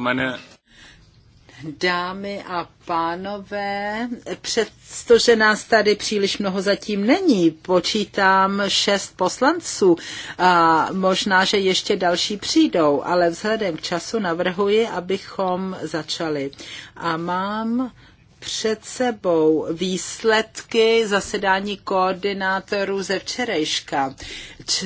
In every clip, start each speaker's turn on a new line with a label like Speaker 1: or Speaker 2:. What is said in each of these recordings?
Speaker 1: meine Dámy a pánové, přestože nás tady příliš mnoho zatím není, počítám šest poslanců a možná, že ještě další přijdou, ale vzhledem k času navrhuji, abychom začali. A mám před sebou výsledky zasedání koordinátorů ze včerejška.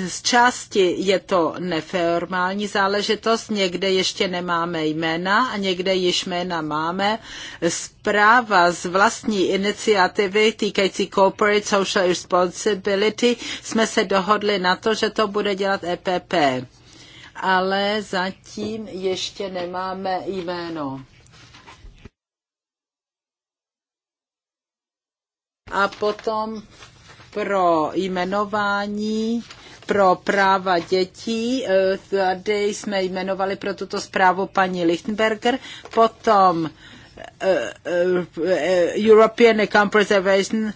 Speaker 1: Z části je to neformální záležitost, někde ještě nemáme jména a někde již jména máme. Zpráva z vlastní iniciativy týkající Corporate Social Responsibility jsme se dohodli na to, že to bude dělat EPP. Ale zatím ještě nemáme jméno. a potom pro jmenování pro práva dětí. Eh, tady jsme jmenovali pro tuto zprávu paní Lichtenberger. Potom eh, eh, European Account Preservation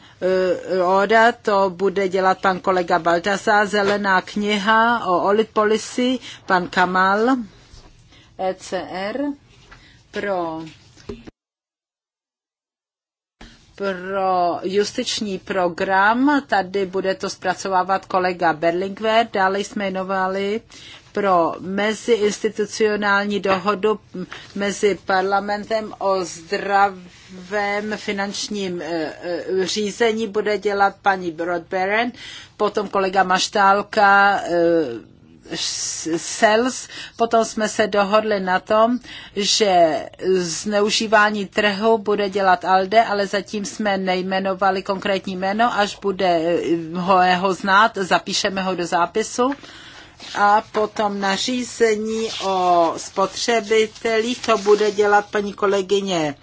Speaker 1: Order, to bude dělat pan kolega Baltasa, Zelená kniha o OLID Policy, pan Kamal, ECR, pro pro justiční program. Tady bude to zpracovávat kolega Berlingwer. Dále jsme jmenovali pro meziinstitucionální dohodu mezi parlamentem o zdravém finančním eh, eh, řízení bude dělat paní Brodberen, potom kolega Maštálka eh, sales. Potom jsme se dohodli na tom, že zneužívání trhu bude dělat ALDE, ale zatím jsme nejmenovali konkrétní jméno, až bude ho, jeho znát, zapíšeme ho do zápisu a potom nařízení o spotřebitelích, to bude dělat paní kolegyně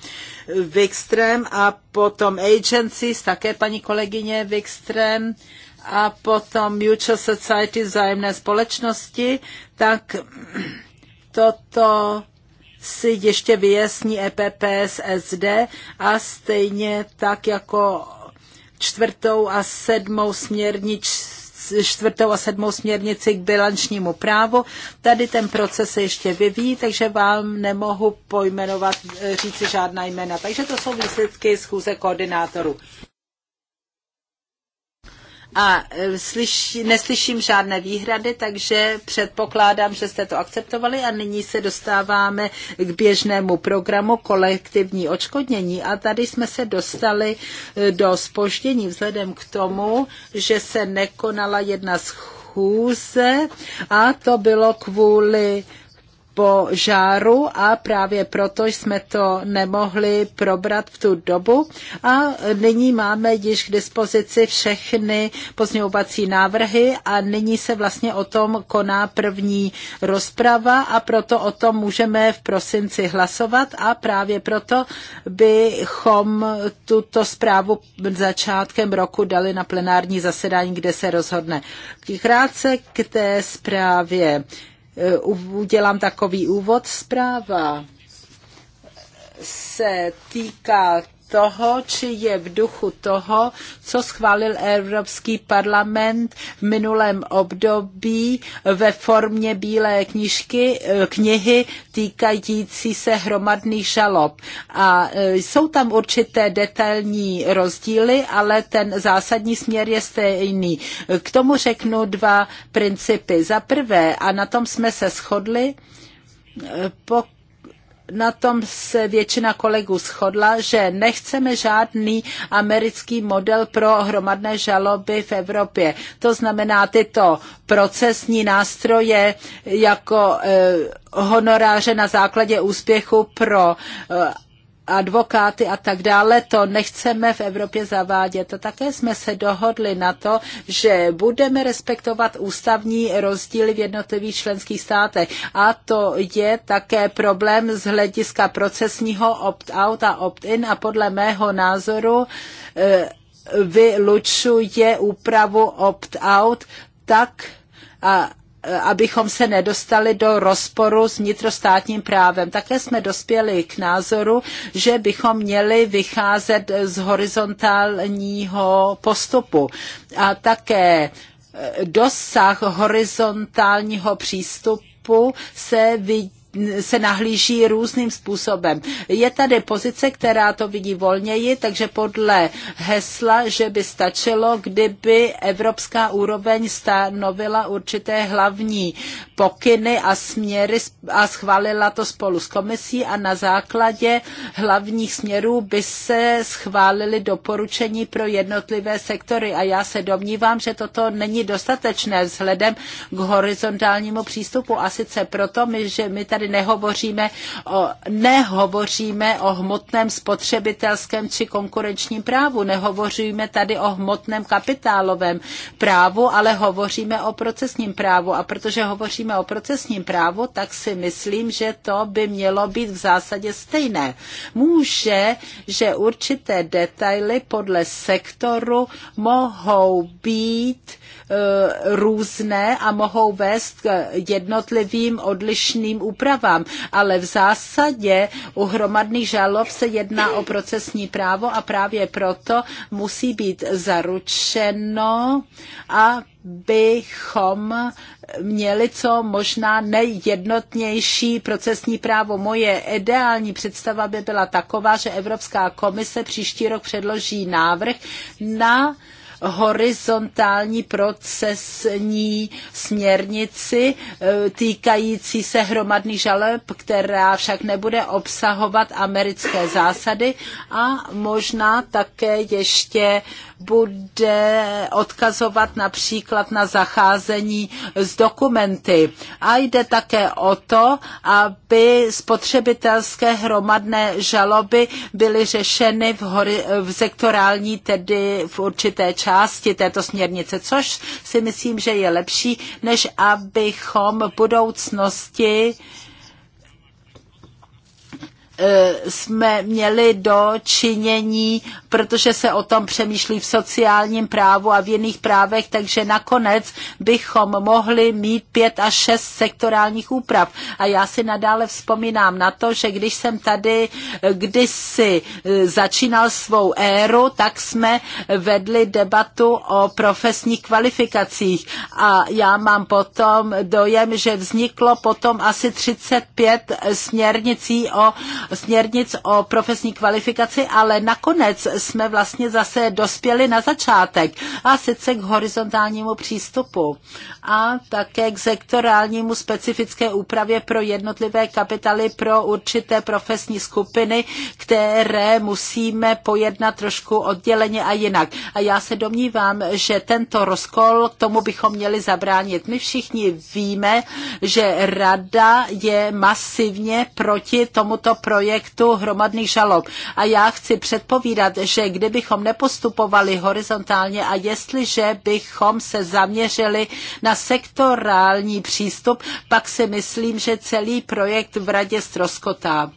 Speaker 1: Wikström a potom agencies, také paní kolegyně Wikström a potom Mutual Society vzájemné společnosti, tak toto si ještě vyjasní EPP s SD a stejně tak jako čtvrtou a sedmou směrnici čtvrtou a sedmou směrnici k bilančnímu právu. Tady ten proces se ještě vyvíjí, takže vám nemohu pojmenovat, e, říci žádná jména. Takže to jsou výsledky schůze koordinátorů a e, slyši, neslyším žádné výhrady, takže předpokládám, že jste to akceptovali a nyní se dostáváme k běžnému programu kolektivní očkodnění a tady jsme se dostali e, do spoždění vzhledem k tomu, že se nekonala jedna schůze a to bylo kvůli požáru a právě proto jsme to nemohli probrat v tu dobu. A nyní máme již k dispozici všechny pozměňovací návrhy a nyní se vlastně o tom koná první rozprava a proto o tom můžeme v prosinci hlasovat a právě proto bychom tuto zprávu začátkem roku dali na plenární zasedání, kde se rozhodne. Krátce k té zprávě. Eh, udělám takový úvod. Zpráva se týká toho, či je v duchu toho, co schválil Evropský parlament v minulém období ve formě bílé knižky, eh, knihy týkající se hromadných žalob. A eh, jsou tam určité detailní rozdíly, ale ten zásadní směr je stejný. K tomu řeknu dva principy. Za prvé, a na tom jsme se shodli, eh, pokud na tom se většina kolegů shodla, že nechceme žádný americký model pro hromadné žaloby v Evropě. To znamená tyto procesní nástroje jako eh, honoráře na základě úspěchu pro eh, advokáty a tak dále, to nechceme v Evropě zavádět. A také jsme se dohodli na to, že budeme respektovat ústavní rozdíly v jednotlivých členských státech. A to je také problém z hlediska procesního opt-out a opt-in a podle mého názoru eh, vylučuje úpravu opt-out tak, a Eh, abychom se nedostali do rozporu s vnitrostátním právem. Také jsme dospěli k názoru, že bychom měli vycházet z horizontálního postupu. A také eh, dosah horizontálního přístupu se vidí se nahlíží různým způsobem. Je tady pozice, která to vidí volněji, takže podle hesla, že by stačilo, kdyby evropská úroveň stanovila určité hlavní pokyny a směry a schválila to spolu s komisí a na základě hlavních směrů by se schválili doporučení pro jednotlivé sektory. A já se domnívám, že toto není dostatečné vzhledem k horizontálnímu přístupu. A sice proto, my, že my tady tady nehovoříme o, nehovoříme o hmotném spotřebitelském či konkurenčním právu, nehovoříme tady o hmotném kapitálovém právu, ale hovoříme o procesním právu. A protože hovoříme o procesním právu, tak si myslím, že to by mělo být v zásadě stejné. Může, že určité detaily podle sektoru mohou být e, různé a mohou vést k jednotlivým odlišným úpravám právám, ale v zásadě u hromadných žalob se jedná o procesní právo a právě proto musí být zaručeno, abychom měli co možná nejjednotnější procesní právo. Moje ideální představa by byla taková, že Evropská komise příští rok předloží návrh na horizontální procesní směrnici e, týkající se hromadný žaleb, která však nebude obsahovat americké zásady a možná také ještě bude odkazovat například na zacházení s dokumenty. A jde také o to, aby spotřebitelské hromadné žaloby byly řešeny v, hori- v sektorální, tedy v určité části této směrnice, což si myslím, že je lepší, než abychom v budoucnosti E, jsme měli do činění, protože se o tom přemýšlí v sociálním právu a v jiných právech, takže nakonec bychom mohli mít pět až šest sektorálních úprav. A já si nadále vzpomínám na to, že když jsem tady e, kdysi e, začínal svou éru, tak jsme vedli debatu o profesních kvalifikacích. A já mám potom dojem, že vzniklo potom asi 35 směrnicí o směrnic o profesní kvalifikaci, ale nakonec jsme vlastně zase dospěli na začátek a sice k horizontálnímu přístupu a také k sektorálnímu specifické úpravě pro jednotlivé kapitaly pro určité profesní skupiny, které musíme pojednat trošku odděleně a jinak. A já se domnívám, že tento rozkol, k tomu bychom měli zabránit. My všichni víme, že rada je masivně proti tomuto pro projektu hromadných žalob. A já chci předpovídat, že kdybychom nepostupovali horizontálně a jestliže bychom se zaměřili na sektorální přístup, pak si myslím, že celý projekt v radě ztroskotá.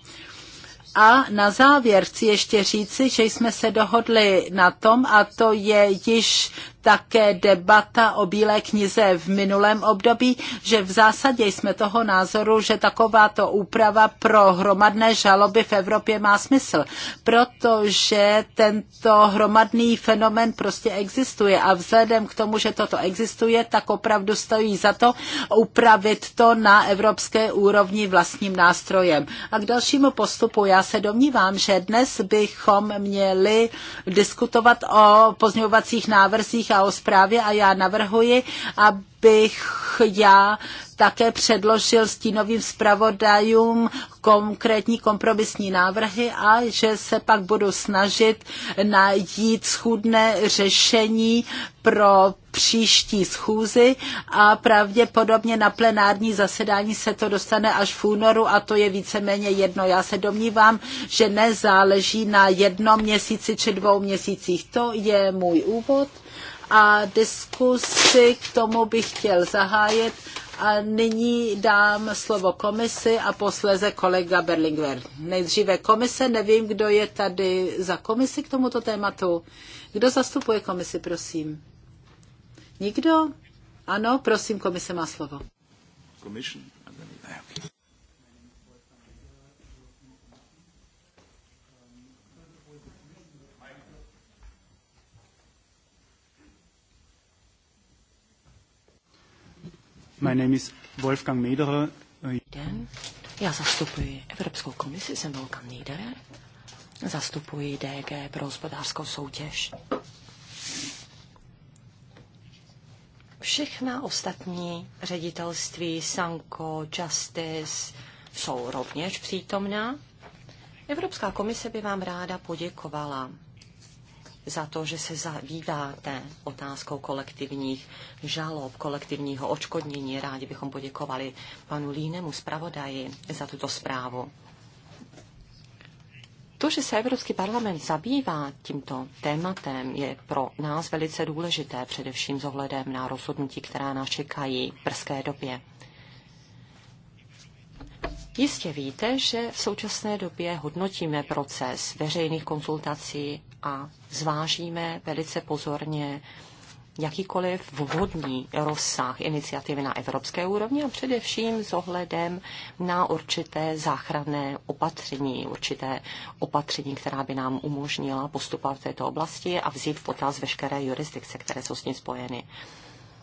Speaker 1: A na závěr chci ještě říci, že jsme se dohodli na tom, a to je již také debata o Bílé knize v minulém období, že v zásadě jsme toho názoru, že takováto úprava pro hromadné žaloby v Evropě má smysl, protože tento hromadný fenomen prostě existuje a vzhledem k tomu, že toto existuje, tak opravdu stojí za to upravit to na evropské úrovni vlastním nástrojem. A k dalšímu postupu já se domnívám, že dnes bychom měli diskutovat o pozměňovacích návrzích a o zprávě a já navrhuji, abych já také předložil stínovým zpravodajům konkrétní kompromisní návrhy a že se pak budu snažit najít schůdné řešení pro příští schůzi a pravděpodobně na plenární zasedání se to dostane až v únoru a to je víceméně jedno. Já se domnívám, že nezáleží na jednom měsíci či dvou měsících. To je můj úvod a diskusi k tomu bych chtěl zahájit a nyní dám slovo komisi a posléze kolega Berlingwer. Nejdříve komise, nevím, kdo je tady za komisi k tomuto tématu. Kdo zastupuje komisi, prosím? Nikdo? Ano, prosím, komise má slovo. Commission. My name is Wolfgang Mederer. Den.
Speaker 2: Já zastupuji Evropskou komisi, jsem Volkan Niederer. Zastupuji DG pro hospodářskou soutěž. Všechna ostatní ředitelství, Sanko, Justice, jsou rovněž přítomná. Evropská komise by vám ráda poděkovala za to, že se zabýváte otázkou kolektivních žalob, kolektivního očkodnění. Rádi bychom poděkovali panu Línemu zpravodaji za tuto zprávu. To, že se Evropský parlament zabývá tímto tématem, je pro nás velice důležité, především s ohledem na rozhodnutí, která nás čekají v brzké době. Jistě víte, že v současné době hodnotíme proces veřejných konzultací a zvážíme velice pozorně jakýkoliv vhodný rozsah iniciativy na evropské úrovni a především s ohledem na určité záchranné opatření, určité opatření, která by nám umožnila postupovat v této oblasti a vzít v potaz veškeré jurisdikce, které jsou s ním spojeny.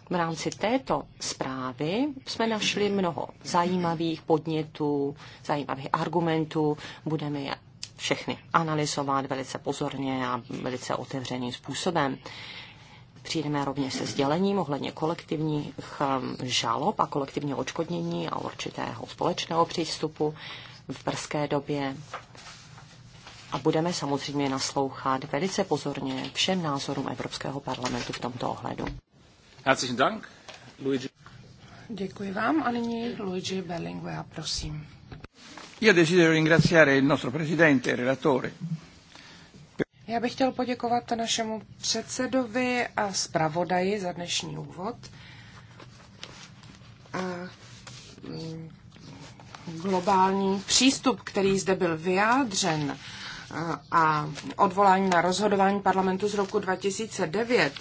Speaker 2: V rámci této zprávy jsme našli mnoho zajímavých podnětů, zajímavých argumentů. Budeme je všechny analyzovat velice pozorně a velice otevřeným způsobem. Přijdeme rovněž se sdělením ohledně kolektivních um, žalob a kolektivního očkodnění a určitého společného přístupu v brzké době. A budeme samozřejmě naslouchat velice pozorně všem názorům Evropského parlamentu v tomto ohledu.
Speaker 3: Děkuji vám a nyní Luigi Berlinguea, prosím
Speaker 2: desidero ringraziare il nostro presidente, il e relatore.
Speaker 3: Já bych chtěl poděkovat našemu předsedovi a zpravodaji za dnešní úvod. A mm, globální přístup, který zde byl vyjádřen, a odvolání na rozhodování parlamentu z roku 2009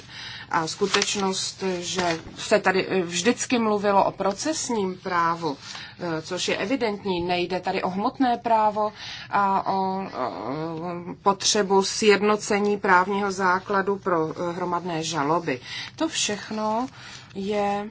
Speaker 3: a skutečnost, že se tady eh, vždycky mluvilo o procesním právu, eh, což je evidentní, nejde tady o hmotné právo a o, potřebu sjednocení právního základu pro eh, hromadné žaloby. To všechno je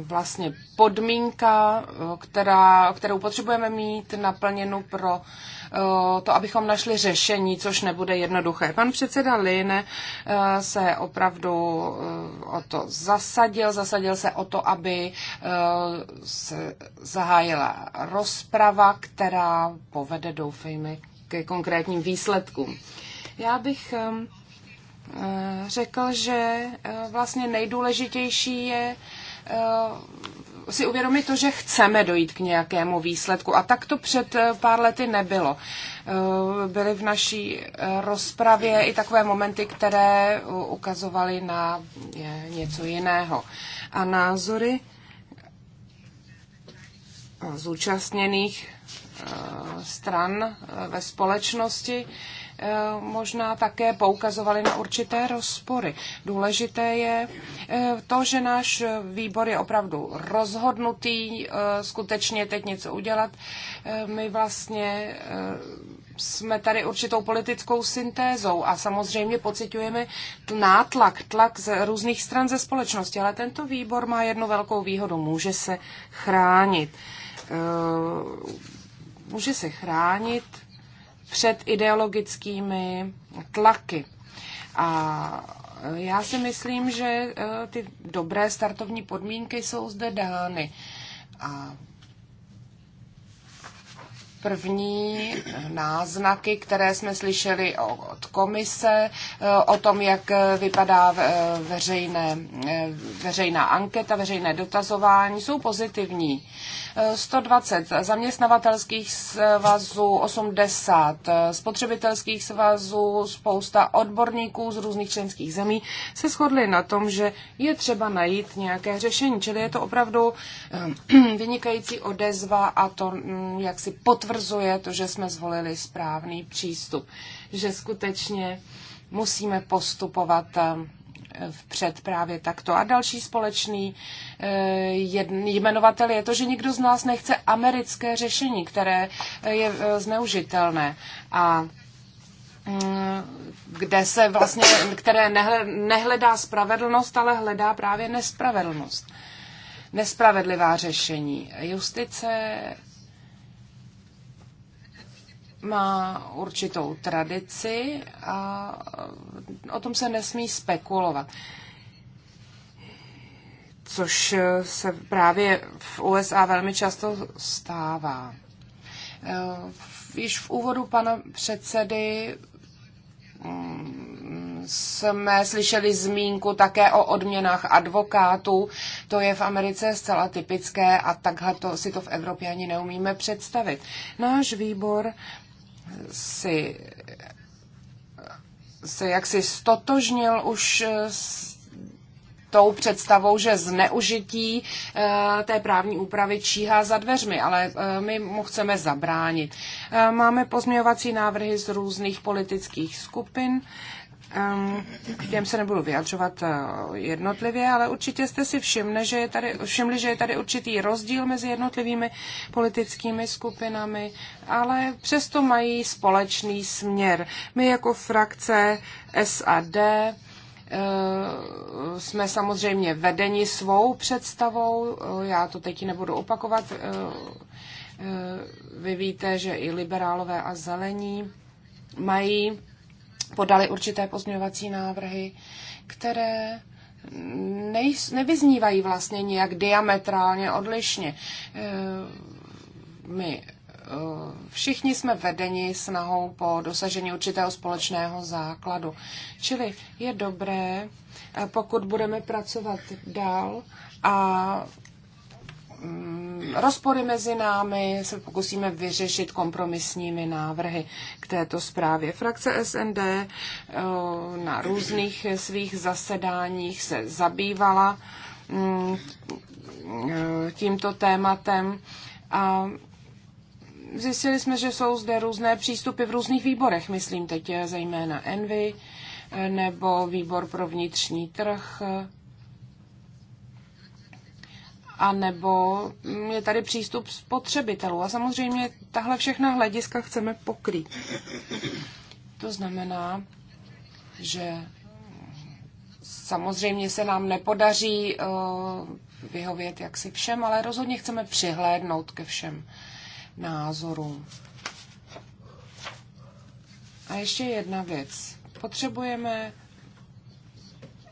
Speaker 3: vlastně podmínka, která, kterou potřebujeme mít naplněnu pro eh, to, abychom našli řešení, což nebude jednoduché. Pan předseda Line eh, se opravdu eh, o to zasadil, zasadil se o to, aby se zahájila rozprava, která povede, doufejme, ke konkrétním výsledkům. Já bych řekl, že vlastně nejdůležitější je Eh, si uvědomit to, že chceme dojít k nějakému výsledku. A tak to před eh, pár lety nebylo. Eh, byly v naší rozpravě i takové momenty, které ukazovaly na něco jiného. A názory zúčastněných stran ve společnosti Eh, možná také poukazovali na určité rozpory. Důležité je eh, to, že náš výbor je opravdu rozhodnutý eh, skutečně teď něco udělat. My vlastně jsme tady určitou politickou syntézou a samozřejmě pocitujeme nátlak, tlak z různých stran ze společnosti, ale tento výbor má jednu velkou výhodu, může se chránit. Může se chránit před ideologickými tlaky. A já si myslím, že e, ty dobré startovní podmínky jsou zde dány. A první e, náznaky, které jsme slyšeli od komise, e, o tom, jak vypadá veřejné, veřejná anketa, veřejné dotazování, jsou pozitivní. 120 zaměstnavatelských svazů, 80 spotřebitelských svazů, spousta odborníků z různých členských zemí se shodli na tom, že je třeba najít nějaké řešení. Čili je to opravdu ehm, vynikající odezva a to, mm, jak si potvrzuje to, že jsme zvolili správný přístup, že skutečně musíme postupovat ehm, vpřed právě takto. A další společný eh, jmenovatel je to, že nikdo z nás nechce americké řešení, které eh, je eh, zneužitelné. A mm, kde se vlastně, které nehledá spravedlnost, ale hledá právě nespravedlnost. Nespravedlivá řešení. Justice má určitou tradici a o tom se nesmí spekulovat. Což se právě v USA velmi často stává. Již v úvodu pana předsedy mm, jsme slyšeli zmínku také o odměnách advokátů. To je v Americe zcela typické a takhle to, si to v Evropě ani neumíme představit. Náš výbor si se jaksi stotožnil už s tou představou, že zneužití eh, té právní úpravy číhá za dveřmi, ale eh, my mu chceme zabránit. Eh, máme pozměňovací návrhy z různých politických skupin těm se nebudu vyjadřovat eh, jednotlivě, ale určitě jste si všimli, že je tady, všimli, že je tady určitý rozdíl mezi jednotlivými politickými skupinami, ale přesto mají společný směr. My jako frakce SAD eh, jsme samozřejmě vedeni svou představou, eh, já to teď nebudu opakovat, vy víte, že i liberálové a zelení mají podali určité pozměňovací návrhy, které nej, nevyznívají vlastně nějak diametrálně odlišně. E, my e, všichni jsme vedeni snahou po dosažení určitého společného základu. Čili je dobré, e, pokud budeme pracovat dál a Mm, rozpory mezi námi se pokusíme vyřešit kompromisními návrhy k této zprávě. Frakce SND eh, na různých svých zasedáních se zabývala mm, eh, tímto tématem a zjistili jsme, že jsou zde různé přístupy v různých výborech, myslím teď zejména Envy eh, nebo výbor pro vnitřní trh a nebo mm, je tady přístup spotřebitelů. A samozřejmě tahle všechna hlediska chceme pokrýt. To znamená, že samozřejmě se nám nepodaří eh, vyhovět jaksi všem, ale rozhodně chceme přihlédnout ke všem názorům. A ještě jedna věc. Potřebujeme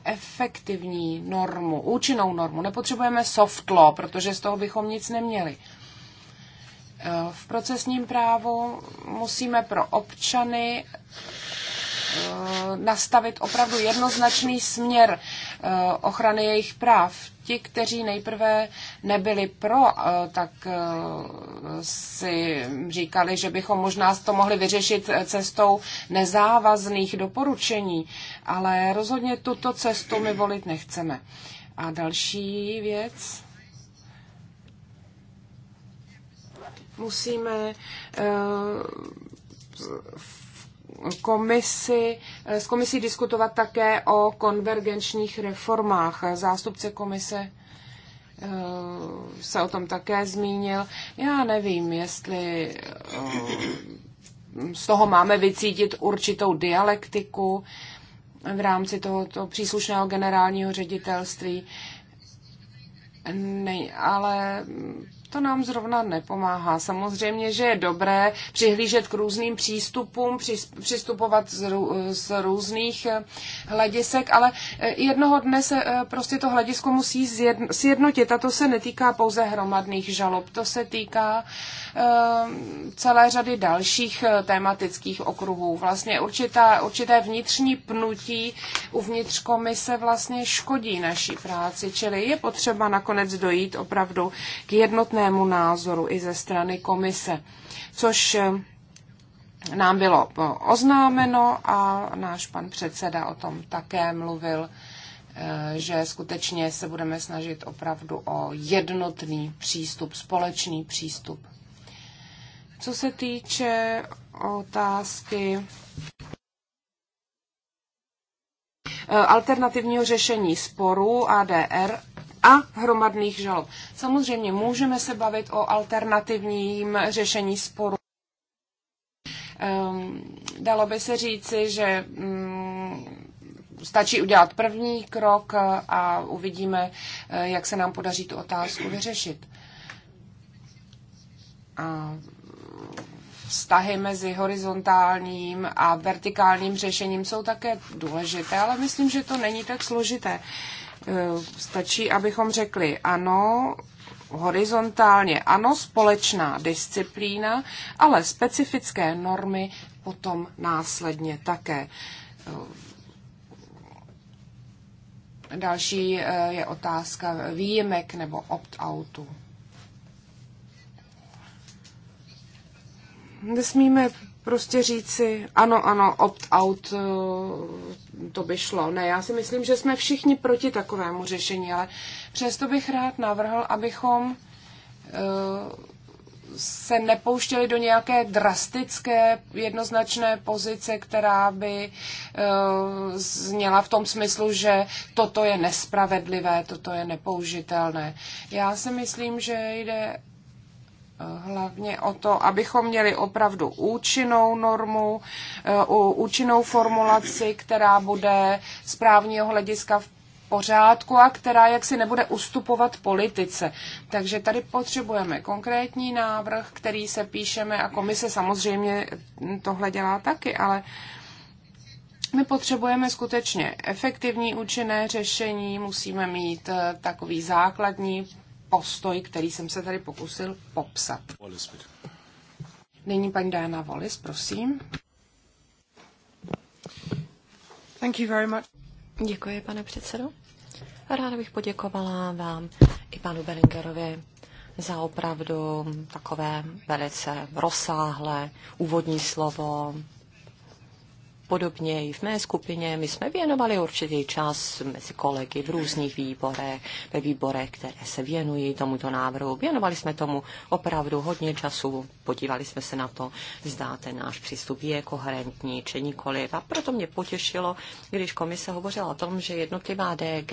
Speaker 3: efektivní normu, účinnou normu. Nepotřebujeme soft law, protože z toho bychom nic neměli. Eh, v procesním právu musíme pro občany Eh, nastavit opravdu jednoznačný směr eh, ochrany jejich práv. Ti, kteří nejprve nebyli pro, eh, tak si říkali, že bychom možná to mohli vyřešit cestou nezávazných doporučení, ale rozhodně tuto cestu my volit nechceme. A další věc. Musíme uh, komisi, s komisí diskutovat také o konvergenčních reformách. Zástupce komise eh, se o tom také zmínil. Já nevím, jestli eh, z toho máme vycítit určitou dialektiku v rámci tohoto příslušného generálního ředitelství. Ne, ale to nám zrovna nepomáhá. Samozřejmě, že je dobré přihlížet k různým přístupům, přistupovat z, rů, z různých eh, hledisek, ale eh, jednoho dne se eh, prostě to hledisko musí sjednotit. A to se netýká pouze hromadných žalob, to se týká celé řady dalších tematických okruhů. Vlastně určitá, určité vnitřní pnutí uvnitř komise vlastně škodí naší práci, čili je potřeba nakonec dojít opravdu k jednotné jednotnému názoru i ze strany komise, což eh, nám bylo eh, oznámeno a náš pan předseda o tom také mluvil, eh, že skutečně se budeme snažit opravdu o jednotný přístup, společný přístup. Co se týče otázky alternativního řešení sporů ADR a hromadných žalob. Samozřejmě můžeme se bavit o alternativním řešení sporu. Ehm, dalo by se říci, že mm, stačí udělat první krok a uvidíme, eh, jak se nám podaří tu otázku vyřešit. A vztahy mezi horizontálním a vertikálním řešením jsou také důležité, ale myslím, že to není tak složité. Eh, stačí, abychom řekli ano, horizontálně ano, společná disciplína, ale specifické normy potom následně také. Eh, další eh, je otázka výjimek nebo opt-outu. Nesmíme prostě říci, ano, ano, opt-out, eh, to by šlo. Ne, já si myslím, že jsme všichni proti takovému řešení, ale přesto bych rád navrhl, abychom eh, se nepouštěli do nějaké drastické jednoznačné pozice, která by eh, zněla v tom smyslu, že toto je nespravedlivé, toto je nepoužitelné. Já si myslím, že jde hlavně o to, abychom měli opravdu účinnou normu, eh, účinnou formulaci, která bude z právního hlediska v pořádku a která jaksi nebude ustupovat politice. Takže tady potřebujeme konkrétní návrh, který se píšeme a komise samozřejmě tohle dělá taky, ale my potřebujeme skutečně efektivní účinné řešení, musíme mít eh, takový základní postoj, který jsem se tady pokusil popsat. Nyní paní Diana Wallis, prosím. Thank you very much. Děkuji, pane předsedo.
Speaker 2: A ráda bych poděkovala vám i panu Bellingerovi za opravdu takové velice rozsáhlé úvodní slovo, podobně i v mé skupině. My jsme věnovali určitý čas mezi kolegy v různých výborech, ve výborech, které se věnují tomuto návrhu. Věnovali jsme tomu opravdu hodně času, podívali jsme se na to, zda ten náš přístup je koherentní či nikoliv. A proto mě potěšilo, když komise hovořila o tom, že jednotlivá DG,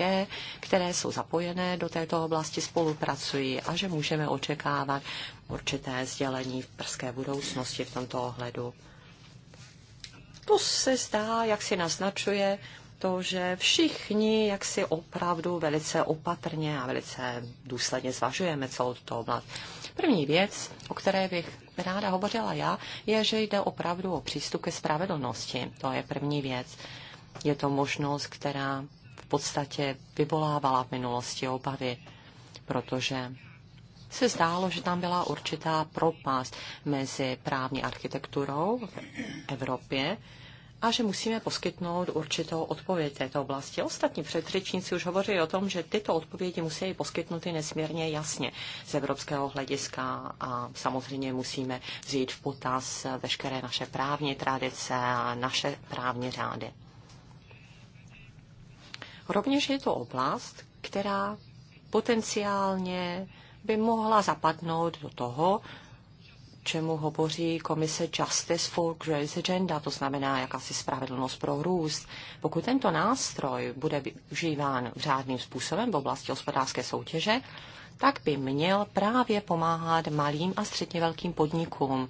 Speaker 2: které jsou zapojené do této oblasti, spolupracují a že můžeme očekávat určité sdělení v brzké budoucnosti v tomto ohledu to se zdá, jak si naznačuje, to, že všichni jak si opravdu velice opatrně a velice důsledně zvažujeme celou tuto oblast. První věc, o které bych ráda hovořila já, je, že jde opravdu o přístup ke spravedlnosti. To je první věc. Je to možnost, která v podstatě vyvolávala v minulosti obavy, protože se zdálo, že tam byla určitá propast mezi právní architekturou v Evropě a že musíme poskytnout určitou odpověď této oblasti. Ostatní předřečníci už hovoří o tom, že tyto odpovědi musí poskytnuty nesmírně jasně z evropského hlediska a samozřejmě musíme vzít v potaz veškeré naše právní tradice a naše právní řády. Rovněž je to oblast, která potenciálně by mohla zapadnout do toho, čemu hovoří komise Justice for Growth Agenda, to znamená jakási spravedlnost pro růst. Pokud tento nástroj bude využíván řádným způsobem v oblasti hospodářské soutěže, tak by měl právě pomáhat malým a středně velkým podnikům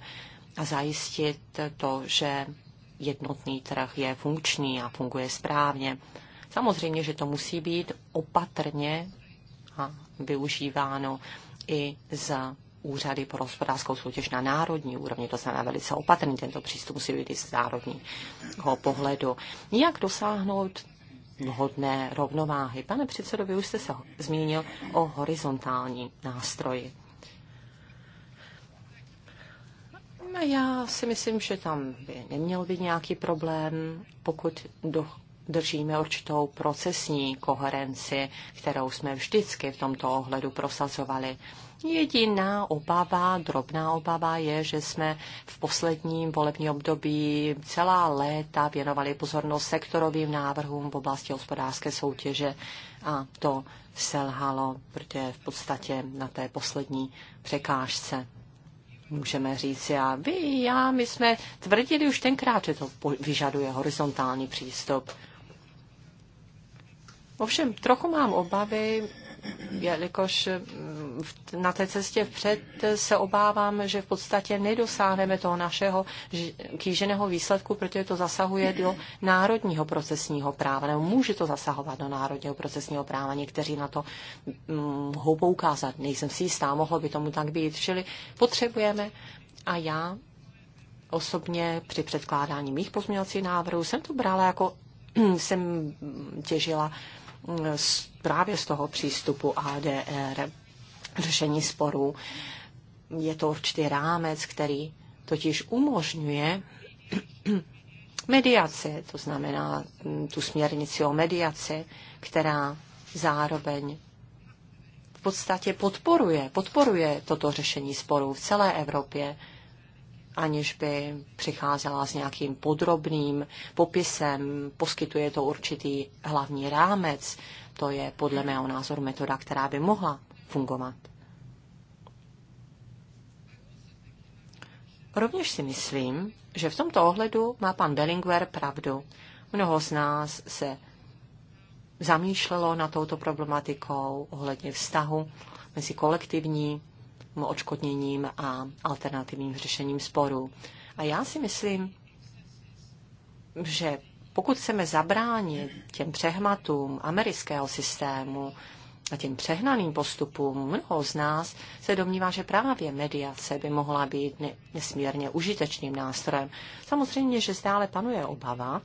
Speaker 2: a zajistit to, že jednotný trh je funkční a funguje správně. Samozřejmě, že to musí být opatrně a využíváno i za úřady pro hospodářskou soutěž na národní úrovni. To znamená velice opatrný tento přístup musí být z národního pohledu. Jak dosáhnout vhodné rovnováhy? Pane předsedo, vy už jste se zmínil o horizontální nástroji. No, já si myslím, že tam by neměl být nějaký problém, pokud do, držíme určitou procesní koherenci, kterou jsme vždycky v tomto ohledu prosazovali. Jediná obava, drobná obava je, že jsme v posledním volebním období celá léta věnovali pozornost sektorovým návrhům v oblasti hospodářské soutěže a to selhalo, protože v podstatě na té poslední překážce můžeme říct, já, vy, já, my jsme tvrdili už tenkrát, že to vyžaduje horizontální přístup. Ovšem, trochu mám obavy, jelikož mm, na té cestě vpřed se obávám, že v podstatě nedosáhneme toho našeho kýženého výsledku, protože to zasahuje do národního procesního práva, nebo může to zasahovat do národního procesního práva. Někteří na to mm, mohou poukázat. Nejsem si jistá, mohlo by tomu tak být. Čili potřebujeme a já osobně při předkládání mých pozměňovacích návrhů jsem to brala jako jsem těžila právě z toho přístupu ADR, řešení sporů. Je to určitý rámec, který totiž umožňuje mediaci, to znamená mm, tu směrnici o mediaci, která zároveň v podstatě podporuje, podporuje toto řešení sporů v celé Evropě aniž by přicházela s nějakým podrobným popisem, poskytuje to určitý hlavní rámec. To je podle mého názoru metoda, která by mohla fungovat. Rovněž si myslím, že v tomto ohledu má pan Bellingwer pravdu. Mnoho z nás se zamýšlelo na touto problematikou ohledně vztahu mezi kolektivní odškodněním a alternativním řešením sporů. A já si myslím, že pokud chceme zabránit těm přehmatům amerického systému a těm přehnaným postupům, mnoho z nás se domnívá, že právě mediace by mohla být nesmírně užitečným nástrojem. Samozřejmě, že stále panuje obava,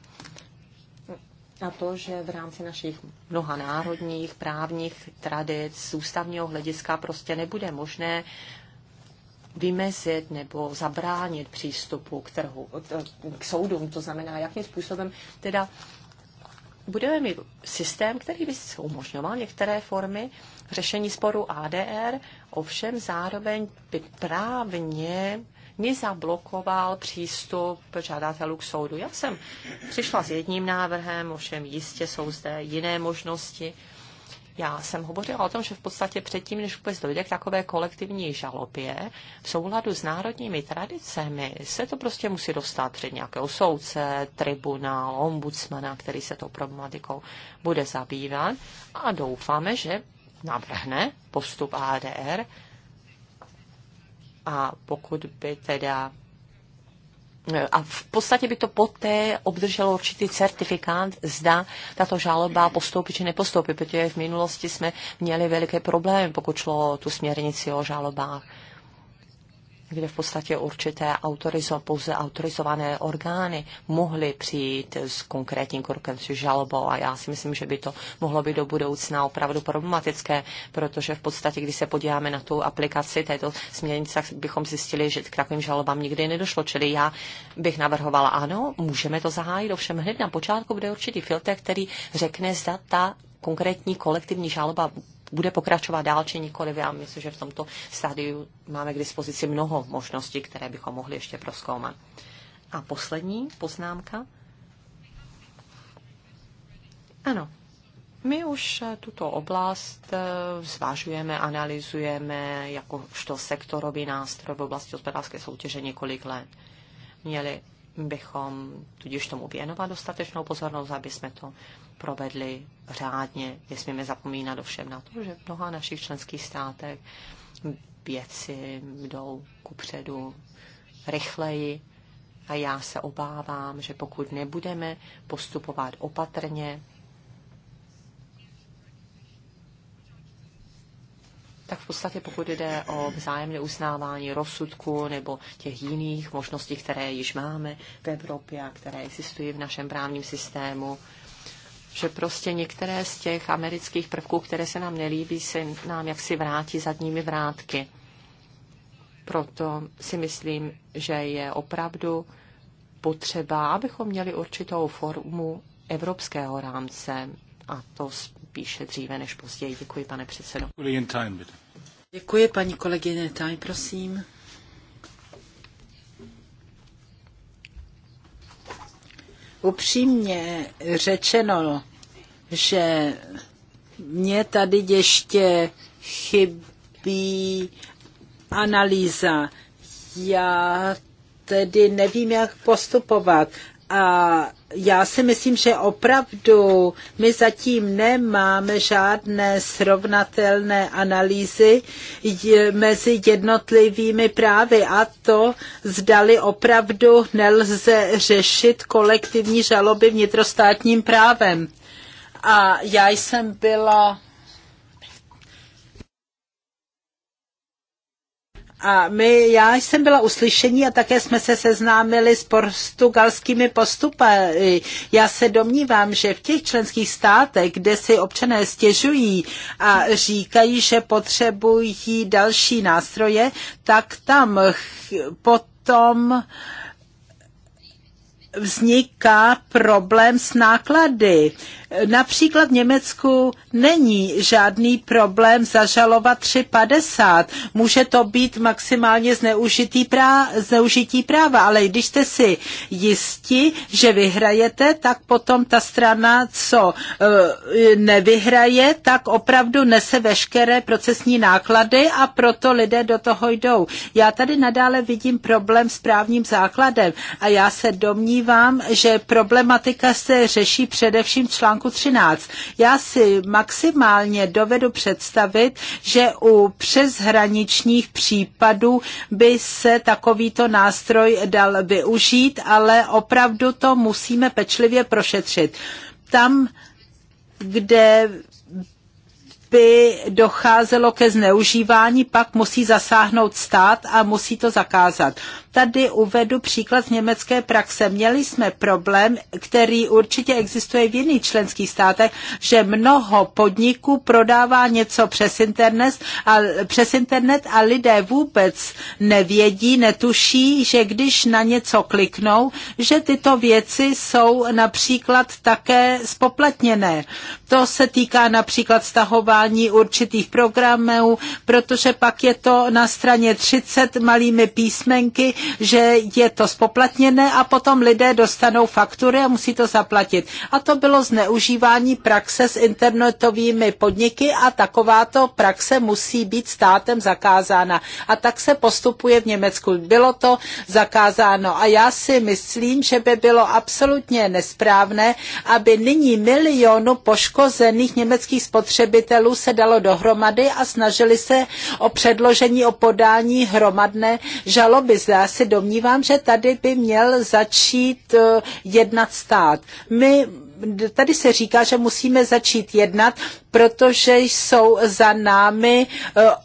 Speaker 2: na to, že v rámci našich mnoha národních právních tradic z ústavního hlediska prostě nebude možné vymezit nebo zabránit přístupu k, trhu, k soudům. To znamená, jakým způsobem teda budeme mít systém, který by umožňoval některé formy řešení sporu ADR, ovšem zároveň by právně nezablokoval přístup žádatelů k soudu. Já jsem přišla s jedním návrhem, ovšem jistě jsou zde jiné možnosti. Já jsem hovořila o tom, že v podstatě předtím, než vůbec dojde k takové kolektivní žalobě, v souladu s národními tradicemi se to prostě musí dostat před nějakého soudce, tribunál, ombudsmana, který se tou problematikou bude zabývat a doufáme, že navrhne postup ADR a pokud by teda a v podstatě by to poté obdrželo určitý certifikát, zda tato žaloba postoupí či nepostoupí, protože v minulosti jsme měli veliké problémy, pokud šlo tu směrnici o žalobách kde v podstatě určité autorizo, pouze autorizované orgány mohly přijít s konkrétní krokem, s žalobou a já si myslím, že by to mohlo být do budoucna opravdu problematické, protože v podstatě, když se podíváme na tu aplikaci této směrnice, tak bychom zjistili, že k takovým žalobám nikdy nedošlo. Čili já bych navrhovala, ano, můžeme to zahájit, ovšem hned na počátku bude určitý filtr, který řekne, zda ta konkrétní kolektivní žaloba bude pokračovat dál či nikoliv. Já myslím, že v tomto stádiu máme k dispozici mnoho možností, které bychom mohli ještě proskoumat. A poslední poznámka. Ano, my už eh, tuto oblast eh, zvažujeme, analyzujeme jakožto sektorový nástroj v oblasti hospodářské soutěže několik let. Měli bychom tudíž tomu věnovat dostatečnou pozornost, aby jsme to provedli řádně. Nesmíme zapomínat ovšem na to, že v mnoha našich členských státech věci jdou kupředu rychleji a já se obávám, že pokud nebudeme postupovat opatrně, tak v podstatě pokud jde o vzájemné uznávání rozsudku nebo těch jiných možností, které již máme v Evropě a které existují v našem právním systému, že prostě některé z těch amerických prvků, které se nám nelíbí, se nám jaksi vrátí zadními vrátky. Proto si myslím, že je opravdu potřeba, abychom měli určitou formu evropského rámce a to spíše dříve
Speaker 1: než později. Děkuji,
Speaker 2: pane předsedo.
Speaker 1: Děkuji, paní kolegyně Taj, prosím. Upřímně řečeno, že mě tady ještě chybí analýza. Já tedy nevím, jak postupovat. A já si myslím, že opravdu my zatím nemáme žádné srovnatelné analýzy mezi jednotlivými právy a to zdali opravdu nelze řešit kolektivní žaloby vnitrostátním právem. A já jsem byla A my, já jsem byla uslyšení a také jsme se seznámili s portugalskými postupy. Já se domnívám, že v těch členských státech, kde si občané stěžují a říkají, že potřebují další nástroje, tak tam potom vzniká problém s náklady. Uh, Například v Německu není žádný problém zažalovat 350. Může to být maximálně zneužitý prá, zneužití práva, ale když jste si jisti, že vyhrajete, tak potom ta strana, co e, nevyhraje, tak opravdu nese veškeré procesní náklady a proto lidé do toho jdou. Já tady nadále vidím problém s právním základem a já se domnívám, že problematika se řeší především článku článku 13. Já si maximálně dovedu představit, že u přeshraničních případů by se takovýto nástroj dal využít, ale opravdu to musíme pečlivě prošetřit. Tam, kde by docházelo ke zneužívání, pak musí zasáhnout stát a musí to zakázat. Tady uvedu příklad z německé praxe. Měli jsme problém, který určitě existuje v jiných členských státech, že mnoho podniků prodává něco přes internet a, přes internet a lidé vůbec nevědí, netuší, že když na něco kliknou, že tyto věci jsou například také spoplatněné. To se týká například stahování určitých programů, protože pak je to na straně 30 malými písmenky že je to spoplatněné a potom lidé dostanou faktury a musí to zaplatit. A to bylo zneužívání praxe s internetovými podniky a takováto praxe musí být státem zakázána. A tak se postupuje v Německu. Bylo to zakázáno. A já si myslím, že by bylo absolutně nesprávné, aby nyní milionu poškozených německých spotřebitelů se dalo dohromady a snažili se o předložení o podání hromadné žaloby. Zdá se domnívám, že tady by měl začít eh, jednat stát. My tady se říká, že musíme začít jednat protože jsou za námi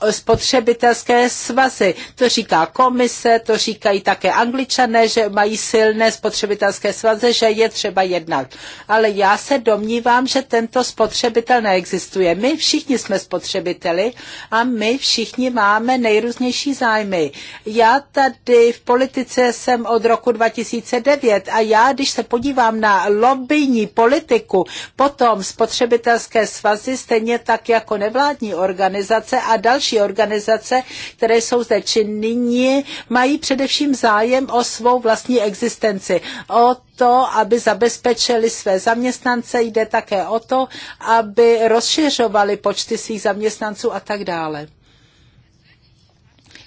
Speaker 1: eh, spotřebitelské svazy. To říká komise, to říkají také angličané, že mají silné spotřebitelské svazy, že je třeba jednat. Ale já se domnívám, že tento spotřebitel neexistuje. My všichni jsme spotřebiteli a my všichni máme nejrůznější zájmy. Já tady v politice jsem od roku 2009 a já, když se podívám na lobbyní politiku, potom spotřebitelské svazy stejně tak jako nevládní organizace a další organizace, které jsou zde činní, mají především zájem o svou vlastní existenci, o to, aby zabezpečili své zaměstnance, jde také o to, aby rozšiřovali počty svých zaměstnanců a tak dále.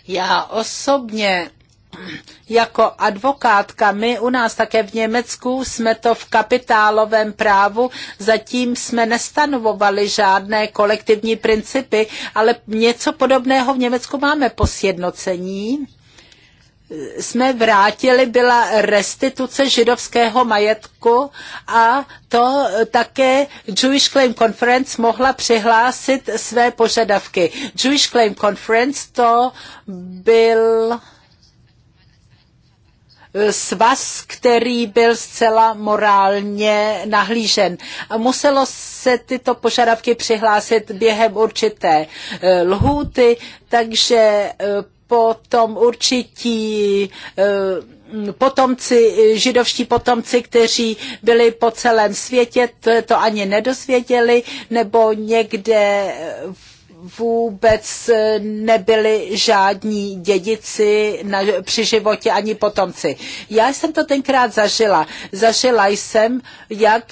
Speaker 1: Já osobně jako advokátka, my u nás také v Německu jsme to v kapitálovém právu, zatím jsme nestanovovali žádné kolektivní principy, ale něco podobného v Německu máme po sjednocení jsme vrátili, byla restituce židovského majetku a to také Jewish Claim Conference mohla přihlásit své požadavky. Jewish Claim Conference to byl svaz, který byl zcela morálně nahlížen. A muselo se tyto požadavky přihlásit během určité eh, lhůty, takže eh, potom určití eh, potomci, židovští potomci, kteří byli po celém světě, to, to ani nedozvěděli, nebo někde vůbec nebyli žádní dědici na, při životě ani potomci. Já jsem to tenkrát zažila. Zažila jsem, jak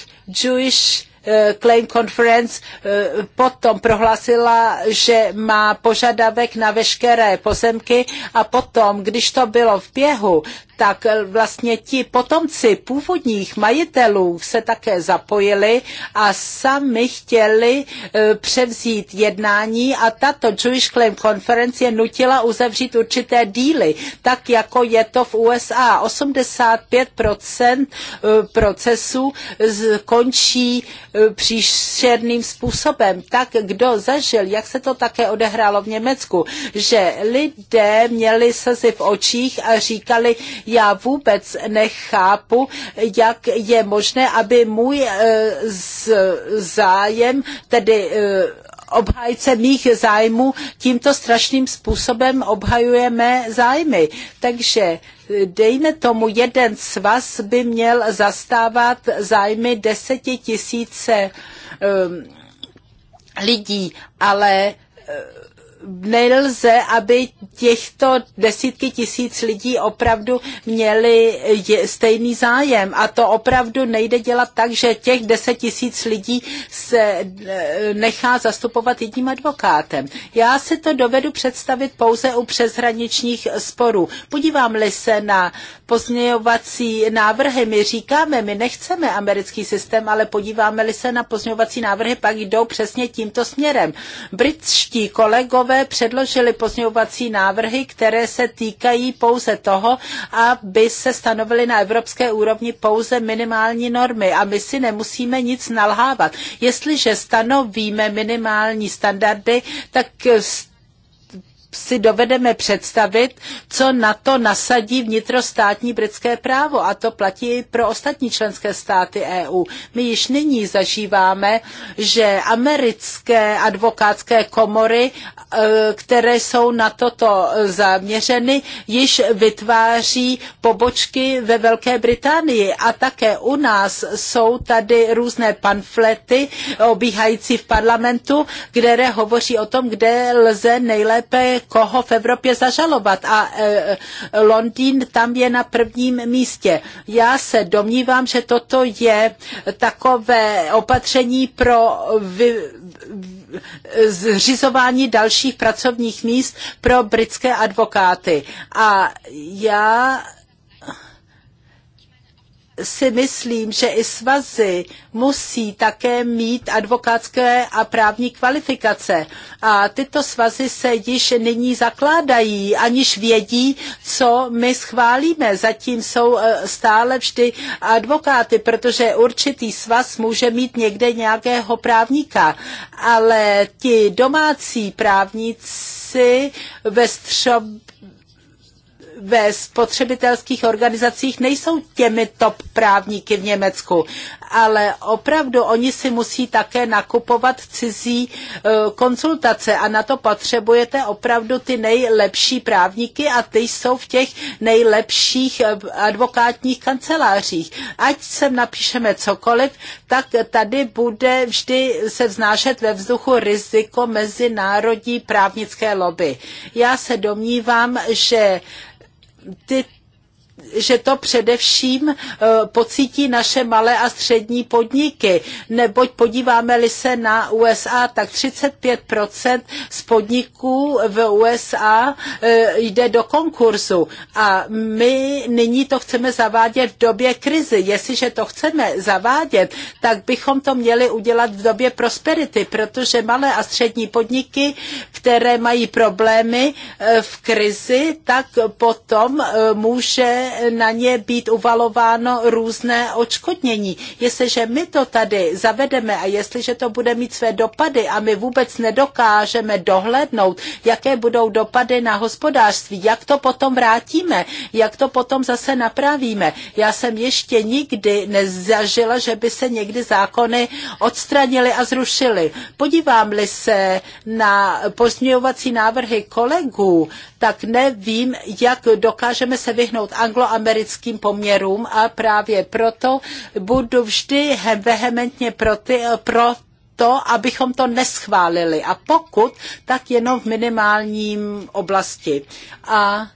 Speaker 1: Jewish eh, Claim Conference eh, potom prohlásila, že má požadavek na veškeré pozemky a potom, když to bylo v běhu, tak vlastně ti potomci původních majitelů se také zapojili a sami chtěli e, převzít jednání a tato Jewish Claim Conference je nutila uzavřít určité díly, tak jako je to v USA. 85% procesu končí e, příšerným způsobem. Tak kdo zažil, jak se to také odehrálo v Německu, že lidé měli slzy v očích a říkali, já vůbec nechápu, jak je možné, aby můj eh, zájem, tedy eh, obhájce mých zájmů, tímto strašným způsobem obhajuje mé zájmy. Takže eh, dejme tomu, jeden svaz by měl zastávat zájmy deseti tisíce um, lidí, ale uh, nelze, aby těchto desítky tisíc lidí opravdu měli stejný zájem. A to opravdu nejde dělat tak, že těch deset tisíc lidí se e, nechá zastupovat jedním advokátem. Já si to dovedu představit pouze u přeshraničních sporů. Podívám-li se na pozměňovací návrhy, my říkáme, my nechceme americký systém, ale podíváme-li se na pozměňovací návrhy, pak jdou přesně tímto směrem. Britští kolegové kolegové předložili pozměňovací návrhy, které se týkají pouze toho, aby se stanovily na evropské úrovni pouze minimální normy a my si nemusíme nic nalhávat. Jestliže stanovíme minimální standardy, tak si dovedeme představit, co na to nasadí vnitrostátní britské právo. A to platí i pro ostatní členské státy EU. My již nyní zažíváme, že americké advokátské komory, e, které jsou na toto e, zaměřeny, již vytváří pobočky ve Velké Británii. A také u nás jsou tady různé panflety obíhající v parlamentu, které hovoří o tom, kde lze nejlépe koho v Evropě zažalovat a e, Londýn tam je na prvním místě. Já se domnívám, že toto je takové opatření pro vy, zřizování dalších pracovních míst pro britské advokáty. A já si myslím, že i svazy musí také mít advokátské a právní kvalifikace. A tyto svazy se již nyní zakládají, aniž vědí, co my schválíme. Zatím jsou eh, stále vždy advokáty, protože určitý svaz může mít někde nějakého právníka. Ale ti domácí právníci ve střobě ve spotřebitelských organizacích nejsou těmi top právníky v Německu, ale opravdu oni si musí také nakupovat cizí e, konsultace a na to potřebujete opravdu ty nejlepší právníky a ty jsou v těch nejlepších e, advokátních kancelářích. Ať sem napíšeme cokoliv, tak tady bude vždy se vznášet ve vzduchu riziko mezinárodní právnické lobby. Já se domnívám, že ty že to především eh, pocítí naše malé a střední podniky. Neboť podíváme-li se na USA, tak 35 z podniků v USA eh, jde do konkurzu. A my nyní to chceme zavádět v době krizi. Jestliže to chceme zavádět, tak bychom to měli udělat v době prosperity, protože malé a střední podniky, které mají problémy eh, v krizi, tak potom může na ně být uvalováno různé očkodnění. Jestliže my to tady zavedeme a jestliže to bude mít své dopady a my vůbec nedokážeme dohlednout, jaké budou dopady na hospodářství, jak to potom vrátíme, jak to potom zase napravíme. Já jsem ještě nikdy nezažila, že by se někdy zákony odstranily a zrušily. Podívám-li se na pozměňovací návrhy kolegů, tak nevím, jak dokážeme se vyhnout anglo angloamerickým poměrům a právě proto budu vždy vehementně pro ty, pro to, abychom to neschválili. A pokud, tak jenom v minimálním oblasti. A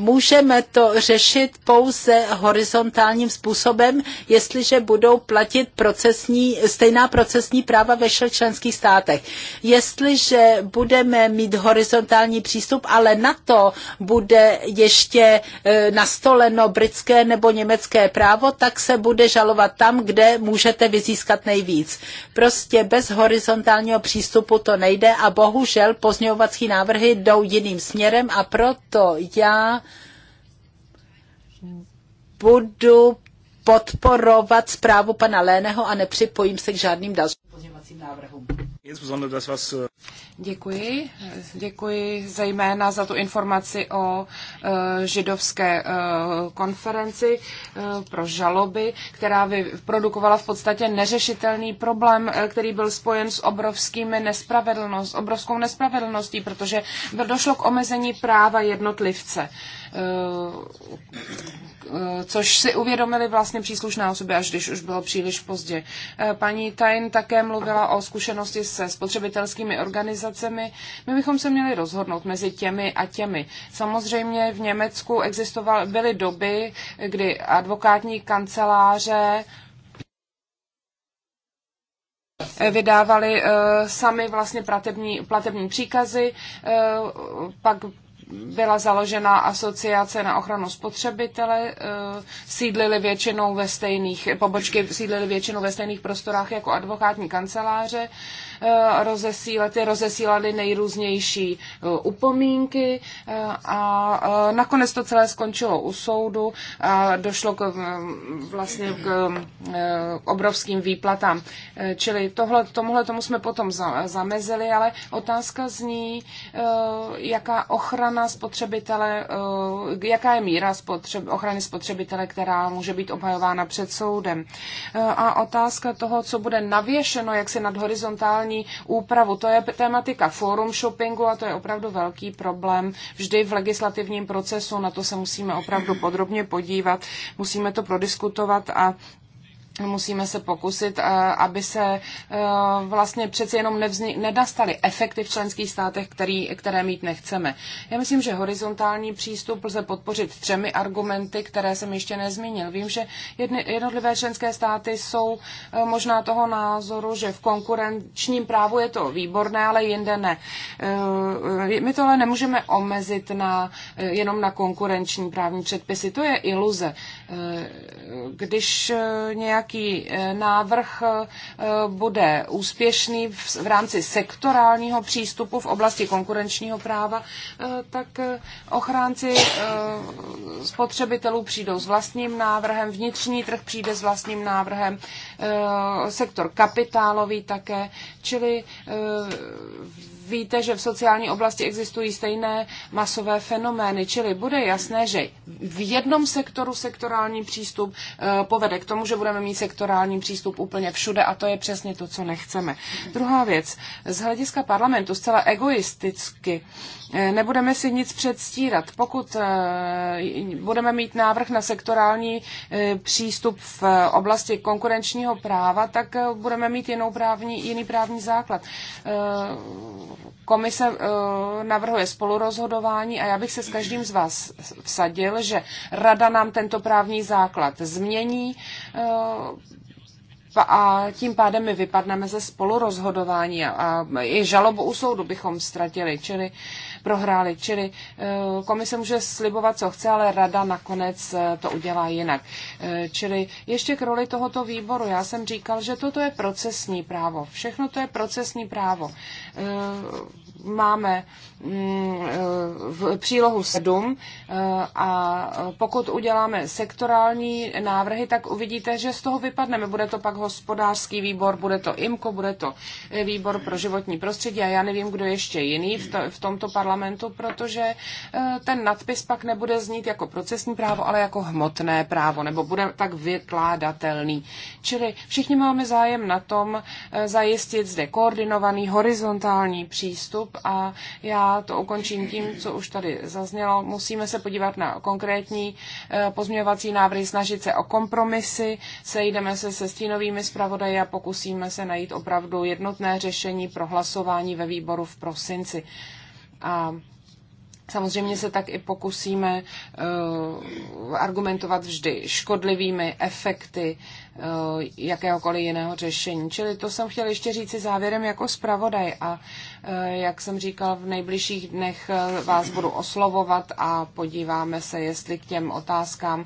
Speaker 1: Můžeme to řešit pouze horizontálním způsobem, jestliže budou platit procesní, stejná procesní práva ve všech členských státech. Jestliže budeme mít horizontální přístup, ale na to bude ještě e, nastoleno britské nebo německé právo, tak se bude žalovat tam, kde můžete vyzískat nejvíc. Prostě bez horizontálního přístupu to nejde a bohužel pozňovací návrhy jdou jiným směrem a proto já budu podporovat zprávu pana Léneho a nepřipojím se k žádným dalším pozměňovacím návrhům.
Speaker 3: Děkuji. Děkuji zejména za tu informaci o e, židovské e, konferenci e, pro žaloby, která vyprodukovala v podstatě neřešitelný problém, který byl spojen s obrovskými nespravedlnost, obrovskou nespravedlností, protože došlo k omezení práva jednotlivce. Eh, eh, což si uvědomili vlastně příslušné osoby, až když už bylo příliš pozdě. Eh, paní Tajn také mluvila o zkušenosti se spotřebitelskými organizacemi. My bychom se měli rozhodnout mezi těmi a těmi. Samozřejmě v Německu existovaly, byly doby, kdy advokátní kanceláře vydávali uh, sami vlastně platební, platební příkazy, uh, pak byla založena asociace na ochranu spotřebitele, eh, sídlili většinou ve stejných, pobočky sídlili většinou ve stejných prostorách jako advokátní kanceláře Eh, rozesílat, ty rozesílali nejrůznější eh, upomínky eh, a nakonec to celé skončilo u soudu a došlo k, mm, vlastně k obrovským výplatám. Čili tohle, tomuhle tomu jsme potom zamezili, ale otázka zní, jaká ochrana spotřebitele, jaká je míra spotřeb, ochrany spotřebitele, která může být obhajována před soudem. A otázka toho, co bude navěšeno, jak se nad horizontální sociální úpravu. To je tématika forum shoppingu a to je opravdu velký problém vždy v legislativním procesu. Na to se musíme opravdu podrobně podívat, musíme to prodiskutovat a musíme se pokusit, eh, aby se eh, vlastně přeci jenom nevzni- nedastaly efekty v členských státech, který, které mít nechceme. Já myslím, že horizontální přístup lze podpořit třemi argumenty, které jsem ještě nezmínil. Vím, že jednotlivé členské státy jsou eh, možná toho názoru, že v konkurenčním právu je to výborné, ale jinde ne. My to ale nemůžeme omezit na, jenom na konkurenční právní předpisy. To je iluze. Eh, když eh, nějaký eh, návrh bude úspěšný v rámci sektorálního přístupu v oblasti konkurenčního práva, tak ochránci spotřebitelů přijdou s vlastním návrhem, vnitřní trh přijde s vlastním návrhem, sektor kapitálový také, čili víte, že v sociální oblasti existují stejné masové fenomény, čili bude jasné, že v jednom sektoru sektorální přístup eh, povede k tomu, že budeme mít sektorální přístup úplně všude a to je přesně to, co nechceme. Druhá věc, z hlediska parlamentu zcela egoisticky eh, nebudeme si nic předstírat. Pokud eh, budeme mít návrh na sektorální přístup v oblasti konkurenčního práva, tak budeme mít jinou právní, jiný právní základ. Komise eh, navrhuje spolurozhodování a já bych se s každým z vás vsadil, že rada nám tento právní základ změní eh, a tím pádem my vypadneme ze spolurozhodování a, a i žalobu u soudu bychom ztratili. Čili uh, prohráli. Čili eh, komise může slibovat, co chce, ale rada nakonec eh, to udělá jinak. Eh, čili ještě k roli tohoto výboru. Já jsem říkal, že toto je procesní právo. Všechno to je procesní právo. Máme Mm, v přílohu 7 eh, a pokud uděláme sektorální návrhy, tak uvidíte, že z toho vypadneme. Bude to pak hospodářský výbor, bude to IMKO, bude to eh, výbor pro životní prostředí a já nevím, kdo ještě jiný v, to, v tomto parlamentu, protože eh, ten nadpis pak nebude znít jako procesní právo, ale jako hmotné právo, nebo bude tak vykládatelný. Čili všichni máme zájem na tom zajistit zde koordinovaný horizontální přístup a já to ukončím tím, co už tady zaznělo. Musíme se podívat na konkrétní eh, pozměňovací návrhy, snažit se o kompromisy, sejdeme se se stínovými zpravodaji a pokusíme se najít opravdu jednotné řešení pro hlasování ve výboru v prosinci. A Samozřejmě se tak i pokusíme uh, argumentovat vždy škodlivými efekty Eh, jakéhokoliv jiného řešení. Čili to jsem chtěl ještě říct si závěrem jako zpravodaj a eh, jak jsem říkal, v nejbližších dnech eh, vás budu oslovovat a podíváme se, jestli k těm otázkám,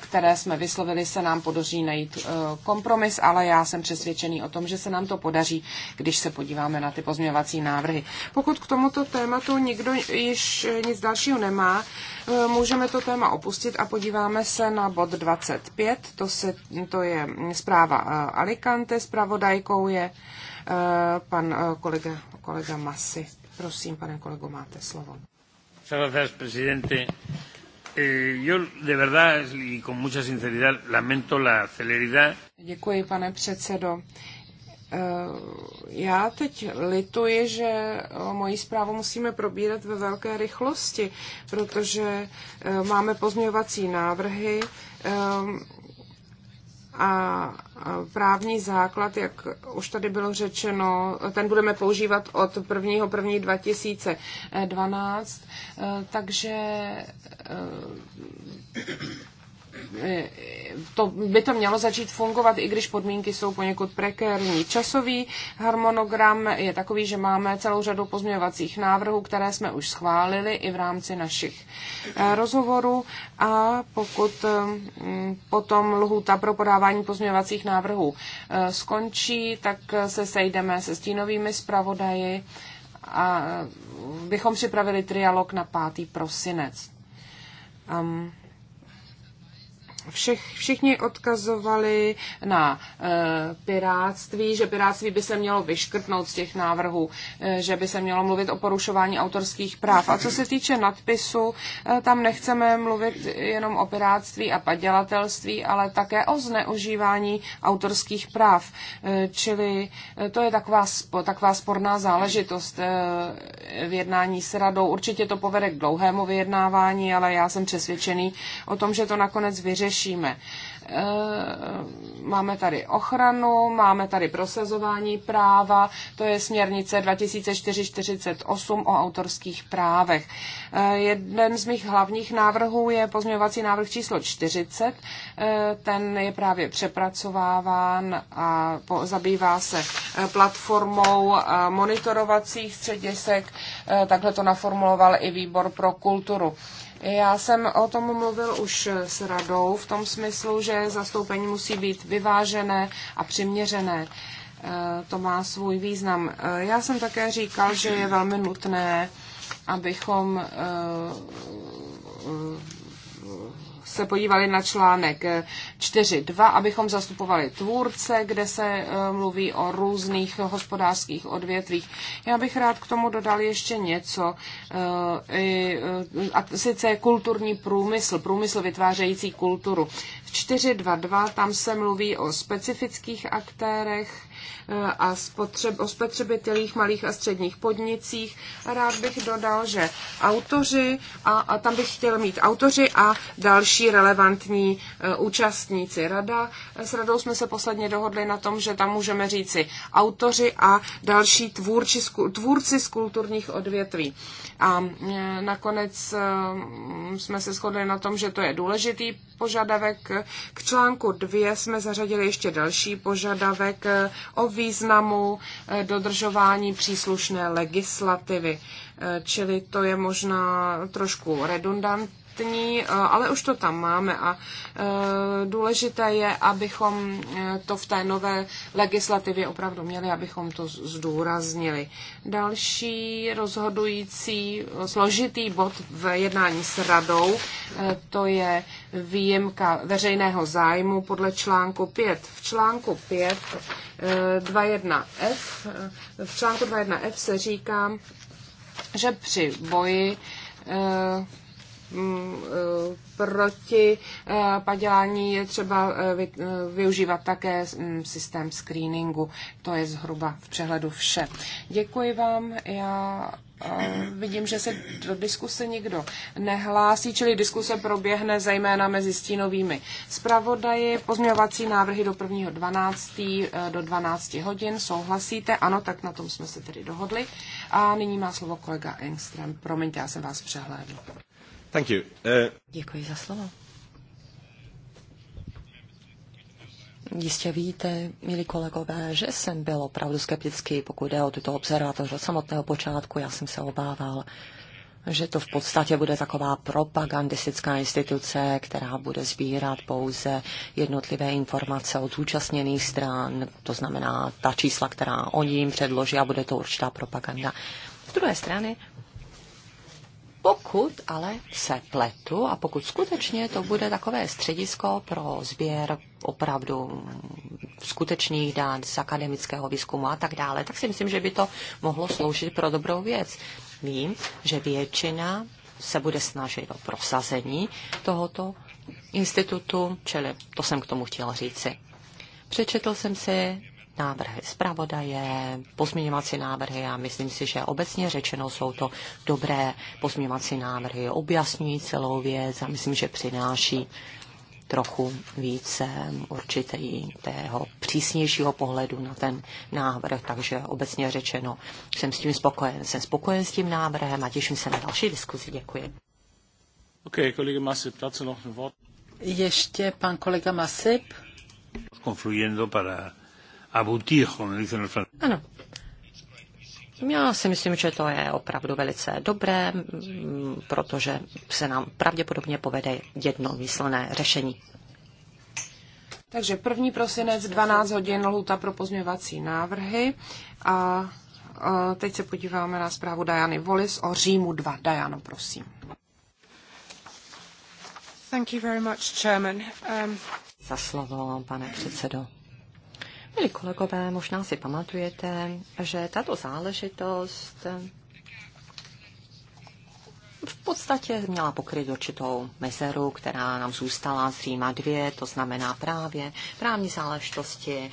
Speaker 3: které jsme vyslovili, se nám podaří najít kompromis, ale já jsem přesvědčený o tom, že se nám to podaří, když se podíváme na ty pozměňovací návrhy. Pokud k tomuto tématu nikdo již nic dalšího nemá, Eh, můžeme to téma opustit a podíváme se na bod 25. To, se, to je zpráva eh, Alicante. Zpravodajkou je eh, pan kolega, kolega Masy. Prosím, pane kolego, máte slovo. Gracias, presidente. Eh, yo de verdad y con mucha sinceridad lamento la celeridad. Děkuji, pane předsedo. Eh, já teď lituji, že eh, moji zprávu musíme probírat ve velké rychlosti, protože eh, máme pozměňovací návrhy a právní základ, jak už tady bylo řečeno, ten budeme používat od 1.1.2012, 2012, takže to, by to mělo začít fungovat, i když podmínky jsou poněkud prekérní. Časový harmonogram je takový, že máme celou řadu pozměňovacích návrhů, které jsme už schválili i v rámci našich eh, rozhovorů a pokud eh, potom lhůta pro podávání pozměňovacích návrhů eh, skončí, tak se sejdeme se stínovými zpravodaji a bychom připravili trialog na 5. prosinec. Um, všech, všichni odkazovali na e, piráctví, že piráctví by se mělo vyškrtnout z těch návrhů, e, že by se mělo mluvit o porušování autorských práv. A co se týče nadpisu, e, tam nechceme mluvit jenom o piráctví a padělatelství, ale také o zneužívání autorských práv. E, čili e, to je taková, spo, taková sporná záležitost e, v jednání s radou. Určitě to povede k dlouhému vyjednávání, ale já jsem přesvědčený o tom, že to nakonec vyřeší řešíme. Eh, máme tady ochranu, máme tady prosazování práva, to je směrnice 2448 o autorských právech. Eh, jeden z mých hlavních návrhů je pozměňovací návrh číslo 40. Eh, ten je právě přepracováván a zabývá se platformou monitorovacích středisek. Takhle to naformuloval i výbor pro kulturu já jsem o tom mluvil už s radou v tom smyslu, že zastoupení musí být vyvážené a přiměřené. E, to má svůj význam. E, já jsem také říkal, že je velmi nutné, abychom e, se podívali na článek 4.2, abychom zastupovali tvůrce, kde se eh, mluví o různých hospodářských odvětvích. Já bych rád k tomu dodal ještě něco, eh, eh, a sice kulturní průmysl, průmysl vytvářející kulturu. V 4.2.2 tam se mluví o specifických aktérech, Eh, a spotřeb, o spotřebitelích malých a středních podnicích. Rád bych dodal, že autoři, a, a tam bych chtěl mít autoři a další relevantní eh, účastníci. Rada, s radou jsme se posledně dohodli na tom, že tam můžeme říci autoři a další tvůrči, tvůrci z kulturních odvětví. A eh, nakonec jsme se shodli na tom, že to je důležitý požadavek. K článku 2 jsme zařadili ještě další požadavek o významu eh, dodržování příslušné legislativy. Eh, čili to je možná trošku redundant, eh, ale už to tam máme a důležité je, abychom to v té nové legislativě opravdu měli, abychom to zdůraznili. Další rozhodující složitý bod v jednání s radou, to je výjimka veřejného zájmu podle článku 5. V článku 5 21F, eh, eh, v článku 21F se říká, že při boji eh, mm, proti padělání je třeba využívat také mm, systém screeningu. To je zhruba v přehledu vše. Děkuji vám. Já Vidím, že se do diskuse nikdo nehlásí, čili diskuse proběhne zejména mezi stínovými zpravodaji. Pozměňovací návrhy do 1.12. E, do 12 hodin. Souhlasíte? Ano, tak na tom jsme se tedy dohodli. A nyní má slovo kolega Engström. Promiňte, já jsem vás přehlédl. Thank you. Uh... Děkuji za slovo.
Speaker 2: jistě víte, milí kolegové, že jsem byl opravdu skeptický, pokud jde o tyto observatoř od samotného počátku. Já jsem se obával, že to v podstatě bude taková propagandistická instituce, která bude sbírat pouze jednotlivé informace od zúčastněných stran, to znamená ta čísla, která oni jim předloží a bude to určitá propaganda. Z druhé strany, pokud ale se pletu a pokud skutečně to bude takové středisko pro sběr opravdu skutečných dát, z akademického výzkumu a tak dále, tak si myslím, že by to mohlo sloužit pro dobrou věc. Vím, že většina se bude snažit o prosazení tohoto institutu, čili to jsem k tomu chtěla říci. Přečetl jsem si návrhy zpravodaje, pozměňovací návrhy a myslím si, že obecně řečeno jsou to dobré pozměňovací návrhy, objasňují celou věc a myslím, že přináší trochu více určitého přísnějšího pohledu na ten návrh, takže obecně řečeno jsem s tím spokojen. Jsem spokojen s tím návrhem
Speaker 1: a těším se na další diskuzi. Děkuji.
Speaker 3: Okay, kolega Masip, no
Speaker 1: Ještě pan kolega Masip.
Speaker 3: Confluyendo para abutir, como dicen los franceses.
Speaker 1: Ano, já si myslím, že to je opravdu velice
Speaker 2: dobré, protože se nám pravděpodobně povede jednomyslné řešení.
Speaker 3: Takže první prosinec, 12 hodin, lhuta pro pozměvací návrhy. A teď se podíváme na zprávu Diany Volis o Římu 2. Diano, prosím. Thank you very
Speaker 2: much, Chairman. Um... Za slovo, pane předsedo.
Speaker 3: Milí kolegové,
Speaker 2: možná si pamatujete, že tato záležitost v podstatě měla pokryt určitou mezeru, která nám zůstala z Říma 2, to znamená právě právní záležitosti,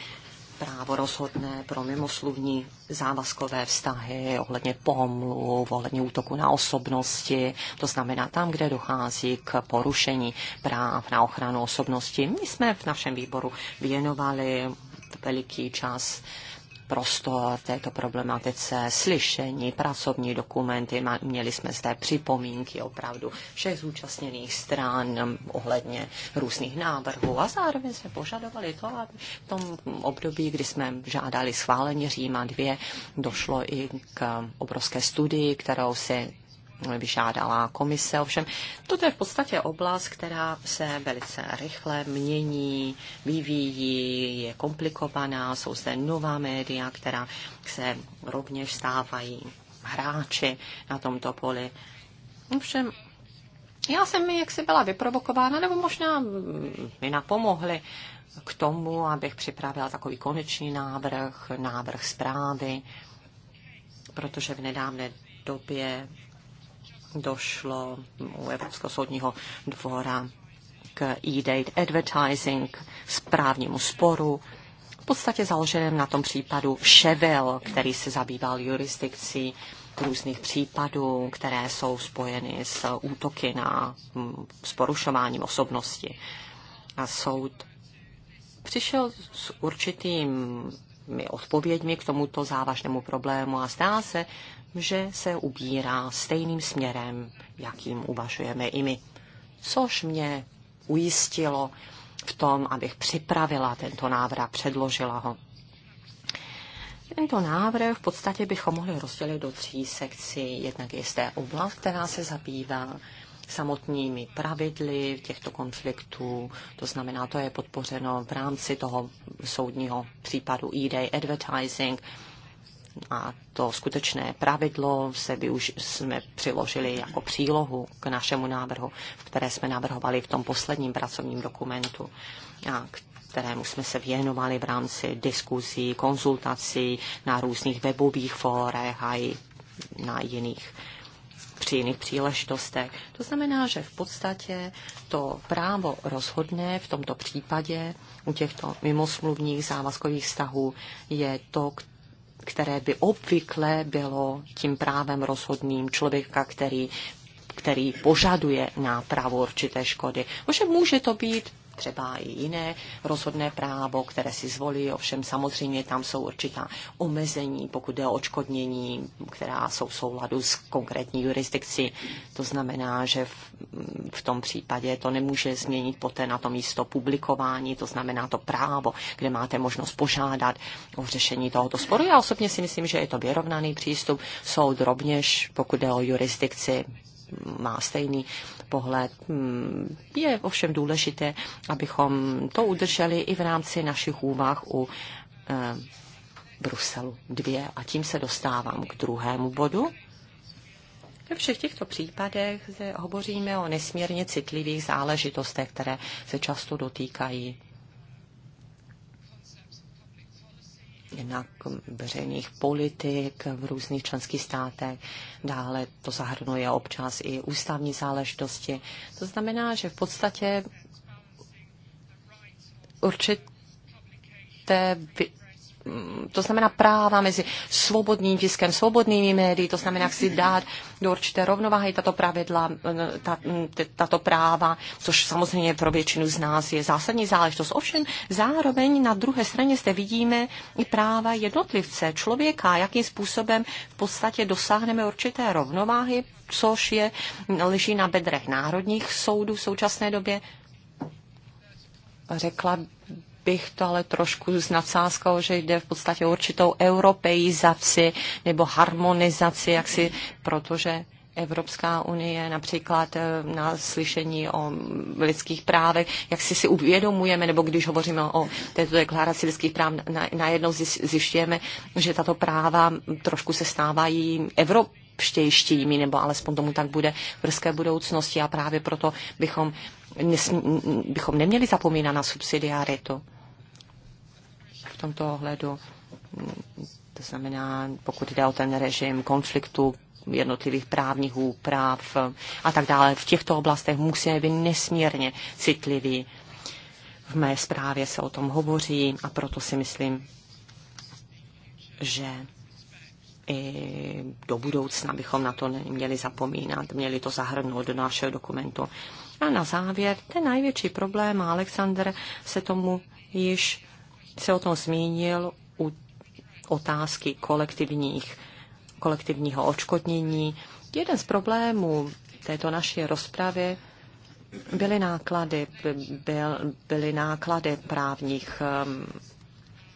Speaker 2: právo rozhodné pro mimoslovní závazkové vztahy ohledně pomluv, ohledně útoku na osobnosti, to znamená tam, kde dochází k porušení práv na ochranu osobnosti. My jsme v našem výboru věnovali veliký čas prostor této problematice, slyšení, pracovní dokumenty. Měli jsme zde připomínky opravdu všech zúčastněných stran ohledně různých návrhů a zároveň jsme požadovali to, aby v tom období, kdy jsme žádali schválení Říma 2, došlo i k obrovské studii, kterou si vyžádala komise. Ovšem, toto je v podstatě oblast, která se velice rychle mění, vyvíjí, je komplikovaná, jsou zde nová média, která se rovněž stávají hráči na tomto poli. Ovšem, já jsem jaksi byla vyprovokována, nebo možná mi napomohli k tomu, abych připravila takový konečný návrh, návrh zprávy, protože v nedávné době došlo u Evropského soudního dvora k e-date advertising, správnímu sporu, v podstatě založeném na tom případu Chevel, který se zabýval jurisdikcí různých případů, které jsou spojeny s útoky na, mm, s porušováním osobnosti. A soud přišel s určitými odpověďmi k tomuto závažnému problému a zdá se, že se ubírá stejným směrem, jakým uvažujeme i my. Což mě ujistilo v tom, abych připravila tento návrh, předložila ho. Tento návrh v podstatě bychom mohli rozdělit do tří sekcí. Jednak je zde oblast, která se zabývá samotnými pravidly těchto konfliktů. To znamená, to je podpořeno v rámci toho soudního případu e-day advertising a to skutečné pravidlo se už jsme přiložili jako přílohu k našemu návrhu, které jsme navrhovali v tom posledním pracovním dokumentu, a kterému jsme se věnovali v rámci diskuzí, konzultací na různých webových fórech a i na jiných při jiných příležitostech. To znamená, že v podstatě to právo rozhodné v tomto případě u těchto mimosmluvních závazkových vztahů je to, které by obvykle bylo tím právem rozhodným člověka, který který požaduje nápravu určité škody. Ovšem může to být třeba i jiné rozhodné právo, které si zvolí, ovšem samozřejmě tam jsou určitá omezení, pokud jde o očkodnění, která jsou v souladu s konkrétní jurisdikcí. To znamená, že v, v tom případě to nemůže změnit poté na to místo publikování, to znamená to právo, kde máte možnost požádat o řešení tohoto sporu. Já osobně si myslím, že je to vyrovnaný přístup. Soud rovněž, pokud jde o jurisdikci, má stejný pohled. Hmm, je ovšem důležité, abychom to udrželi i v rámci našich úvah u eh, Bruselu 2. A tím se dostávám k druhému bodu. Ve všech těchto případech hovoříme o nesmírně citlivých záležitostech, které se často dotýkají na veřejných politik v různých členských státech. Dále to zahrnuje občas i ústavní záležitosti. To znamená, že v podstatě určité to znamená práva mezi svobodným tiskem, svobodnými médií, to znamená, jak si dát do určité rovnováhy tato pravidla, tato práva, což samozřejmě pro většinu z nás je zásadní záležitost. Ovšem, zároveň na druhé straně zde vidíme i práva jednotlivce, člověka, jakým způsobem v podstatě dosáhneme určité rovnováhy, což je, leží na bedrech národních soudů v současné době. Řekla bych to ale trošku s nadsázkou, že jde v podstatě o určitou europeizaci nebo harmonizaci, jaksi, protože Evropská unie například eh, na slyšení o lidských právech, jak si si uvědomujeme, nebo když hovoříme o této deklaraci lidských práv, najednou zjišťujeme, že tato práva trošku se stávají evrop, nebo alespoň tomu tak bude v brzké budoucnosti a právě proto bychom Nesm bychom neměli zapomínat na subsidiaritu v tomto ohledu. To znamená, pokud jde o ten režim konfliktu jednotlivých právních úprav a tak dále. V těchto oblastech musíme být nesmírně citliví. V mé zprávě se o tom hovoří a proto si myslím, že i do budoucna bychom na to neměli zapomínat, měli to zahrnout do našeho dokumentu. A na závěr, ten největší problém, a Alexander se tomu již se o tom zmínil u otázky kolektivních, kolektivního očkodnění. Jeden z problémů této naší rozpravy byly náklady, byl, byly náklady právních um,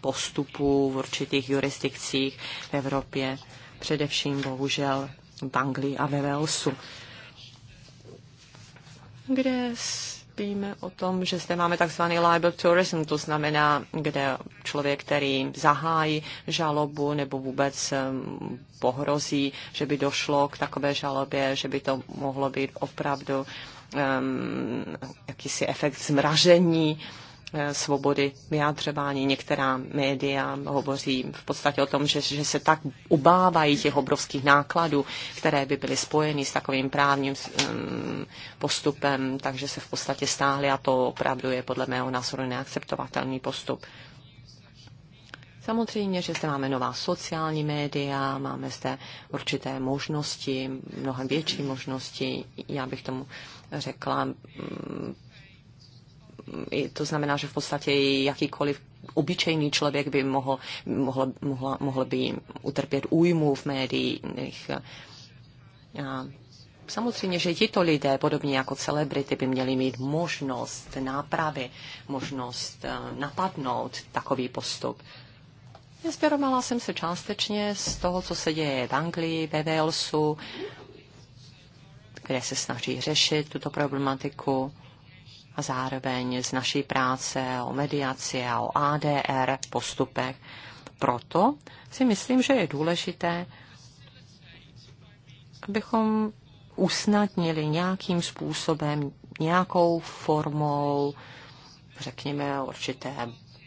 Speaker 2: postupů v určitých jurisdikcích v Evropě, především bohužel v Anglii a ve Walesu kde víme o tom, že zde máme takzvaný libel tourism, to znamená, kde člověk, který zahájí žalobu nebo vůbec pohrozí, že by došlo k takové žalobě, že by to mohlo být opravdu um, jakýsi efekt zmražení Eh, svobody vyjádřování. Některá média hovoří v podstatě o tom, že, že se tak obávají těch obrovských nákladů, které by byly spojeny s takovým právním mm, postupem, takže se v podstatě stáhly a to opravdu je podle mého názoru neakceptovatelný postup. Samozřejmě, že zde máme nová sociální média, máme zde určité možnosti, mnohem větší možnosti. Já bych tomu řekla mm, to znamená, že v podstatě jakýkoliv obyčejný člověk by mohl, mohl, mohl, mohl by utrpět újmu v médiích. A samozřejmě, že tito lidé, podobně jako celebrity, by měli mít možnost nápravy, možnost eh, napadnout takový postup. Inspirovala jsem se částečně z toho, co se děje v Anglii, ve Walesu, kde se snaží řešit tuto problematiku a zároveň z naší práce o mediaci a o ADR postupech. Proto si myslím, že je důležité, abychom usnadnili nějakým způsobem, nějakou formou, řekněme, určité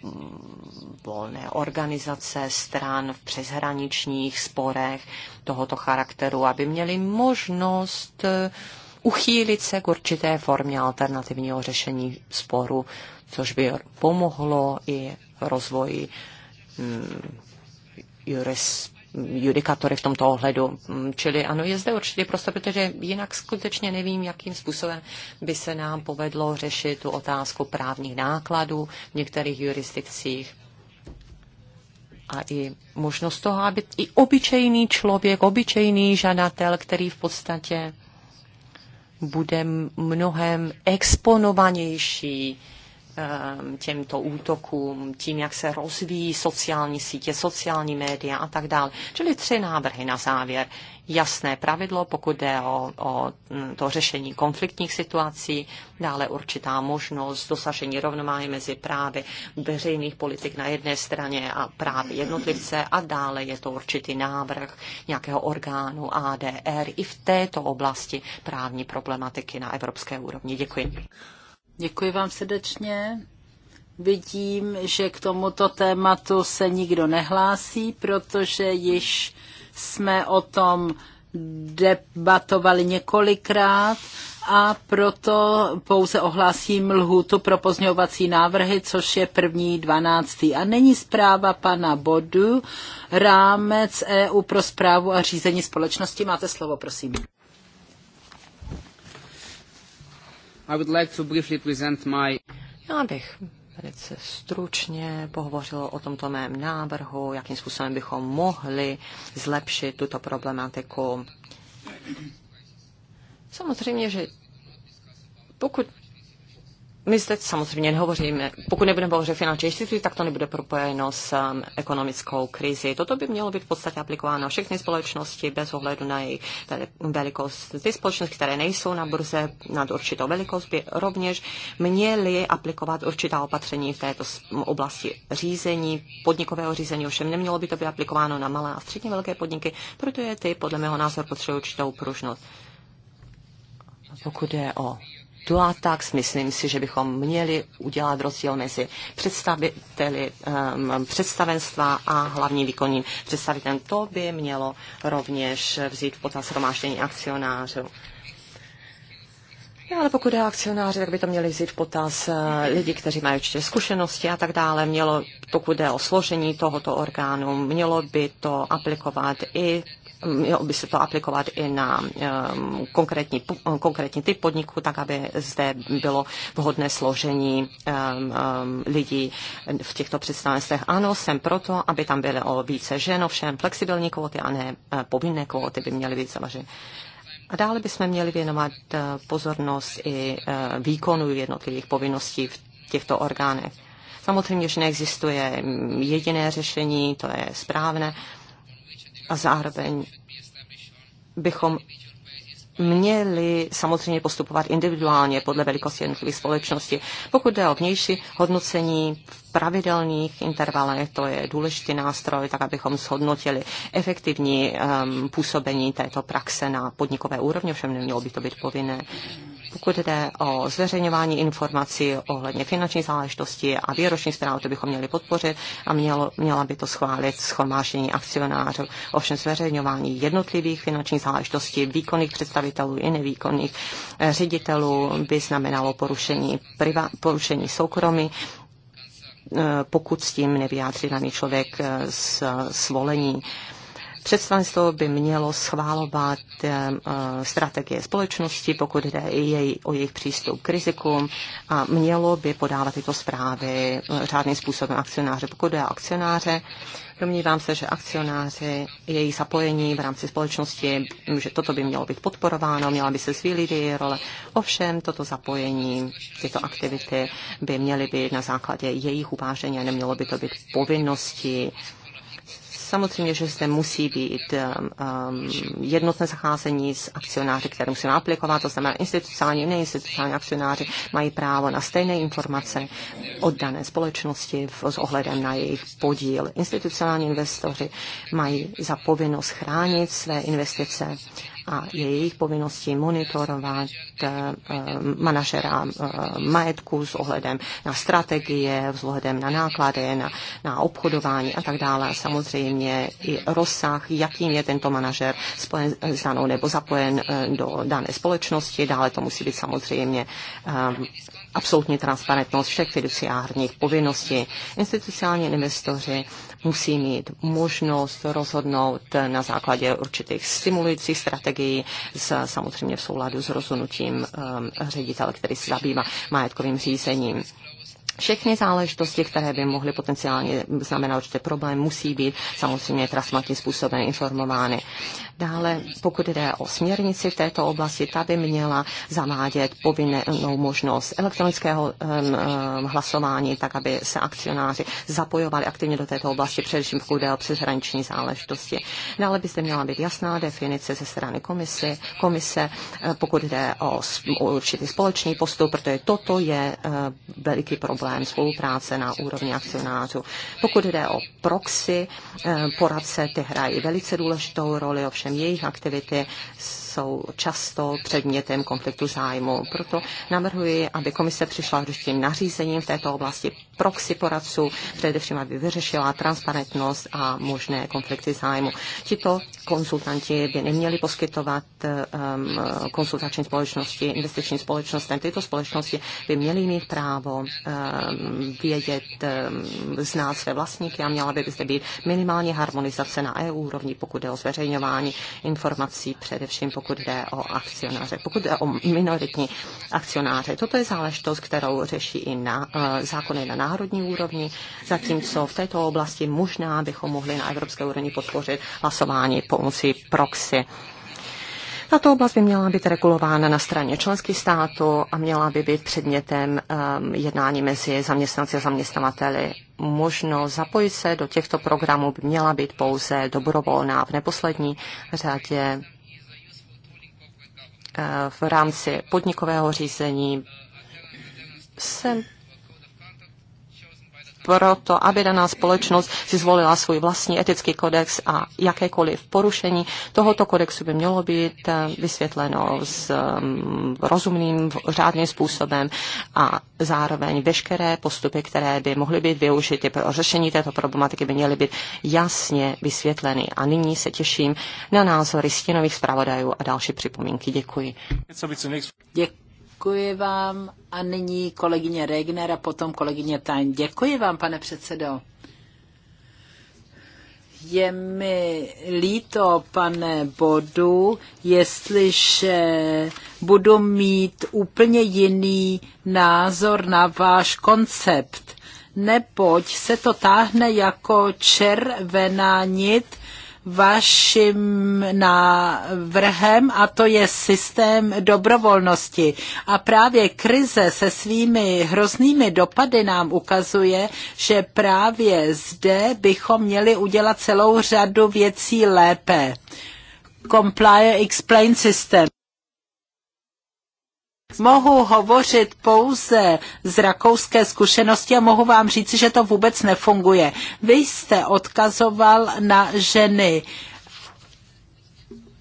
Speaker 2: mm, volné organizace stran v přeshraničních sporech tohoto charakteru, aby měli možnost eh, uchýlit se k určité formě alternativního řešení sporu, což by pomohlo i rozvoji hmm, juris, judikatory v tomto ohledu. Mm, čili ano, je zde určitě prostě, protože jinak skutečně nevím, jakým způsobem by se nám povedlo řešit tu otázku právních nákladů v některých jurisdikcích a i možnost toho, aby i obyčejný člověk, obyčejný žadatel, který v podstatě bude mnohem exponovanější Ehm, těmto útokům, tím, jak se rozvíjí sociální sítě, sociální média a tak dále. Čili tři návrhy na závěr. Jasné pravidlo, pokud jde o, o mm, to řešení konfliktních situací, dále určitá možnost dosažení rovnováhy mezi právy veřejných politik na jedné straně a právy jednotlivce a dále je to určitý návrh nějakého orgánu ADR i v této oblasti právní problematiky na evropské úrovni. Děkuji. Děkuji vám
Speaker 1: srdečně. Vidím, že k tomuto tématu se nikdo nehlásí, protože již jsme o tom debatovali několikrát a proto pouze ohlásím lhůtu pro pozňovací návrhy, což je první 12. A není zpráva pana Bodu, rámec EU pro zprávu a řízení společnosti. Máte slovo, prosím.
Speaker 3: Já
Speaker 2: bych velice stručně pohovořil o tomto mém návrhu, jakým způsobem bychom mohli zlepšit tuto problematiku. Samozřejmě, že pokud my zde samozřejmě nehovoříme, pokud nebudeme hovořit finanční instituty, tak to nebude propojeno s um, ekonomickou krizi. Toto by mělo být v podstatě aplikováno na všechny společnosti bez ohledu na jejich velikost. Ty společnosti, které nejsou na burze nad určitou velikost, by rovněž měly aplikovat určitá opatření v této oblasti řízení, podnikového řízení, ovšem nemělo by to být aplikováno na malé a středně velké podniky, protože ty podle mého názoru potřebují určitou pružnost. Pokud je o dual tak Myslím si, že bychom měli udělat rozdíl mezi představiteli um, představenstva a hlavním výkonným představitelem. To by mělo rovněž vzít v potaz romáštění akcionářů. No, ale pokud je akcionáři, tak by to měli vzít v potaz eh, lidi, kteří mají určitě zkušenosti a tak dále. Mělo, pokud jde o složení tohoto orgánu, mělo by to aplikovat i mělo by se to aplikovat i na um, konkrétní, uh, konkrétní typ podniku, tak aby zde bylo vhodné složení um, um, lidí v těchto představenstvech. Ano, jsem proto, aby tam byly o více žen, ovšem flexibilní kvóty a ne uh, povinné kvóty by měly být zavaženy. A dále bychom měli věnovat uh, pozornost i výkonu jednotlivých povinností v těchto orgánech. Samozřejmě, že neexistuje mm, jediné řešení, to je správné a zároveň bychom měli samozřejmě postupovat individuálně podle velikosti jednotlivých společností. Pokud jde o vnější hodnocení v pravidelných intervalech. To je důležitý nástroj, tak abychom shodnotili efektivní um, působení této praxe na podnikové úrovni, všem nemělo by to být povinné. Pokud jde o zveřejňování informací ohledně finanční záležitosti a výroční zprávy, to bychom měli podpořit a mělo, měla by to schválit schromáždění akcionářů. Ovšem zveřejňování jednotlivých finančních záležitostí, výkonných představitelů i nevýkonných eh, ředitelů by znamenalo porušení, priva, porušení soukromí Eh, pokud s tím nevyjádří daný člověk eh, s eh, svolení Představenstvo by mělo schválovat eh, eh, strategie společnosti, pokud jde i jej, o jejich přístup k rizikům a mělo by podávat tyto zprávy eh, řádným způsobem akcionáře. Pokud jde o akcionáře, Domnívám se, že akcionáři, jejich zapojení v rámci společnosti, mm, že toto by mělo být podporováno, měla by se zvýlit její role. Ovšem, toto zapojení, tyto aktivity by měly být na základě jejich uvážení a nemělo by to být povinností Samozřejmě, že zde musí být um, um, jednotné zacházení s akcionáři, které musíme aplikovat, to znamená institucionální, neinstitucionální akcionáři mají právo na stejné informace od dané společnosti v, s ohledem na jejich podíl. Institucionální investoři mají za povinnost chránit své investice a je jejich povinností monitorovat eh, manažera eh, majetku s ohledem na strategie, s ohledem na náklady, na, na obchodování a tak dále. Samozřejmě i rozsah, jakým je tento manažer spojen eh, s danou nebo zapojen do dané společnosti. Dále to musí být samozřejmě absolutní transparentnost všech fiduciárních povinností. Institucionální investoři musí mít možnost rozhodnout na základě určitých stimulujících strategií, s, samozřejmě v souladu s rozhodnutím um, ředitele, který se zabývá majetkovým řízením všechny záležitosti, které by mohly potenciálně znamenat určitě problém, musí být samozřejmě transmatním způsobem informovány. Dále, pokud jde o směrnici v této oblasti, ta by měla zavádět povinnou možnost elektronického um, hlasování, tak aby se akcionáři zapojovali aktivně do této oblasti, především pokud jde o přeshraniční záležitosti. Dále by zde měla být jasná definice ze strany komisy, komise, eh, pokud jde o, o určitý společný postup, protože toto je uh, veliký problém problém spolupráce na úrovni akcionářů. Pokud jde o proxy, eh, poradce ty hrají velice důležitou roli, ovšem jejich aktivity jsou často předmětem konfliktu zájmu. Proto navrhuji, aby komise přišla s tím nařízením v této oblasti proxy poradců, především aby vyřešila transparentnost a možné konflikty zájmu. Tito konzultanti by neměli poskytovat um, konsultační společnosti, investiční společnostem. Tyto společnosti by měly mít právo um, vědět, um, znát své vlastníky a měla by, by zde být minimální harmonizace na EU úrovni, pokud jde o zveřejňování informací, především pokud jde o akcionáře, pokud jde o minoritní akcionáře. Toto je záležitost, kterou řeší i na, eh, zákony na národní úrovni, zatímco v této oblasti možná bychom mohli na evropské úrovni podpořit hlasování pomocí proxy. Tato oblast by měla být regulována na straně členských států a měla by být předmětem um, jednání mezi zaměstnanci a zaměstnavateli. Možno zapojit se do těchto programů by měla být pouze dobrovolná v neposlední řadě v rámci podnikového řízení se proto, aby daná společnost si zvolila svůj vlastní etický kodex a jakékoliv porušení tohoto kodexu by mělo být eh, vysvětleno s mm, rozumným, řádným způsobem a zároveň veškeré postupy, které by mohly být využity pro řešení této problematiky, by měly být jasně vysvětleny. A nyní se těším na názory stěnových zpravodajů a další připomínky. Děkuji.
Speaker 1: Děkuji. Děkuji vám a nyní kolegyně Regner a potom kolegyně Tajn. Děkuji vám, pane předsedo. Je mi líto, pane Bodu, jestliže budu mít úplně jiný názor na váš koncept, neboť se to táhne jako červená nit vaším návrhem a to je systém dobrovolnosti. A právě krize se svými hroznými dopady nám ukazuje, že právě zde bychom měli udělat celou řadu věcí lépe. Comply Explain System. Mohu hovořit pouze z rakouské zkušenosti a mohu vám říci, že to vůbec nefunguje. Vy jste odkazoval na ženy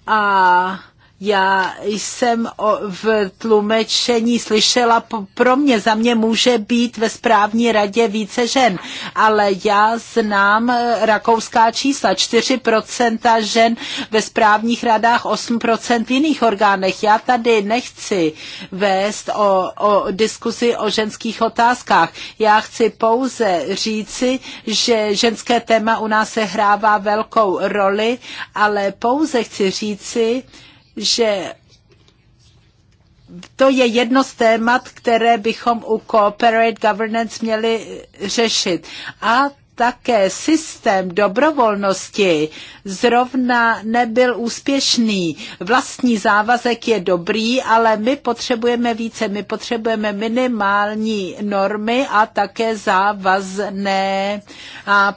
Speaker 1: a já jsem v tlumečení slyšela, pro mě, za mě může být ve správní radě více žen, ale já znám eh, rakouská čísla, 4% žen ve správních radách, 8% v jiných orgánech. Já tady nechci vést o, o diskuzi o ženských otázkách. Já chci pouze říci, že ženské téma u nás sehrává velkou roli, ale pouze chci říci, že to je jedno z témat, které bychom u corporate governance měli řešit. A také systém dobrovolnosti zrovna nebyl úspěšný. Vlastní závazek je dobrý, ale my potřebujeme více. My potřebujeme minimální normy a také závazné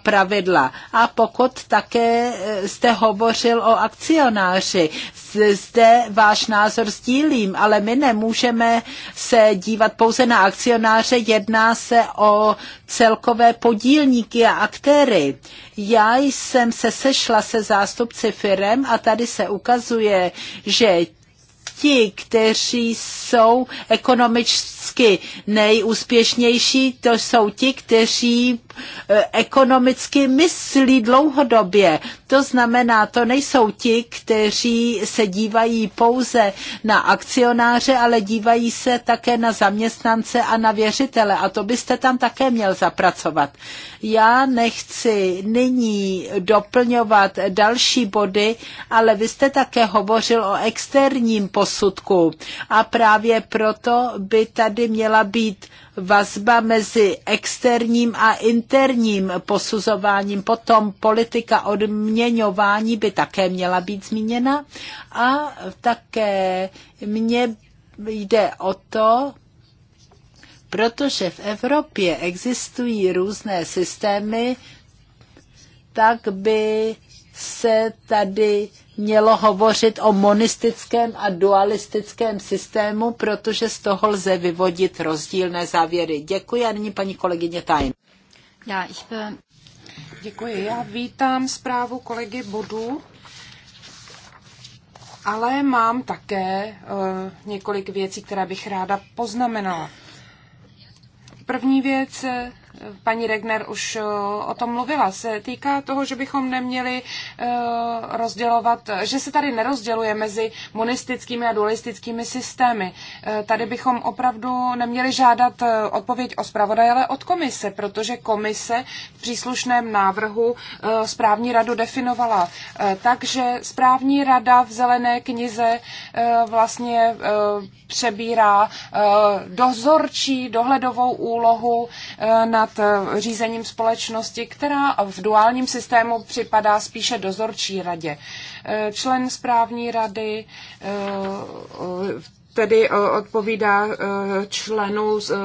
Speaker 1: pravidla. A pokud také e, jste hovořil o akcionáři, zde váš názor sdílím, ale my nemůžeme se dívat pouze na akcionáře, jedná se o celkové podílníky a aktéry. Já jsem se sešla se zástupci firem a tady se ukazuje, že ti, kteří jsou ekonomicky nejúspěšnější, to jsou ti, kteří eh, ekonomicky myslí dlouhodobě. To znamená, to nejsou ti, kteří se dívají pouze na akcionáře, ale dívají se také na zaměstnance a na věřitele. A to byste tam také měl zapracovat. Já nechci nyní doplňovat další body, ale vy jste také hovořil o externím postupu rozsudku. A právě proto by tady měla být vazba mezi externím a interním posuzováním. Potom politika odměňování by také měla být zmíněna. A také mně jde o to, protože v Evropě existují různé systémy, tak by se tady mělo hovořit o monistickém a dualistickém systému, protože z toho lze vyvodit rozdílné závěry. Děkuji a nyní paní kolegyně Tajn.
Speaker 3: Já, ich bin... Děkuji. Já vítám zprávu kolegy Bodu, ale mám také uh, několik věcí, které bych ráda poznamenala. První věc eh, paní Regner už eh, o tom mluvila, se týká toho, že bychom neměli eh, rozdělovat, že se tady nerozděluje mezi monistickými a dualistickými systémy. Eh, tady bychom opravdu neměli žádat odpověď o zpravodaje, ale od komise, protože komise v příslušném návrhu správní radu definovala tak, že správní rada v zelené knize vlastně přebírá dozorčí, dohledovou úlohu nad nad eh, řízením společnosti, která v duálním systému připadá spíše dozorčí radě. Eh, člen správní rady eh, tedy eh, odpovídá eh, členů eh,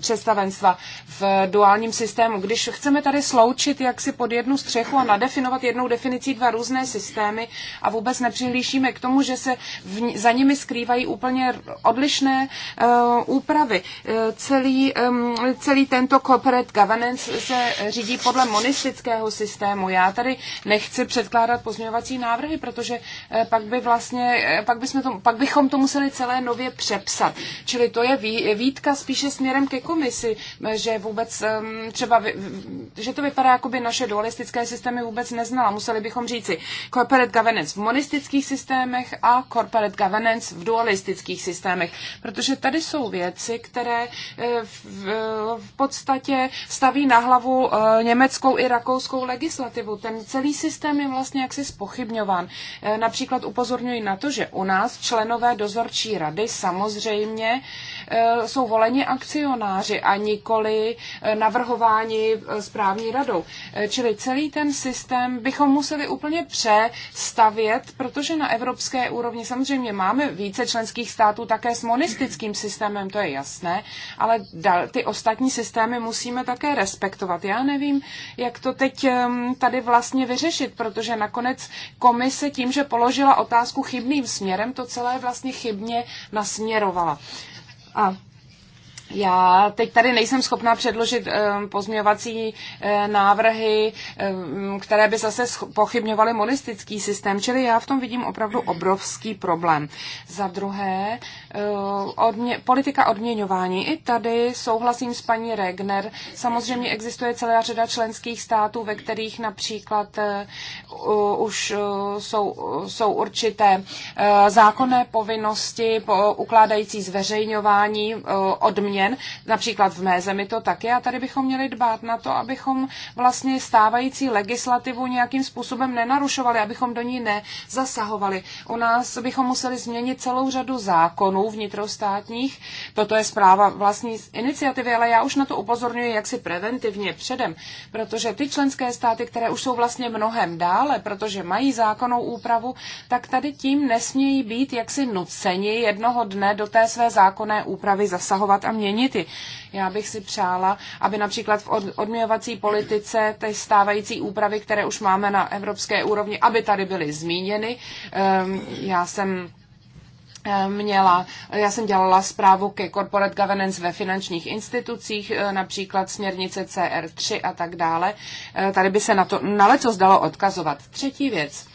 Speaker 3: představenstva v duálním systému. Když chceme tady sloučit jaksi pod jednu střechu a nadefinovat jednou definicí dva různé systémy a vůbec nepřihlíšíme k tomu, že se v, za nimi skrývají úplně odlišné uh, úpravy. Celý, um, celý tento corporate governance se řídí podle monistického systému. Já tady nechci předkládat pozměňovací návrhy, protože pak by vlastně, pak, bychom to, pak bychom to museli celé nově přepsat. Čili to je výtka spíše směrem ke komisi, že vůbec třeba, že to vypadá, jako by naše dualistické systémy vůbec neznala. Museli bychom říci corporate governance v monistických systémech a corporate governance v dualistických systémech, protože tady jsou věci, které eh, v podstatě staví na hlavu eh, německou i rakouskou legislativu. Ten celý systém je vlastně jaksi spochybňován. Eh, například upozorňuji na to, že u nás členové dozorčí rady rady samozřejmě eh, jsou voleni akcionáři a nikoli eh, navrhováni eh, správní radou. Čili celý ten systém bychom museli úplně přestavět, protože na evropské úrovni samozřejmě máme více členských států také s monistickým systémem, to je jasné, ale ty ostatní systémy musíme také respektovat. Já nevím, jak to teď ehm, tady vlastně vyřešit, protože nakonec komise tím, že položila otázku chybným směrem, to celé vlastně chybně nasměrovala. A já teď tady nejsem schopná předložit eh, pozměňovací eh, návrhy, eh, které by zase pochybňovaly monistický systém, čili já v tom vidím opravdu obrovský problém. Za druhé, odmě, politika odměňování. I tady souhlasím s paní Regner. Samozřejmě existuje celá řada členských států, ve kterých například už jsou, jsou určité zákonné povinnosti po ukládající zveřejňování odměn změn. Například v mé zemi to tak je a tady bychom měli dbát na to, abychom vlastně stávající legislativu nějakým způsobem nenarušovali, abychom do ní nezasahovali. U nás bychom museli změnit celou řadu zákonů vnitrostátních. Toto je zpráva vlastní iniciativy, ale já už na to upozorňuji jaksi preventivně předem, protože ty členské státy, které už jsou vlastně mnohem dále, protože mají zákonnou úpravu, tak tady tím nesmějí být jaksi nuceni jednoho dne do té své zákonné úpravy zasahovat a měnit měnit. Já bych si přála, aby například v odměňovací politice ty stávající úpravy, které už máme na evropské úrovni, aby tady byly zmíněny. Ehm, já jsem ehm, měla, já jsem dělala zprávu ke corporate governance ve finančních institucích, e, například směrnice CR3 a tak dále. E, tady by se na to naleco zdalo odkazovat. Třetí věc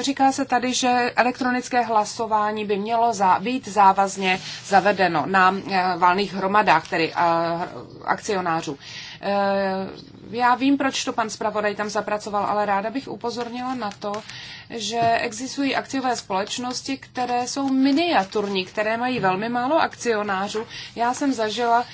Speaker 3: říká se tady, že elektronické hlasování by mělo za, být závazně zavedeno na eh, valných hromadách, tedy eh, akcionářů. Eh, já vím, proč to pan zpravodaj tam zapracoval, ale ráda bych upozornila na to, že existují akciové společnosti, které jsou miniaturní, které mají velmi málo akcionářů. Já jsem zažila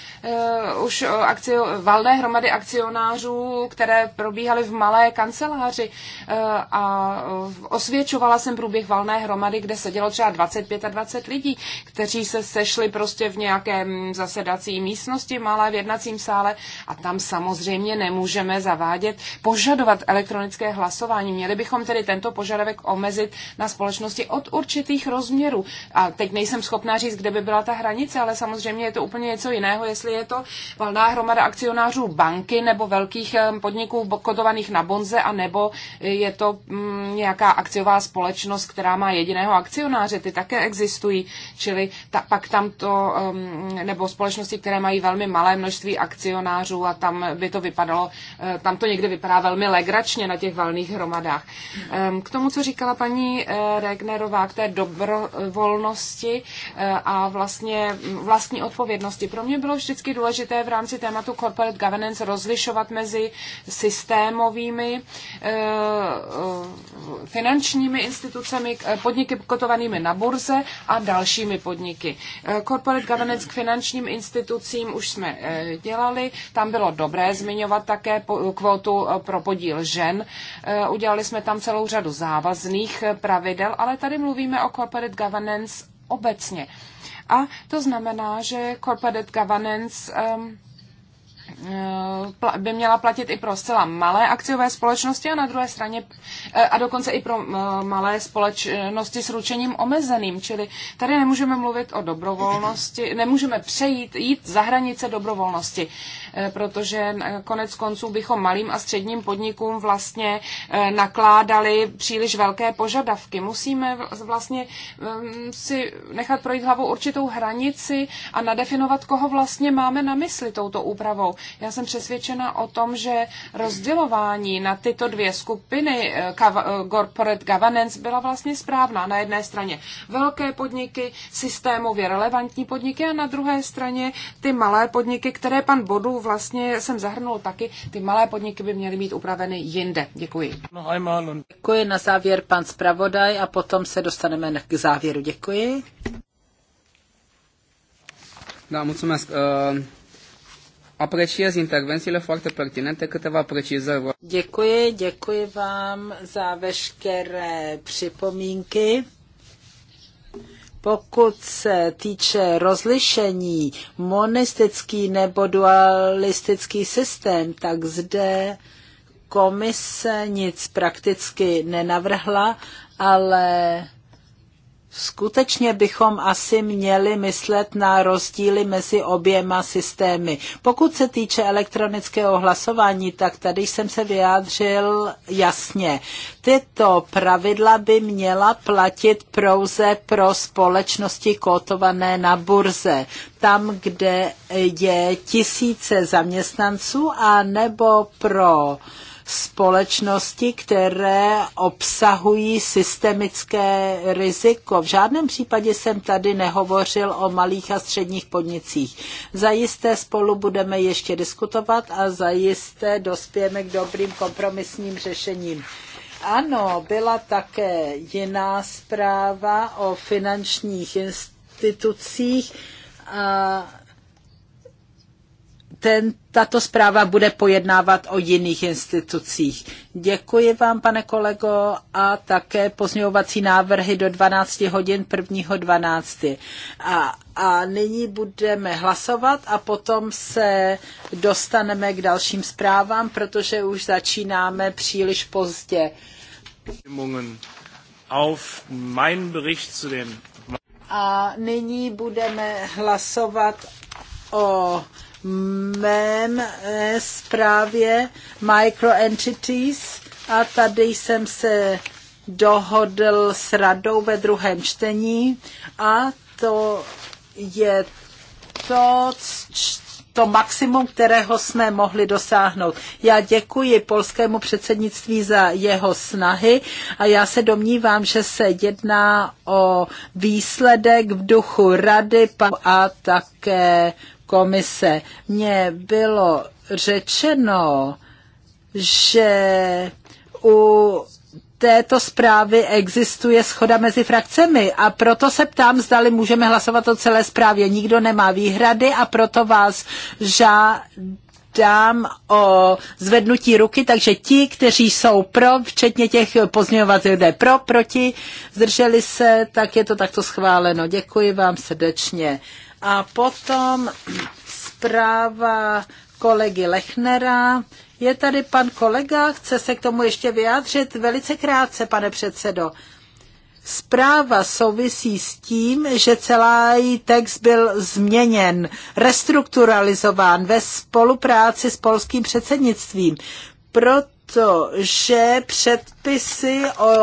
Speaker 3: uh, už akcio, valné hromady akcionářů, které probíhaly v malé kanceláři uh, a osvědčovala jsem průběh valné hromady, kde sedělo třeba 25 a 20 lidí, kteří se sešli prostě v nějakém zasedací místnosti malé v jednacím sále a tam samozřejmě nemůžeme zavádět, požadovat elektronické hlasování. Měli bychom tedy tento požadavek omezit na společnosti od určitých rozměrů. A teď nejsem schopná říct, kde by byla ta hranice, ale samozřejmě je to úplně něco jiného, jestli je to valná hromada akcionářů banky nebo velkých podniků kotovaných na bonze, a nebo je to mm, nějaká akciová společnost, která má jediného akcionáře. Ty také existují, čili ta, pak tam to, nebo společnosti, které mají velmi malé množství akcionářů a tam by to vypadalo, eh, tam to někdy vypadá velmi legračně na těch valných hromadách. Ehm, k tomu, co říkala paní eh, Regnerová, k té dobrovolnosti eh, a vlastně mm, vlastní odpovědnosti. Pro mě bylo vždycky důležité v rámci tématu corporate governance rozlišovat mezi systémovými finančními institucemi, podniky kotovanými na burze a dalšími podniky. Corporate governance k finančním institucím už jsme dělali, tam bylo dobré zmiňovat také kvotu eh, pro podíl žen. Eh, udělali jsme tam celou řadu závazných eh, pravidel, ale tady mluvíme o corporate governance obecně. A to znamená, že corporate governance ehm, by měla platit i pro zcela malé akciové společnosti a na druhé straně a dokonce i pro malé společnosti s ručením omezeným. Čili tady nemůžeme mluvit o dobrovolnosti, nemůžeme přejít, jít za hranice dobrovolnosti. Eh, protože eh, konec konců bychom malým a středním podnikům vlastně eh, nakládali příliš velké požadavky. Musíme vlastně ehm, si nechat projít hlavou určitou hranici a nadefinovat, koho vlastně máme na mysli touto úpravou. Já jsem přesvědčena o tom, že rozdělování na tyto dvě skupiny corporate governance byla vlastně správná. Na jedné straně velké podniky, systémově relevantní podniky a na druhé straně ty malé podniky, které pan Bodu vlastně jsem zahrnul taky, ty malé podniky by měly být upraveny jinde. Děkuji.
Speaker 1: Děkuji na závěr pan zpravodaj a potom se dostaneme k závěru. Děkuji.
Speaker 3: Da, mulțumesc. Uh,
Speaker 1: apreciez intervențiile foarte pertinente, câteva precizări. Děkuji, děkuji vám za veškeré připomínky. Pokud se týče rozlišení monistický nebo dualistický systém, tak zde komise nic prakticky nenavrhla, ale Skutečně bychom asi měli myslet na rozdíly mezi oběma systémy. Pokud se týče elektronického hlasování, tak tady jsem se vyjádřil jasně. Tyto pravidla by měla platit prouze pro společnosti kotované na burze, tam, kde je tisíce zaměstnanců, a nebo pro uh, společnosti, které obsahují systemické riziko. V žádném případě jsem tady nehovořil o malých a středních podnicích. Zajisté spolu budeme ještě diskutovat a zajisté dospějeme k dobrým kompromisním řešením. Ano, byla také jiná zpráva o finančních institucích a ten, tato zpráva bude pojednávat o jiných institucích. Děkuji vám, pane kolego, a také pozměňovací návrhy do 12 hodin 1.12. 12. A, a nyní budeme hlasovat a potom se dostaneme k dalším zprávám, protože už začínáme příliš pozdě.
Speaker 3: Auf mein Bericht zu den...
Speaker 1: A nyní budeme hlasovat o mém eh, zprávě Microentities a tady jsem se dohodl s radou ve druhém čtení a to je to, to maximum, kterého jsme mohli dosáhnout. Já děkuji polskému předsednictví za jeho snahy a já se domnívám, že se jedná o výsledek v duchu rady a také komise. Mně bylo řečeno, že u této zprávy existuje schoda mezi frakcemi a proto se ptám, zdali můžeme hlasovat o celé zprávě. Nikdo nemá výhrady a proto vás žádám o zvednutí ruky, takže ti, kteří jsou pro, včetně těch pozměňovacích lidé pro, proti, zdrželi se, tak je to takto schváleno. Děkuji vám srdečně. A potom zpráva kolegy Lechnera. Je tady pan kolega, chce se k tomu ještě vyjádřit velice krátce, pane předsedo. Zpráva souvisí s tím, že celý text byl změněn, restrukturalizován ve spolupráci s polským předsednictvím, protože předpisy o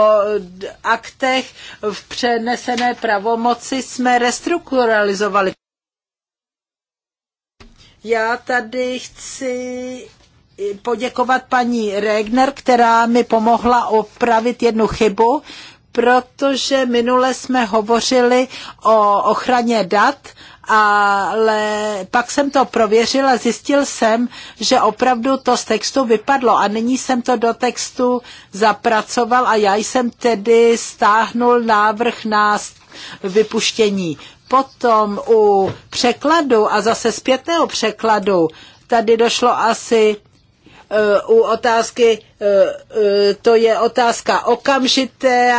Speaker 1: aktech v přenesené pravomoci jsme restrukturalizovali. Já tady chci poděkovat paní Regner, která mi pomohla opravit jednu chybu, protože minule jsme hovořili o ochraně dat, ale pak jsem to prověřila, zjistil jsem, že opravdu to z textu vypadlo a nyní jsem to do textu zapracoval a já jsem tedy stáhnul návrh na vypuštění. Potom u překladu a zase zpětného překladu tady došlo asi eh, u otázky, eh, eh, to je otázka okamžité,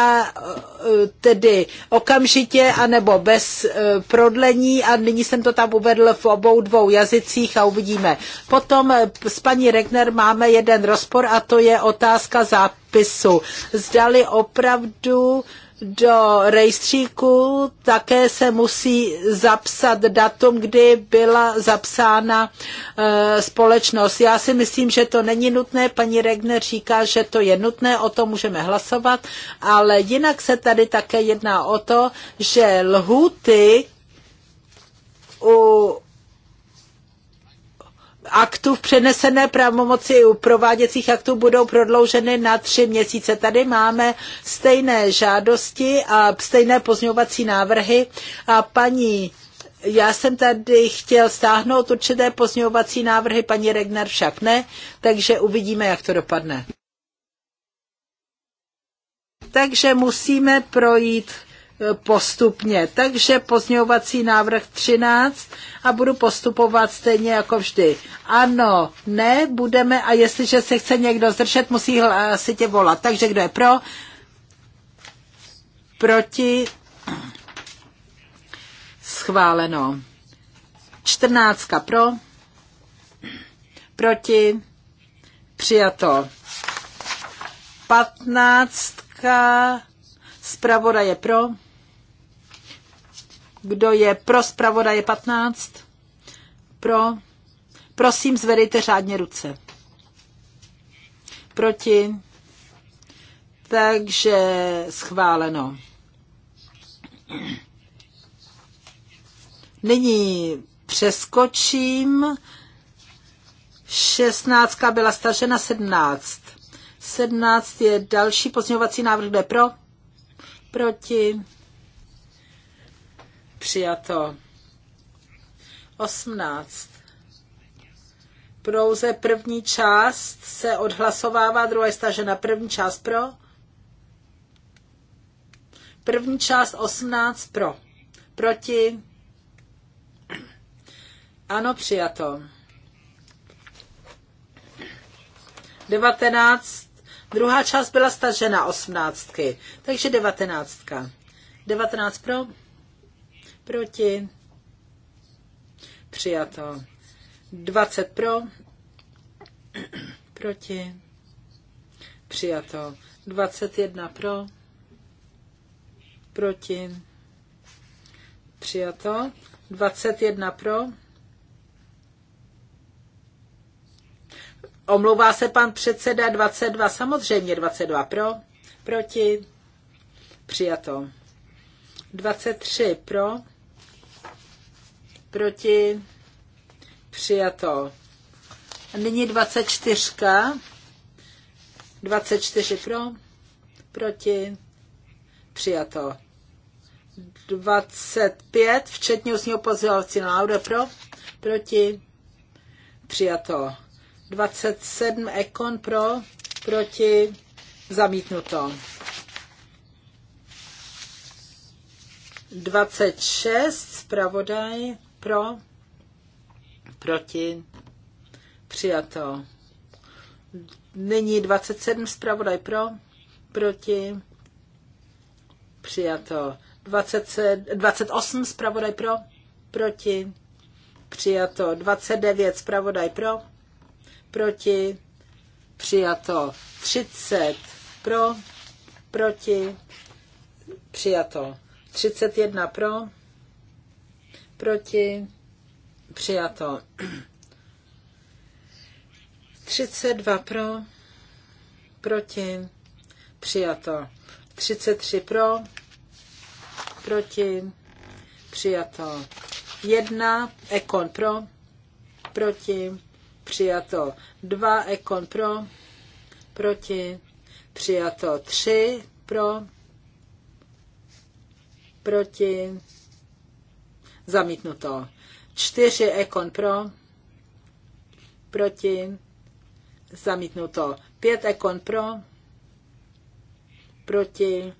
Speaker 1: tedy okamžitě, anebo bez prodlení a nyní jsem to tam uvedl v obou dvou jazycích a uvidíme. Potom s paní Regner máme jeden rozpor a to je otázka zápisu. Zdali opravdu do rejstříku také se musí zapsat datum, kdy byla zapsána e, společnost. Já si myslím, že to není nutné. Paní Regner říká, že to je nutné, o tom můžeme hlasovat, ale jinak se tady také jedná o to, že lhuty u aktů v přenesené pravomoci u prováděcích aktů budou prodlouženy na tři měsíce. Tady máme stejné žádosti a stejné pozňovací návrhy a paní já jsem tady chtěl stáhnout určité pozňovací návrhy, paní Regner však ne, takže uvidíme, jak to dopadne. Takže musíme projít postupně. Takže pozňovací návrh 13 a budu postupovat stejně jako vždy. Ano, ne, budeme a jestliže se chce někdo zdržet, musí si tě volat. Takže kdo je pro? Proti? Schváleno. 14 pro? Proti? Přijato. 15 zpravoda je pro. Kdo je pro zpravodaje 15? Pro. Prosím, zvedejte řádně ruce. Proti. Takže schváleno. Nyní přeskočím. 16 byla stažena 17. 17 je další pozměňovací návrh, kde pro? Proti. Přijato. 18. Prouze první část se odhlasovává, druhá je stažena. První část pro. První část 18 pro. Proti. Ano, přijato. 19. Druhá část byla stažena osmnáctky, takže devatenáctka. 19 pro proti, přijato. 20 pro, proti, přijato. 21 pro, proti, přijato. 21 pro, Omlouvá se pan předseda 22, samozřejmě 22 pro, proti, přijato. 23 pro, proti, přijato. A nyní 24. 24 pro, proti, přijato. 25, včetně ústního na laude pro, proti, přijato. 27 ekon pro, proti, zamítnuto. 26 zpravodaj pro? Proti? Přijato. Nyní 27 zpravodaj pro? Proti? Přijato. 28 zpravodaj pro? Proti? Přijato. 29 zpravodaj pro? Proti? Přijato. 30 pro? Proti? Přijato. 31 pro? proti, přijato. 32 pro, proti, přijato. 33 pro, proti, přijato. 1, ekon pro, proti, přijato. 2, ekon pro, proti, přijato. 3 pro, proti, Zamítnuto. Čtyři ekon pro, proti, zamítnuto. Pět ekon pro, proti,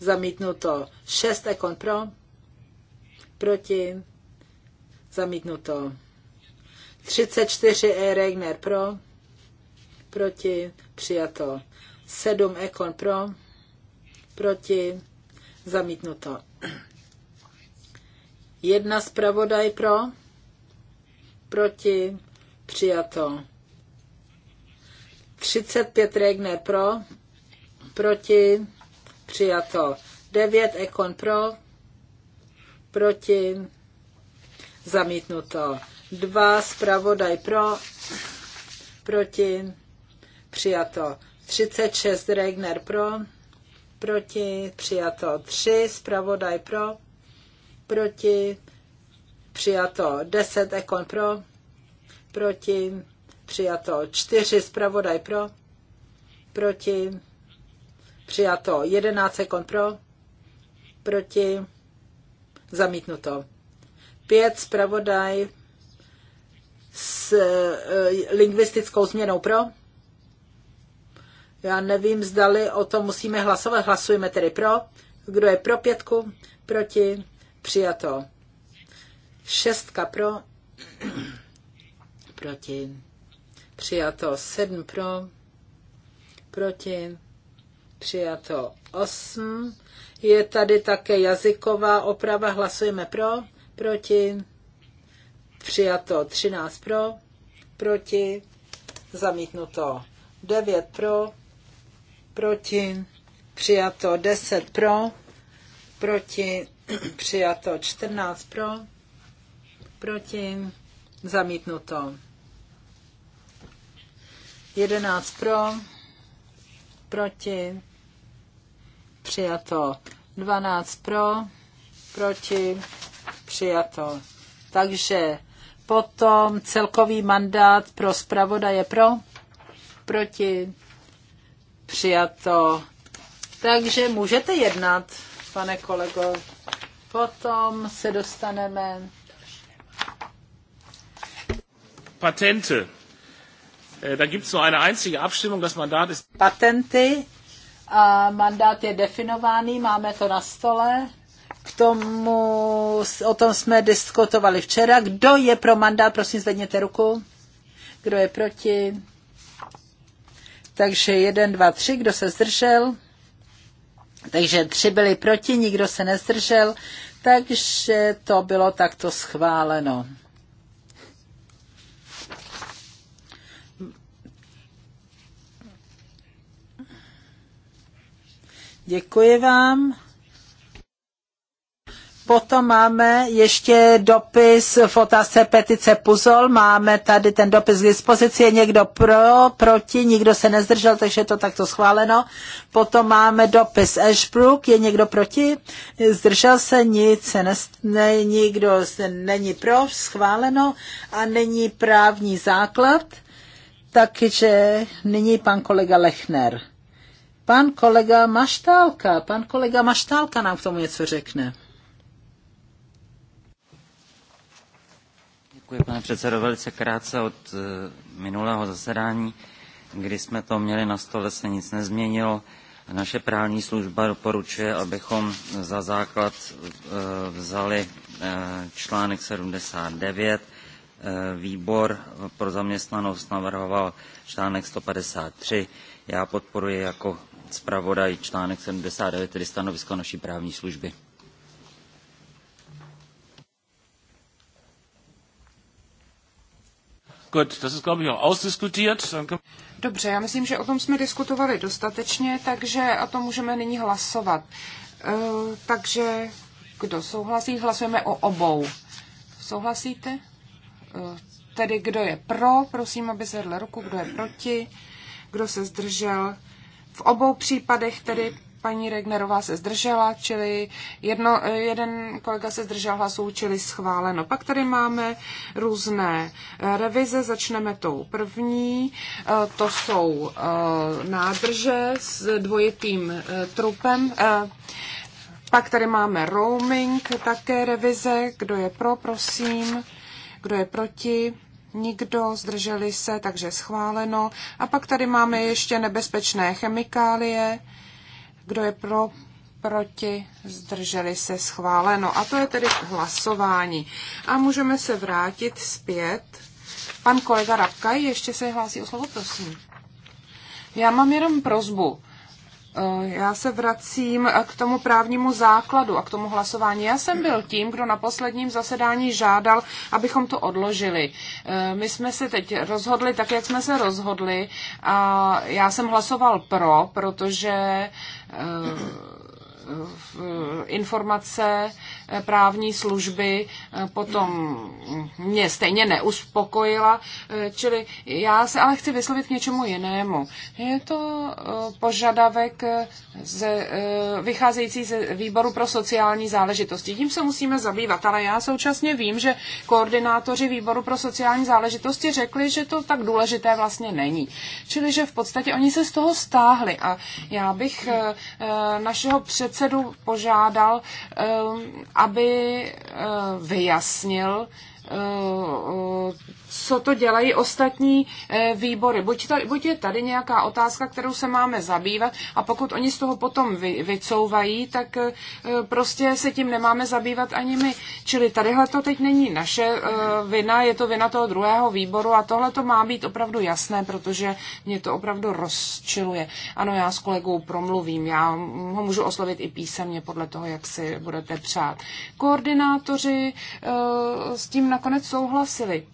Speaker 1: zamítnuto. Šest ekon pro, proti, zamítnuto. 34 E. Regner pro, proti, přijato. 7 Ekon pro, proti, zamítnuto. Jedna zpravodaj pro, proti, přijato. 35 regne pro, proti, přijato. 9 Ekon pro, proti, zamítnuto. 2 zpravodaj pro, proti, přijato. 36 Regner pro, proti, přijato. 3 zpravodaj pro, proti, přijato 10 ekon pro, proti, přijato 4 zpravodaj pro, proti, přijato 11 ekon pro, proti, zamítnuto. 5 zpravodaj s e, lingvistickou změnou pro. Já nevím, zdali o tom musíme hlasovat. Hlasujeme tedy pro. Kdo je pro pětku? Proti? Přijato. Šestka pro. Proti. Přijato. Sedm pro. Proti. Přijato. Osm. Je tady také jazyková oprava. Hlasujeme pro. Proti. Přijato. Třináct pro. Proti. Zamítnuto. Devět pro. Proti. Přijato. Deset pro. Proti Přijato 14 pro, proti, zamítnuto. 11 pro, proti, přijato. 12 pro, proti, přijato. Takže potom celkový mandát pro zpravodaje pro, proti, přijato. Takže můžete jednat, pane kolego potom se dostaneme. Patente. Äh, da gibt es nur eine einzige Abstimmung, das Mandat ist... Patente. a mandát je definovaný, máme to na stole. K tomu, o tom jsme diskutovali včera. Kdo je pro mandát, prosím zvedněte ruku. Kdo je proti? Takže jeden, dva, tři, kdo se zdržel? Takže tři byli proti, nikdo se nezdržel, takže to bylo takto schváleno. Děkuji vám. Potom máme ještě dopis v otázce petice Puzol. Máme tady ten dopis k dispozici. Je někdo pro, proti, nikdo se nezdržel, takže je to takto schváleno. Potom máme dopis Ashbrook. Je někdo proti? Zdržel se, nic se ne, ne, nikdo se, není pro, schváleno. A není právní základ. Takže nyní pan kolega Lechner. Pan kolega Maštálka, pan kolega Maštálka nám k tomu něco řekne.
Speaker 2: Děkuji, pane předsedo. Velice krátce od eh, minulého zasedání, kdy jsme to měli na stole, se nic nezměnilo. Naše právní služba doporučuje, abychom za základ eh, vzali eh, článek 79. Výbor pro zaměstnanost navrhoval článek 153. Já podporuji jako zpravodaj článek 79, tedy stanovisko naší právní služby.
Speaker 3: Gut, das ist, glaube ich, auch ausdiskutiert. Dobře, já myslím, že o tom jsme diskutovali dostatečně, takže o tom můžeme nyní hlasovat. Uh, takže kdo souhlasí, hlasujeme o obou. Souhlasíte? Uh, tedy kdo je pro, prosím, aby zvedl ruku, kdo je proti, kdo se zdržel. V obou případech tedy paní Regnerová se zdržela, čili jedno, jeden kolega se zdržel hlasů, čili schváleno. Pak tady máme různé eh, revize, začneme tou první, eh, to jsou eh, nádrže s dvojitým trupem, pak tady máme roaming, také revize, kdo je pro, prosím, kdo je proti nikdo, zdrželi se, takže schváleno. A pak tady máme ještě nebezpečné chemikálie, kdo je pro? Proti? Zdrželi se schváleno. A to je tedy hlasování. A můžeme se vrátit zpět. Pan kolega Rabkaj ještě se hlásí o slovo, prosím. Já mám jenom prozbu. Eh, já se vracím eh, k tomu právnímu základu a k tomu hlasování. Já jsem byl tím, kdo na posledním zasedání žádal, abychom to odložili. Eh, my jsme se teď rozhodli tak, jak jsme se rozhodli a já jsem hlasoval pro, protože informace eh, právní služby eh, potom mě stejně neuspokojila, eh, čili já se ale chci vyslovit k něčemu jinému. Je to požadavek ze, vycházející ze výboru pro sociální záležitosti. Tím se musíme zabývat, ale já současně vím, že koordinátoři výboru pro sociální záležitosti řekli, že to tak důležité vlastně není. Čili, že v podstatě oni se z toho stáhli a já bych našeho před předsedu požádal, eh, aby eh, vyjasnil eh, co to dělají ostatní eh, výbory. Buď, to, buď je tady nějaká otázka, kterou se máme zabývat a pokud oni z toho potom vy, vycouvají, tak eh, prostě se tím nemáme zabývat ani my. Čili tadyhle to teď není naše eh, vina, je to vina toho druhého výboru a tohle to má být opravdu jasné, protože mě to opravdu rozčiluje. Ano, já s kolegou promluvím, já ho můžu oslovit i písemně podle toho, jak si budete přát. Koordinátoři s tím nakonec souhlasili.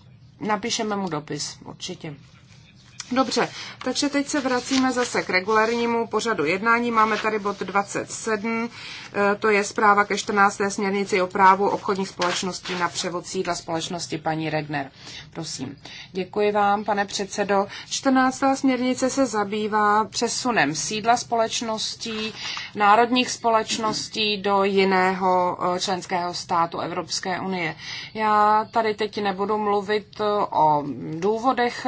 Speaker 3: Napíšeme mu dopis, určitě. Dobře, takže teď se vracíme zase k regulárnímu pořadu jednání. Máme tady bod 27, e, to je zpráva ke 14. směrnici o právu obchodních společností na převod sídla společnosti paní Regner. Prosím. Děkuji vám, pane předsedo. 14. směrnice se zabývá přesunem sídla společností, národních společností do jiného e, členského státu Evropské unie. Já tady teď nebudu mluvit e, o důvodech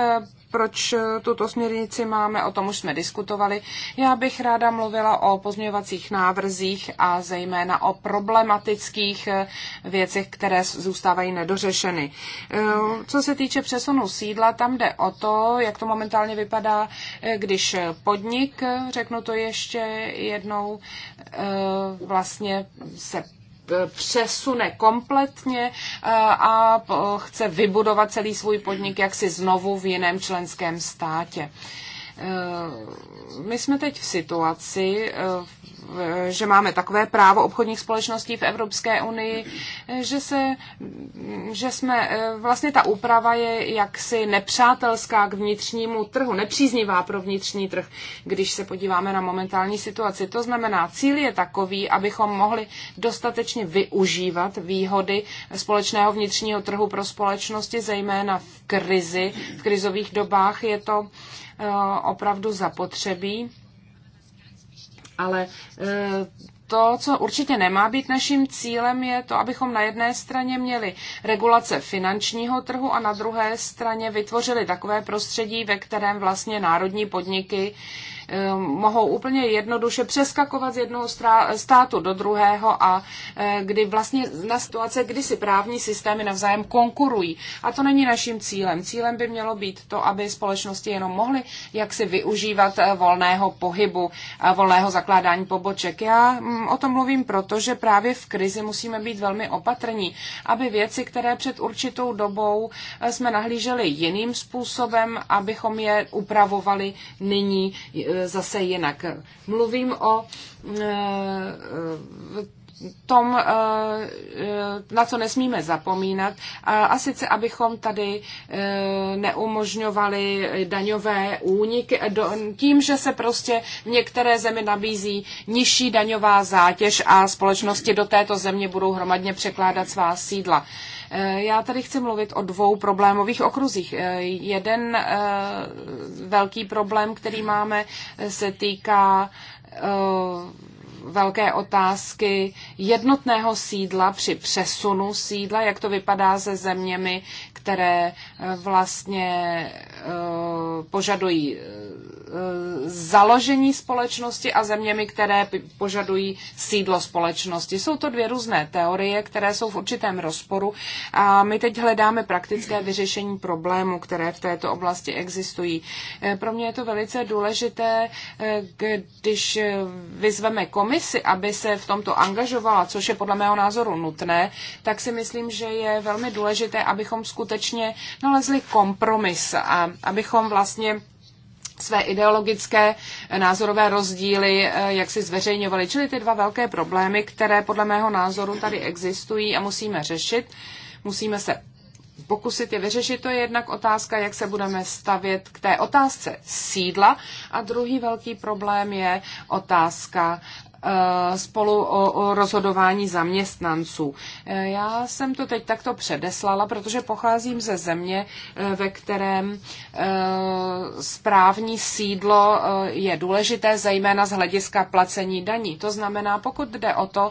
Speaker 3: proč eh, tuto směrnici máme, o tom už jsme diskutovali. Já bych ráda mluvila o pozměňovacích návrzích a zejména o problematických eh, věcech, které zůstávají nedořešeny. Eh, co se týče přesunu sídla, tam jde o to, jak to momentálně vypadá, když podnik, řeknu to ještě jednou, vlastně se přesune kompletně eh, a eh, chce vybudovat celý svůj podnik jaksi znovu v jiném členském státě. Eh, my jsme teď v situaci, v že máme takové právo obchodních společností v Evropské unii, že, se, že jsme, eh, vlastně ta úprava je jaksi nepřátelská k vnitřnímu trhu, nepříznivá pro vnitřní trh, když se podíváme na momentální situaci. To znamená, cíl je takový, abychom mohli dostatečně využívat výhody společného vnitřního trhu pro společnosti, zejména v krizi, v krizových dobách je to eh, opravdu zapotřebí ale e, to, co určitě nemá být naším cílem, je to, abychom na jedné straně měli regulace finančního trhu a na druhé straně vytvořili takové prostředí, ve kterém vlastně národní podniky Eh, mohou úplně jednoduše přeskakovat z jednoho státu do druhého a eh, kdy vlastně na situace, kdy si právní systémy navzájem konkurují. A to není naším cílem. Cílem by mělo být to, aby společnosti jenom mohly jaksi využívat eh, volného pohybu, volného zakládání poboček. Já mm, o tom mluvím proto, že právě v krizi musíme být velmi opatrní, aby věci, které před určitou dobou jsme nahlíželi jiným způsobem, abychom je upravovali nyní zase jinak. Mluvím o eh, tom, eh, eh, na co nesmíme zapomínat, a sice abychom tady eh, neumožňovali daňové úniky tím, že se prostě v některé zemi nabízí nižší daňová zátěž a společnosti do této země budou hromadně překládat svá sídla. Já tady chci mluvit o dvou problémových okruzích. Jeden velký problém, který máme, se týká velké otázky jednotného sídla při přesunu sídla, jak to vypadá se zeměmi, které eh, vlastně eh, požadují eh, založení společnosti a zeměmi, které požadují sídlo společnosti. Jsou to dvě různé teorie, které jsou v určitém rozporu a my teď hledáme praktické vyřešení problémů, které v této oblasti existují. Pro mě je to velice důležité, když vyzveme komisi, aby se v tomto angažovala, což je podle mého názoru nutné, tak si myslím, že je velmi důležité, abychom skutečně skutečně nalezli kompromis a abychom vlastně své ideologické názorové rozdíly, eh, jak si zveřejňovali. Čili ty dva velké problémy, které podle mého názoru tady existují a musíme řešit. Musíme se pokusit je vyřešit. To je jednak otázka, jak se budeme stavět k té otázce sídla. A druhý velký problém je otázka Eh, spolu o, o rozhodování zaměstnanců. Eh, já jsem to teď takto předeslala, protože pocházím ze země, eh, ve kterém správní sídlo je důležité, zejména z hlediska placení daní. To znamená, pokud jde o to,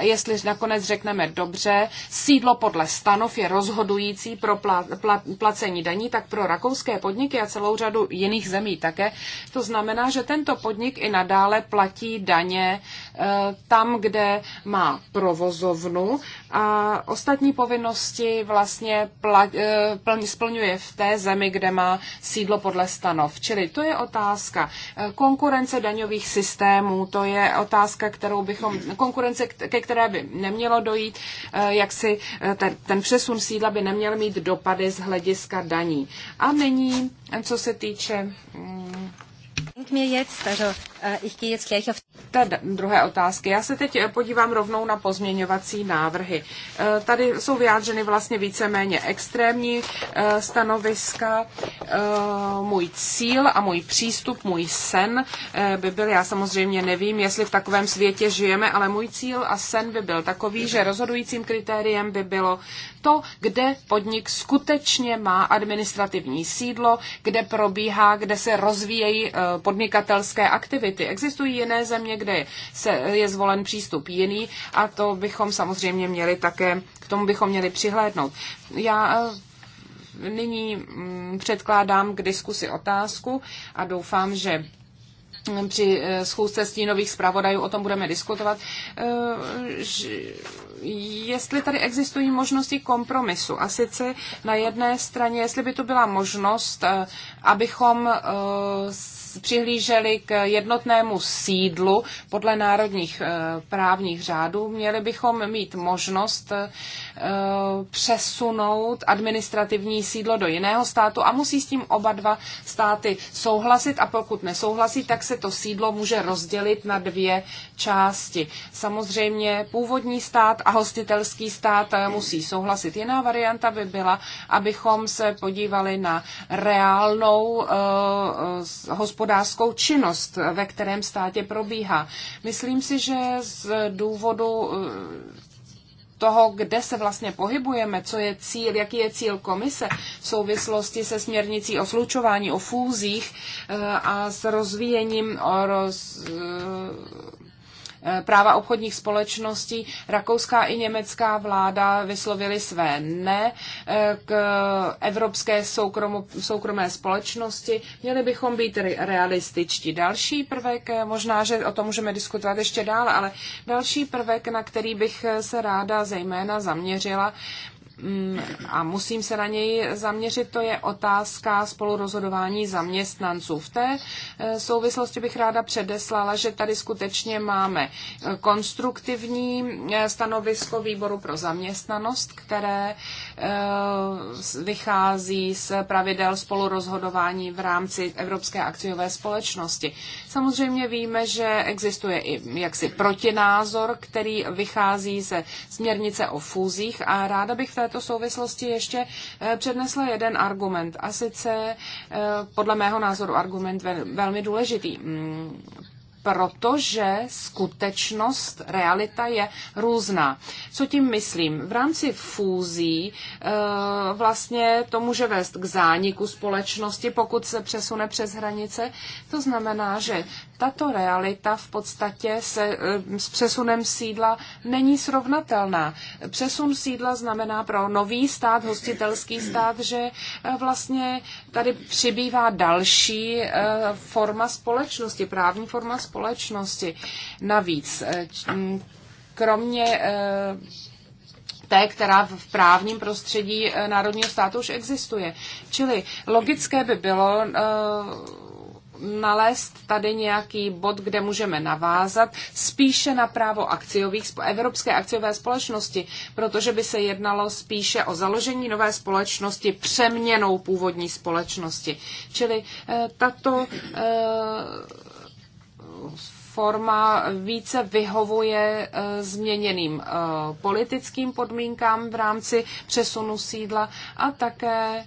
Speaker 3: jestli nakonec řekneme dobře, sídlo podle stanov je rozhodující pro pla, pla, placení daní, tak pro rakouské podniky a celou řadu jiných zemí také. To znamená, že tento podnik i nadále platí daně eh, tam, kde má provozovnu a ostatní povinnosti vlastně pla, eh, pl, splňuje v té zemi, kde má sídlo podle stanov. Čili to je otázka eh, konkurence daňových systémů, to je otázka, kterou bychom, konkurence, ke které by nemělo dojít, eh, jak si ten, ten přesun sídla by neměl mít dopady z hlediska daní. A není, co se týče mm, Té e, druhé otázky. Já se teď e, podívám rovnou na pozměňovací návrhy. E, tady jsou vyjádřeny vlastně víceméně extrémní stanoviska. Můj cíl a můj přístup, můj sen by byl, já samozřejmě nevím, jestli v takovém světě žijeme, ale můj cíl a sen by byl takový, že rozhodujícím kritériem by bylo to, kde podnik skutečně má administrativní sídlo, kde probíhá, kde se rozvíjejí eh, podnikatelské aktivity. Existují jiné země, kde se je zvolen přístup jiný a to bychom samozřejmě měli také, k tomu bychom měli přihlédnout. Já eh, nyní mm, předkládám k diskusi otázku a doufám, že mm, při eh, schůzce stínových zpravodajů o tom budeme diskutovat, jestli tady existují možnosti kompromisu. A sice na jedné straně, jestli by to byla možnost, eh, abychom eh, přihlíželi k jednotnému sídlu podle národních eh, právních řádů, měli bychom mít možnost Eh, přesunout administrativní sídlo do jiného státu a musí s tím oba dva státy souhlasit a pokud nesouhlasí, tak se to sídlo může rozdělit na dvě části. Samozřejmě původní stát a hostitelský stát eh, musí souhlasit. Jiná varianta by byla, abychom se podívali na reálnou eh, hospodářskou činnost, ve kterém státě probíhá. Myslím si, že z důvodu toho, kde se vlastně pohybujeme, co je cíl, jaký je cíl komise v souvislosti se směrnicí o slučování, o fúzích eh, a s rozvíjením o roz, eh, práva obchodních společností. Rakouská i německá vláda vyslovili své ne eh, k evropské soukromo, soukromé společnosti. Měli bychom být realističtí. Další prvek, eh, možná, že o tom můžeme diskutovat ještě dále, ale další prvek, na který bych eh, se ráda zejména zaměřila, Mm, a musím se na něj zaměřit, to je otázka spolurozhodování zaměstnanců. V té eh, souvislosti bych ráda předeslala, že tady skutečně máme eh, konstruktivní eh, stanovisko výboru pro zaměstnanost, které vychází z pravidel spolurozhodování v rámci Evropské akciové společnosti. Samozřejmě víme, že existuje i jaksi protinázor, který vychází ze směrnice o fúzích a ráda bych v té této souvislosti ještě eh, přednesla jeden argument, a sice eh, podle mého názoru argument velmi důležitý mm, protože skutečnost, realita je různá. Co tím myslím? V rámci fúzí eh, vlastně to může vést k zániku společnosti, pokud se přesune přes hranice. To znamená, že tato realita v podstatě se e, s přesunem sídla není srovnatelná. Přesun sídla znamená pro nový stát, hostitelský stát, že e, vlastně tady přibývá další e, forma společnosti, právní forma společnosti. Navíc, kromě té, která v právním prostředí národního státu už existuje. Čili logické by bylo nalézt tady nějaký bod, kde můžeme navázat spíše na právo akciových, evropské akciové společnosti, protože by se jednalo spíše o založení nové společnosti přeměnou původní společnosti. Čili eh, tato eh, forma více vyhovuje eh, změněným politickým podmínkám v rámci přesunu sídla a také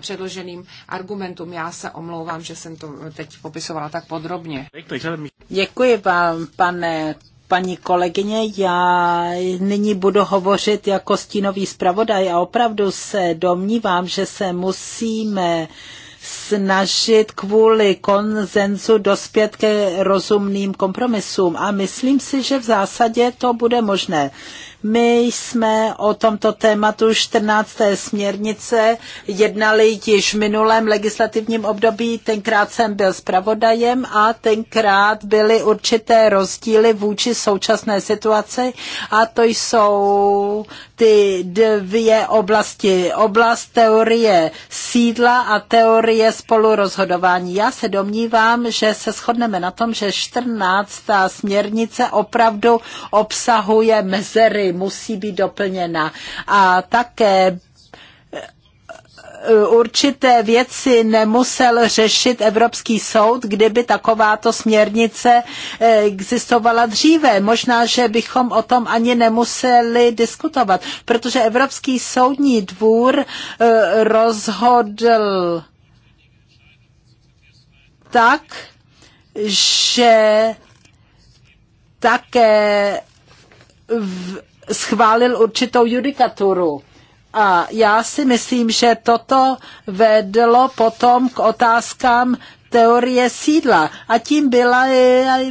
Speaker 3: předloženým argumentům.
Speaker 1: Já se omlouvám, že jsem to teď popisovala tak podrobně. Děkuji vám, pane paní kolegyně, já nyní budu hovořit jako stínový zpravodaj a opravdu se domnívám, že se musíme snažit kvůli konzenzu dospět ke rozumným kompromisům a myslím si, že v zásadě to bude možné. My jsme o tomto tématu 14. směrnice jednali již v minulém legislativním období, tenkrát jsem byl zpravodajem a tenkrát byly určité rozdíly vůči současné situaci a to jsou ty dvě oblasti. Oblast teorie sídla a teorie spolurozhodování. Já se domnívám, že se shodneme na tom, že 14. směrnice opravdu obsahuje mezery, musí být doplněna. A také Eh, určité věci nemusel řešit Evropský soud, kdyby takováto směrnice eh, existovala dříve. Možná, že bychom o tom ani nemuseli diskutovat, protože Evropský soudní dvůr eh, rozhodl tak, že také schválil určitou judikaturu a já si myslím, že toto vedlo potom k otázkám teorie sídla a tím byla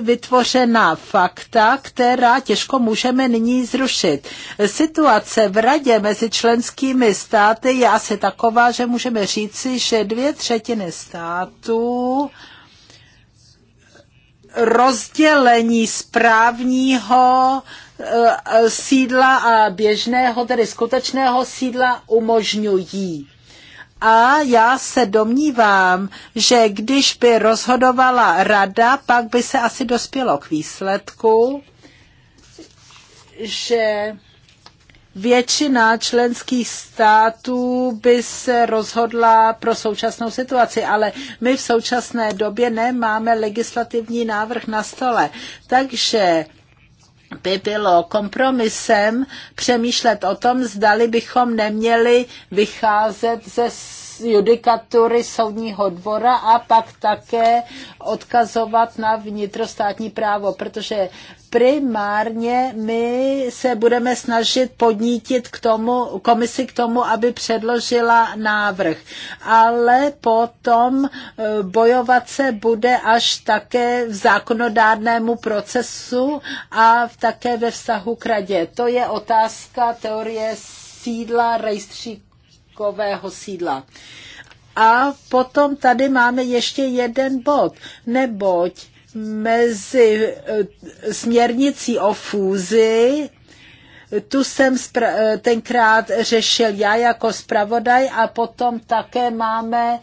Speaker 1: vytvořena fakta, která těžko můžeme nyní zrušit. Situace v radě mezi členskými státy je asi taková, že můžeme říci, že dvě třetiny států rozdělení správního Eh, sídla a běžného, tedy skutečného sídla umožňují. A já se domnívám, že když by rozhodovala rada, pak by se asi dospělo k výsledku, že většina členských států by se rozhodla pro současnou situaci, ale my v současné době nemáme legislativní návrh na stole. Takže by bylo kompromisem přemýšlet o tom, zdali bychom neměli vycházet ze judikatury soudního dvora a pak také odkazovat na vnitrostátní právo, protože primárně my se budeme snažit podnítit k tomu, komisi k tomu, aby předložila návrh. Ale potom eh, bojovat se bude až také v zákonodárnému procesu a také ve vztahu k radě. To je otázka teorie sídla, rejstříkového sídla. A potom tady máme ještě jeden bod, neboť mezi eh, směrnicí o fúzi tu jsem eh, tenkrát řešil já jako zpravodaj a potom také máme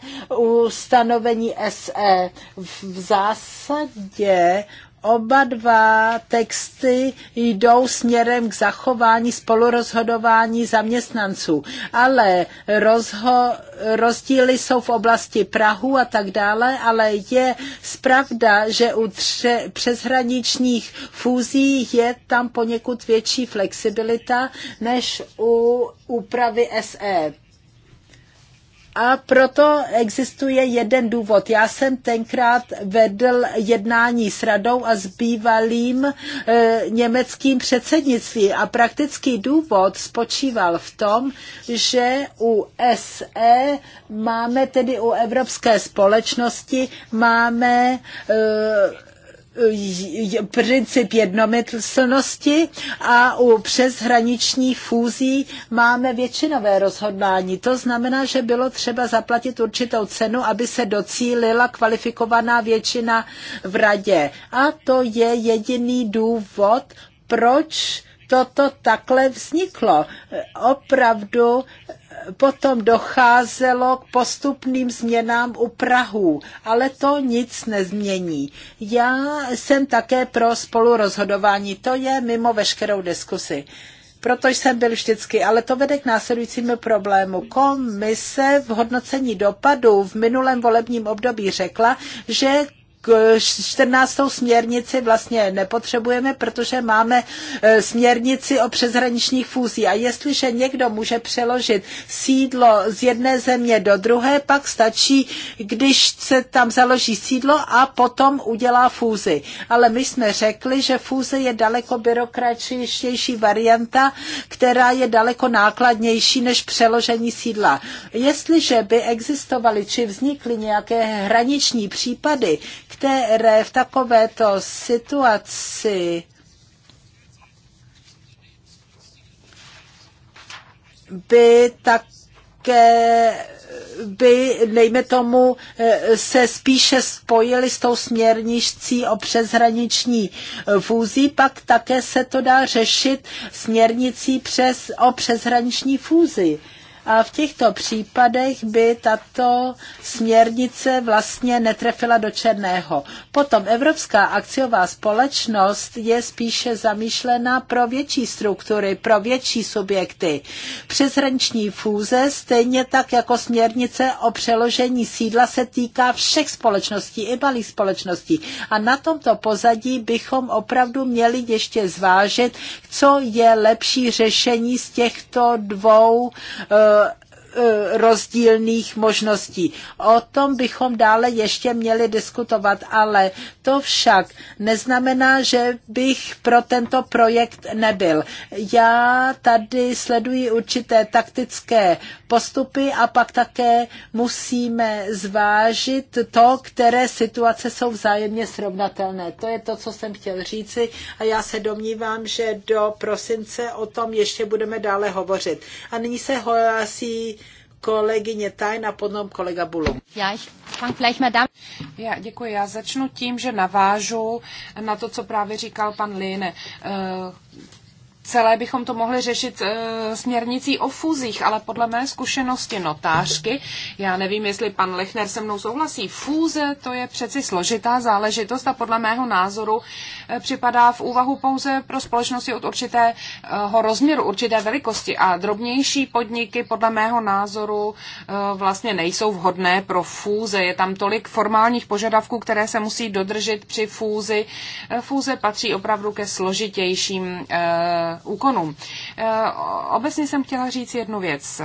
Speaker 1: ustanovení SE. V zásadě Oba dva texty jdou směrem k zachování spolurozhodování zaměstnanců, ale rozho, rozdíly jsou v oblasti Prahu a tak dále, ale je pravda, že u tře, přeshraničních fúzí je tam poněkud větší flexibilita než u úpravy SE a proto existuje jeden důvod. Já jsem tenkrát vedl jednání s radou a s bývalým e, německým předsednictví. A praktický důvod spočíval v tom, že u SE máme tedy u Evropské společnosti máme e, princip jednomyslnosti a u přeshraničních fúzí máme většinové rozhodnání. To znamená, že bylo třeba zaplatit určitou cenu, aby se docílila kvalifikovaná většina v radě. A to je jediný důvod, proč toto takhle vzniklo. Opravdu Potom docházelo k postupným změnám u Prahu, ale to nic nezmění. Já jsem také pro spolurozhodování, to je mimo veškerou diskusi proto jsem byl vždycky, ale to vede k následujícímu problému. Komise v hodnocení dopadu v minulém volebním období řekla, že 14. směrnici vlastně nepotřebujeme, protože máme e, směrnici o přeshraničních fúzí. A jestliže někdo může přeložit sídlo z jedné země do druhé, pak stačí, když se tam založí sídlo a potom udělá fúzi. Ale my jsme řekli, že fúze je daleko byrokratičtější varianta, která je daleko nákladnější než přeložení sídla. Jestliže by existovaly či vznikly nějaké hraniční případy, které v takovéto situaci by také by, dejme tomu, eh, se spíše spojili s tou směrnicí o přeshraniční fúzi, pak také se to dá řešit směrnicí přes, o přeshraniční fúzi. A v těchto případech by tato směrnice vlastně netrefila do černého. Potom Evropská akciová společnost je spíše zamýšlená pro větší struktury, pro větší subjekty. Přeshraniční fúze, stejně tak jako směrnice o přeložení sídla, se týká všech společností, i malých společností. A na tomto pozadí bychom opravdu měli ještě zvážit, co je lepší řešení z těchto dvou uh, Eh, rozdílných možností. O tom bychom dále ještě měli diskutovat, ale to však neznamená, že bych pro tento projekt nebyl. Já tady sleduji určité taktické postupy a pak také musíme zvážit to, které situace jsou vzájemně srovnatelné. To je to, co jsem chtěl říci a já se domnívám, že do prosince o tom ještě budeme dále hovořit. A nyní se hlásí kolegyně Tajn a potom kolega Bulum. Já,
Speaker 3: já děkuji. Já začnu tím, že navážu na to, co právě říkal pan Line eh, celé bychom to mohli řešit e, směrnicí o fúzích, ale podle mé zkušenosti notářky, já nevím, jestli pan Lechner se mnou souhlasí, fúze to je přeci složitá záležitost a podle mého názoru e, připadá v úvahu pouze pro společnosti od určitého eh, rozměru, určité velikosti a drobnější podniky podle mého názoru e, vlastně nejsou vhodné pro fúze. Je tam tolik formálních požadavků, které se musí dodržet při fúzi. E, fúze patří opravdu ke složitějším e, úkonům. Eh, obecně jsem chtěla říct jednu věc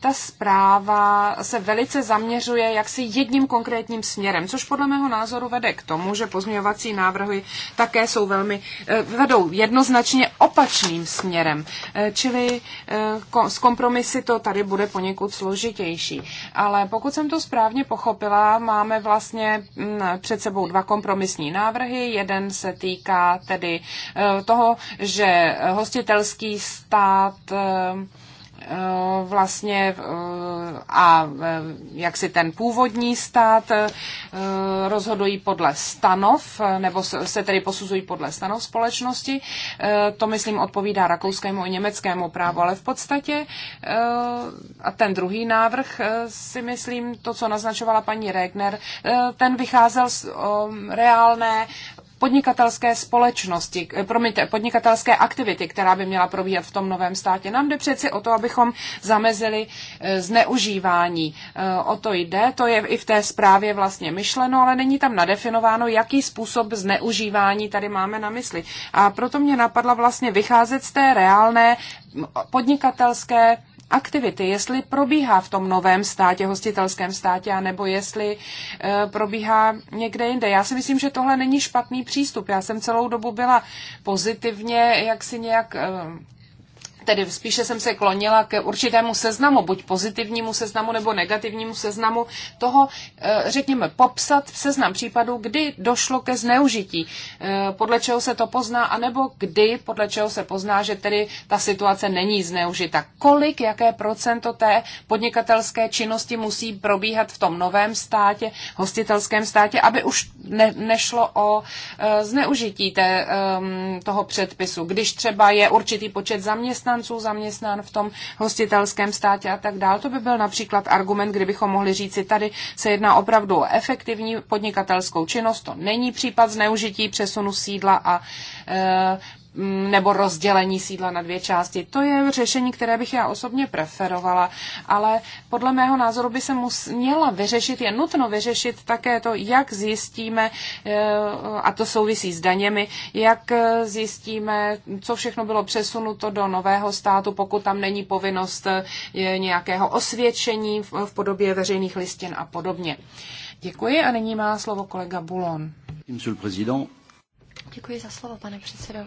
Speaker 3: ta zpráva se velice zaměřuje jaksi jedním konkrétním směrem, což podle mého názoru vede k tomu, že pozměňovací návrhy také jsou velmi, eh, vedou jednoznačně opačným směrem, eh, čili eh, s kompromisy to tady bude poněkud složitější. Ale pokud jsem to správně pochopila, máme vlastně mm, před sebou dva kompromisní návrhy. Jeden se týká tedy toho, že hostitelský stát Eh, vlastně eh, a eh, jak si ten původní stát rozhodují podle stanov, nebo se tedy posuzují podle stanov společnosti. To, myslím, odpovídá rakouskému i německému právu, ale v podstatě a ten druhý návrh si myslím, to, co naznačovala paní Regner, ten vycházel z reálné podnikatelské společnosti, eh, promiňte, podnikatelské aktivity, která by měla probíhat v tom novém státě. Nám jde přeci o to, abychom zamezili eh, zneužívání. Eh, o to jde, to je i v té zprávě vlastně myšleno, ale není tam nadefinováno, jaký způsob zneužívání tady máme na mysli. A proto mě napadla vlastně vycházet z té reálné podnikatelské aktivity, jestli probíhá v tom novém státě, hostitelském státě, nebo jestli e, probíhá někde jinde. Já si myslím, že tohle není špatný přístup. Já jsem celou dobu byla pozitivně, jak si nějak e, tedy spíše jsem se klonila k určitému seznamu, buď pozitivnímu seznamu nebo negativnímu seznamu toho, eh, řekněme, popsat seznam případů, kdy došlo ke zneužití, eh, podle čeho se to pozná, anebo kdy, podle čeho se pozná, že tedy ta situace není zneužita. Kolik, jaké procento té podnikatelské činnosti musí probíhat v tom novém státě, hostitelském státě, aby už ne, nešlo o eh, zneužití té, ehm, toho předpisu. Když třeba je určitý počet zaměstnanců, zaměstnanců zaměstnán v tom hostitelském státě a tak dále. To by byl například argument, kdybychom mohli říci, tady se jedná opravdu o efektivní podnikatelskou činnost, to není případ zneužití přesunu sídla a e, nebo rozdělení sídla na dvě části. To je řešení, které bych já osobně preferovala, ale podle mého názoru by se mus, měla vyřešit, je nutno vyřešit také to, jak zjistíme, eh, a to souvisí s daněmi, jak eh, zjistíme, co všechno bylo přesunuto do nového státu, pokud tam není povinnost eh, nějakého osvědčení v podobě veřejných listin a podobně. Děkuji a nyní má slovo kolega Bulon. Děkuji
Speaker 2: za slovo, pane předsedo.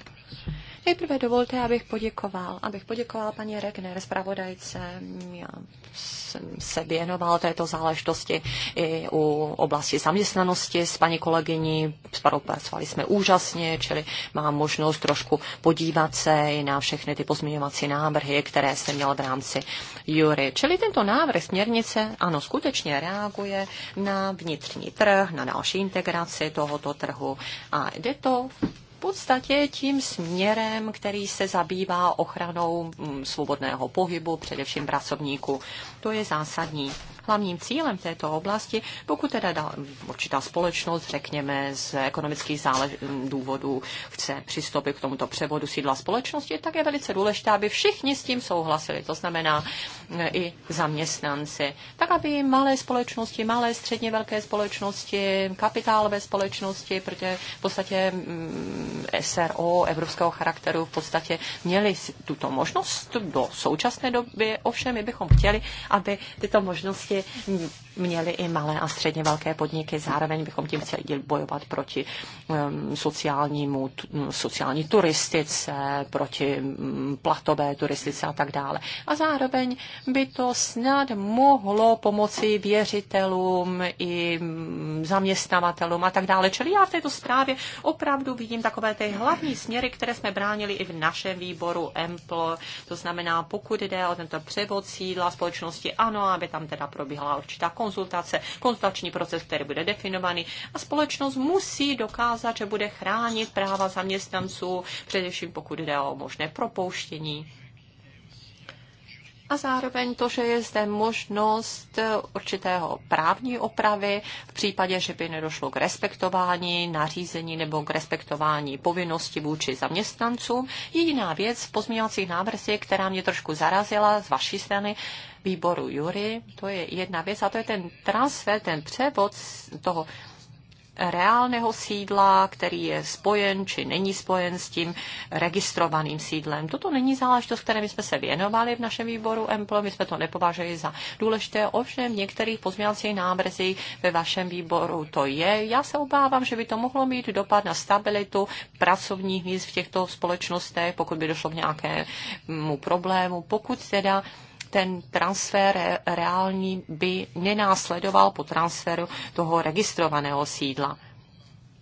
Speaker 2: Nejprve dovolte, abych poděkoval. Abych poděkoval paní Regner, zpravodajce. Já jsem se věnoval této záležitosti i u oblasti zaměstnanosti s paní kolegyní. Spolupracovali jsme úžasně, čili mám možnost trošku podívat se i na všechny ty pozměňovací návrhy, které jsem měl v rámci Jury. Čili tento návrh směrnice, ano, skutečně reaguje na vnitřní trh, na další integraci tohoto trhu a jde to podstatě tím směrem, který se zabývá ochranou mm, svobodného pohybu, především pracovníků. To je zásadní hlavním cílem této oblasti, pokud teda dá, určitá společnost, řekněme, z ekonomických zálež- důvodů chce přistoupit k tomuto převodu sídla společnosti, tak je velice důležité, aby všichni s tím souhlasili. To znamená e, i zaměstnanci. Tak, aby malé společnosti, malé, středně velké společnosti, kapitálové společnosti, protože v podstatě mm, SRO evropského charakteru v podstatě měli tuto možnost do současné doby. Ovšem, my bychom chtěli, aby tyto možnosti prostě měli i malé a středně velké podniky. Zároveň bychom tím chtěli bojovat proti um, sociálnímu, mm, sociální turistice, proti um, platové turistice a tak dále. A zároveň by to snad mohlo pomoci věřitelům i mm, zaměstnavatelům a tak dále. Čili já v této zprávě opravdu vidím takové ty hlavní směry, které jsme bránili i v našem výboru EMPL. To znamená, pokud jde o tento převod sídla společnosti, ano, aby tam teda probíhala určitá konzultace, konzultační proces, který bude definovaný a společnost musí dokázat, že bude chránit práva zaměstnanců, především pokud jde o možné propouštění a zároveň to, že je zde možnost určitého právní opravy v případě, že by nedošlo k respektování nařízení nebo k respektování povinnosti vůči zaměstnancům. Jediná věc v pozměňovacích návrzích, která mě trošku zarazila z vaší strany, výboru Jury, to je jedna věc, a to je ten transfer, ten převod toho reálného sídla, který je spojen či není spojen s tím registrovaným sídlem. Toto není záležitost, které my jsme se věnovali v našem výboru EMPLO, my jsme to nepovažovali za důležité, ovšem v některých pozměňovacích návrzích ve vašem výboru to je. Já se obávám, že by to mohlo mít dopad na stabilitu pracovních míst v těchto společnostech, pokud by došlo k nějakému problému, pokud teda ten transfer reální by nenásledoval po transferu toho registrovaného sídla.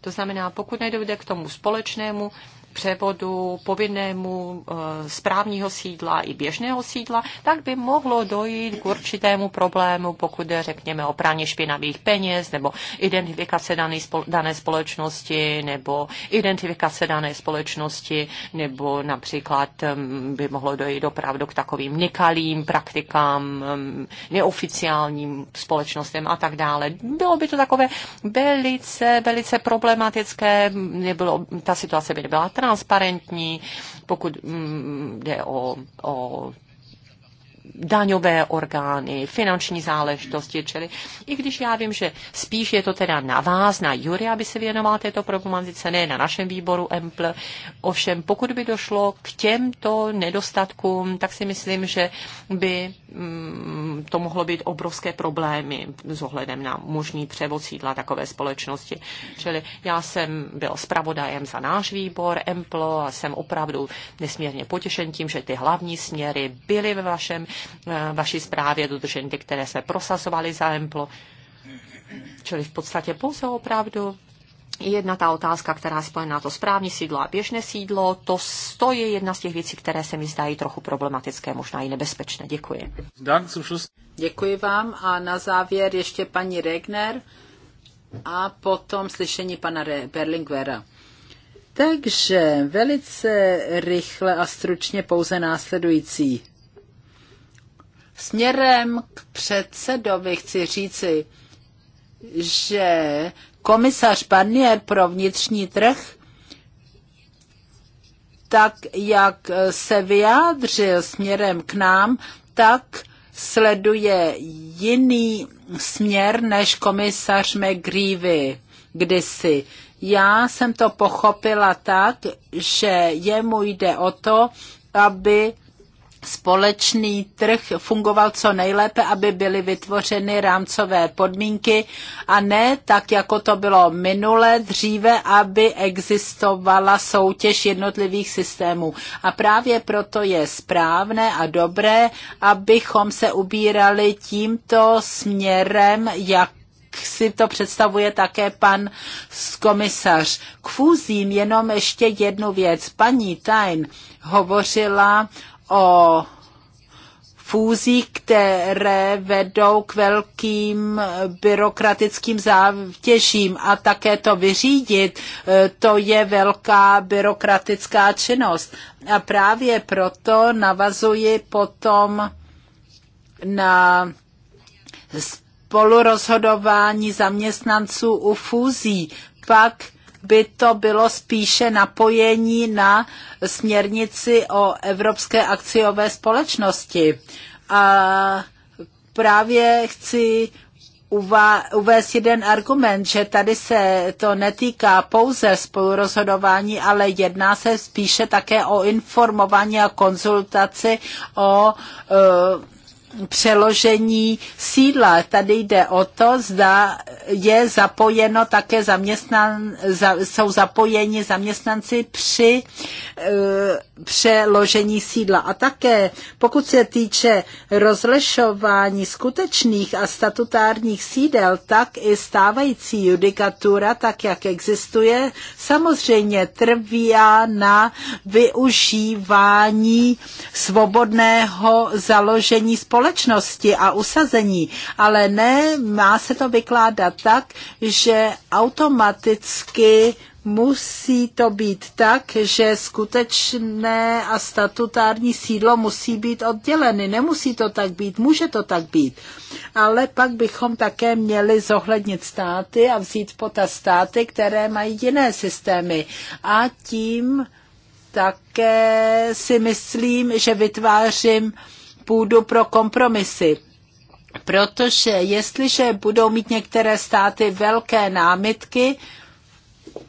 Speaker 2: To znamená, pokud nedojde k tomu společnému převodu povinnému eh, správního sídla i běžného sídla, tak by mohlo dojít k určitému problému, pokud je, řekněme, o praně špinavých peněz nebo identifikace dané, dané společnosti nebo identifikace dané společnosti nebo například mm, by mohlo dojít opravdu k takovým nekalým praktikám, mm, neoficiálním společnostem a tak dále. Bylo by to takové velice, velice problematické, nebylo, ta situace by nebyla transparentní, pokud mm, jde o, o daňové orgány, finanční záležitosti, čili i když já vím, že spíš je to teda na vás, na Jury, aby se věnoval této problematice, ne na našem výboru EMPL, ovšem pokud by došlo k těmto nedostatkům, tak si myslím, že by mm, to mohlo být obrovské problémy s ohledem na možný převod sídla takové společnosti. Čili já jsem byl zpravodajem za náš výbor EMPL a jsem opravdu nesmírně potěšen tím, že ty hlavní směry byly ve vašem vaší zprávě dodrženy ty, které jsme prosazovali za EMPLO. Čili v podstatě pouze opravdu Jedna ta otázka, která je spojená to správní sídlo a běžné sídlo, to, to je jedna z těch věcí, které se mi zdají trochu problematické, možná i nebezpečné.
Speaker 1: Děkuji. Děkuji vám a na závěr ještě paní Regner a potom slyšení pana Berlinguera. Takže velice rychle a stručně pouze následující. Směrem k předsedovi chci říci, že komisař Barnier pro vnitřní trh tak jak se vyjádřil směrem k nám, tak sleduje jiný směr než komisař McGreevy kdysi. Já jsem to pochopila tak, že jemu jde o to, aby společný trh fungoval co nejlépe, aby byly vytvořeny rámcové podmínky a ne tak, jako to bylo minule, dříve, aby existovala soutěž jednotlivých systémů. A právě proto je správné a dobré, abychom se ubírali tímto směrem, jak si to představuje také pan komisař. K fúzím jenom ještě jednu věc. Paní Tajn hovořila o fúzí, které vedou k velkým byrokratickým zátěžím a také to vyřídit, e, to je velká byrokratická činnost. A právě proto navazuji potom na spolurozhodování zaměstnanců u fúzí. Pak by to bylo spíše napojení na směrnici o Evropské akciové společnosti. A právě chci uvést jeden argument, že tady se to netýká pouze spolurozhodování, ale jedná se spíše také o informování a konzultaci o uh, přeložení sídla. Tady jde o to, zda je zapojeno také zaměstnan, za, jsou zapojeni zaměstnanci při e, přeložení sídla. A také, pokud se týče rozlešování skutečných a statutárních sídel, tak i stávající judikatura, tak jak existuje, samozřejmě trvá na využívání svobodného založení společnosti společnosti a usazení, ale ne, má se to vykládat tak, že automaticky musí to být tak, že skutečné a statutární sídlo musí být odděleny. Nemusí to tak být, může to tak být. Ale pak bychom také měli zohlednit státy a vzít pota státy, které mají jiné systémy. A tím také si myslím, že vytvářím půdu pro kompromisy. Protože jestliže budou mít některé státy velké námitky, eh,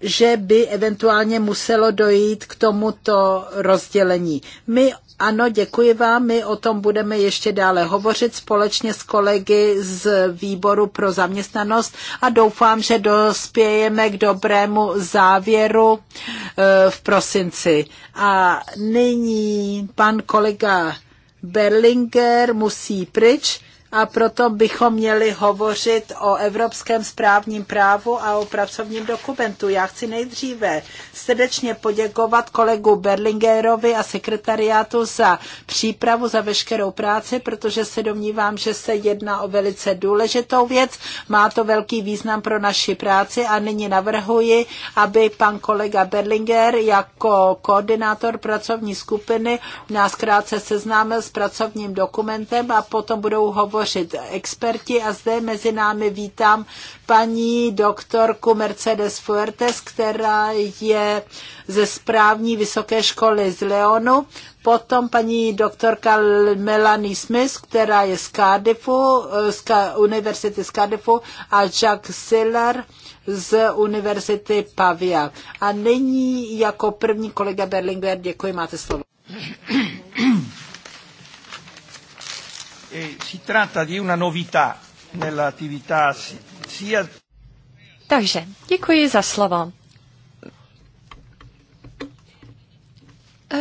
Speaker 1: že by eventuálně muselo dojít k tomuto rozdělení. My ano, děkuji vám. My o tom budeme ještě dále hovořit společně s kolegy z výboru pro zaměstnanost a doufám, že dospějeme k dobrému závěru eh, v prosinci. A nyní pan kolega Berlinger musí pryč a proto bychom měli hovořit o evropském správním právu a o pracovním dokumentu. Já chci nejdříve srdečně poděkovat kolegu Berlingerovi a sekretariátu za přípravu, za veškerou práci, protože se domnívám, že se jedná o velice důležitou věc. Má to velký význam pro naši práci a nyní navrhuji, aby pan kolega Berlinger jako koordinátor pracovní skupiny nás krátce seznámil s pracovním dokumentem a potom budou hovořit hovořit experti a zde mezi námi vítám paní doktorku Mercedes Fuertes, která je ze správní vysoké školy z Leonu, potom paní doktorka Melanie Smith, která je z Cardiffu, eh, z univerzity z Cardiffu a Jack Siller, z Univerzity Pavia. A nyní jako první kolega Berlinger, děkuji, máte slovo.
Speaker 2: eh, si tratta di una novità nell'attività sia... Takže, děkuji za slovo.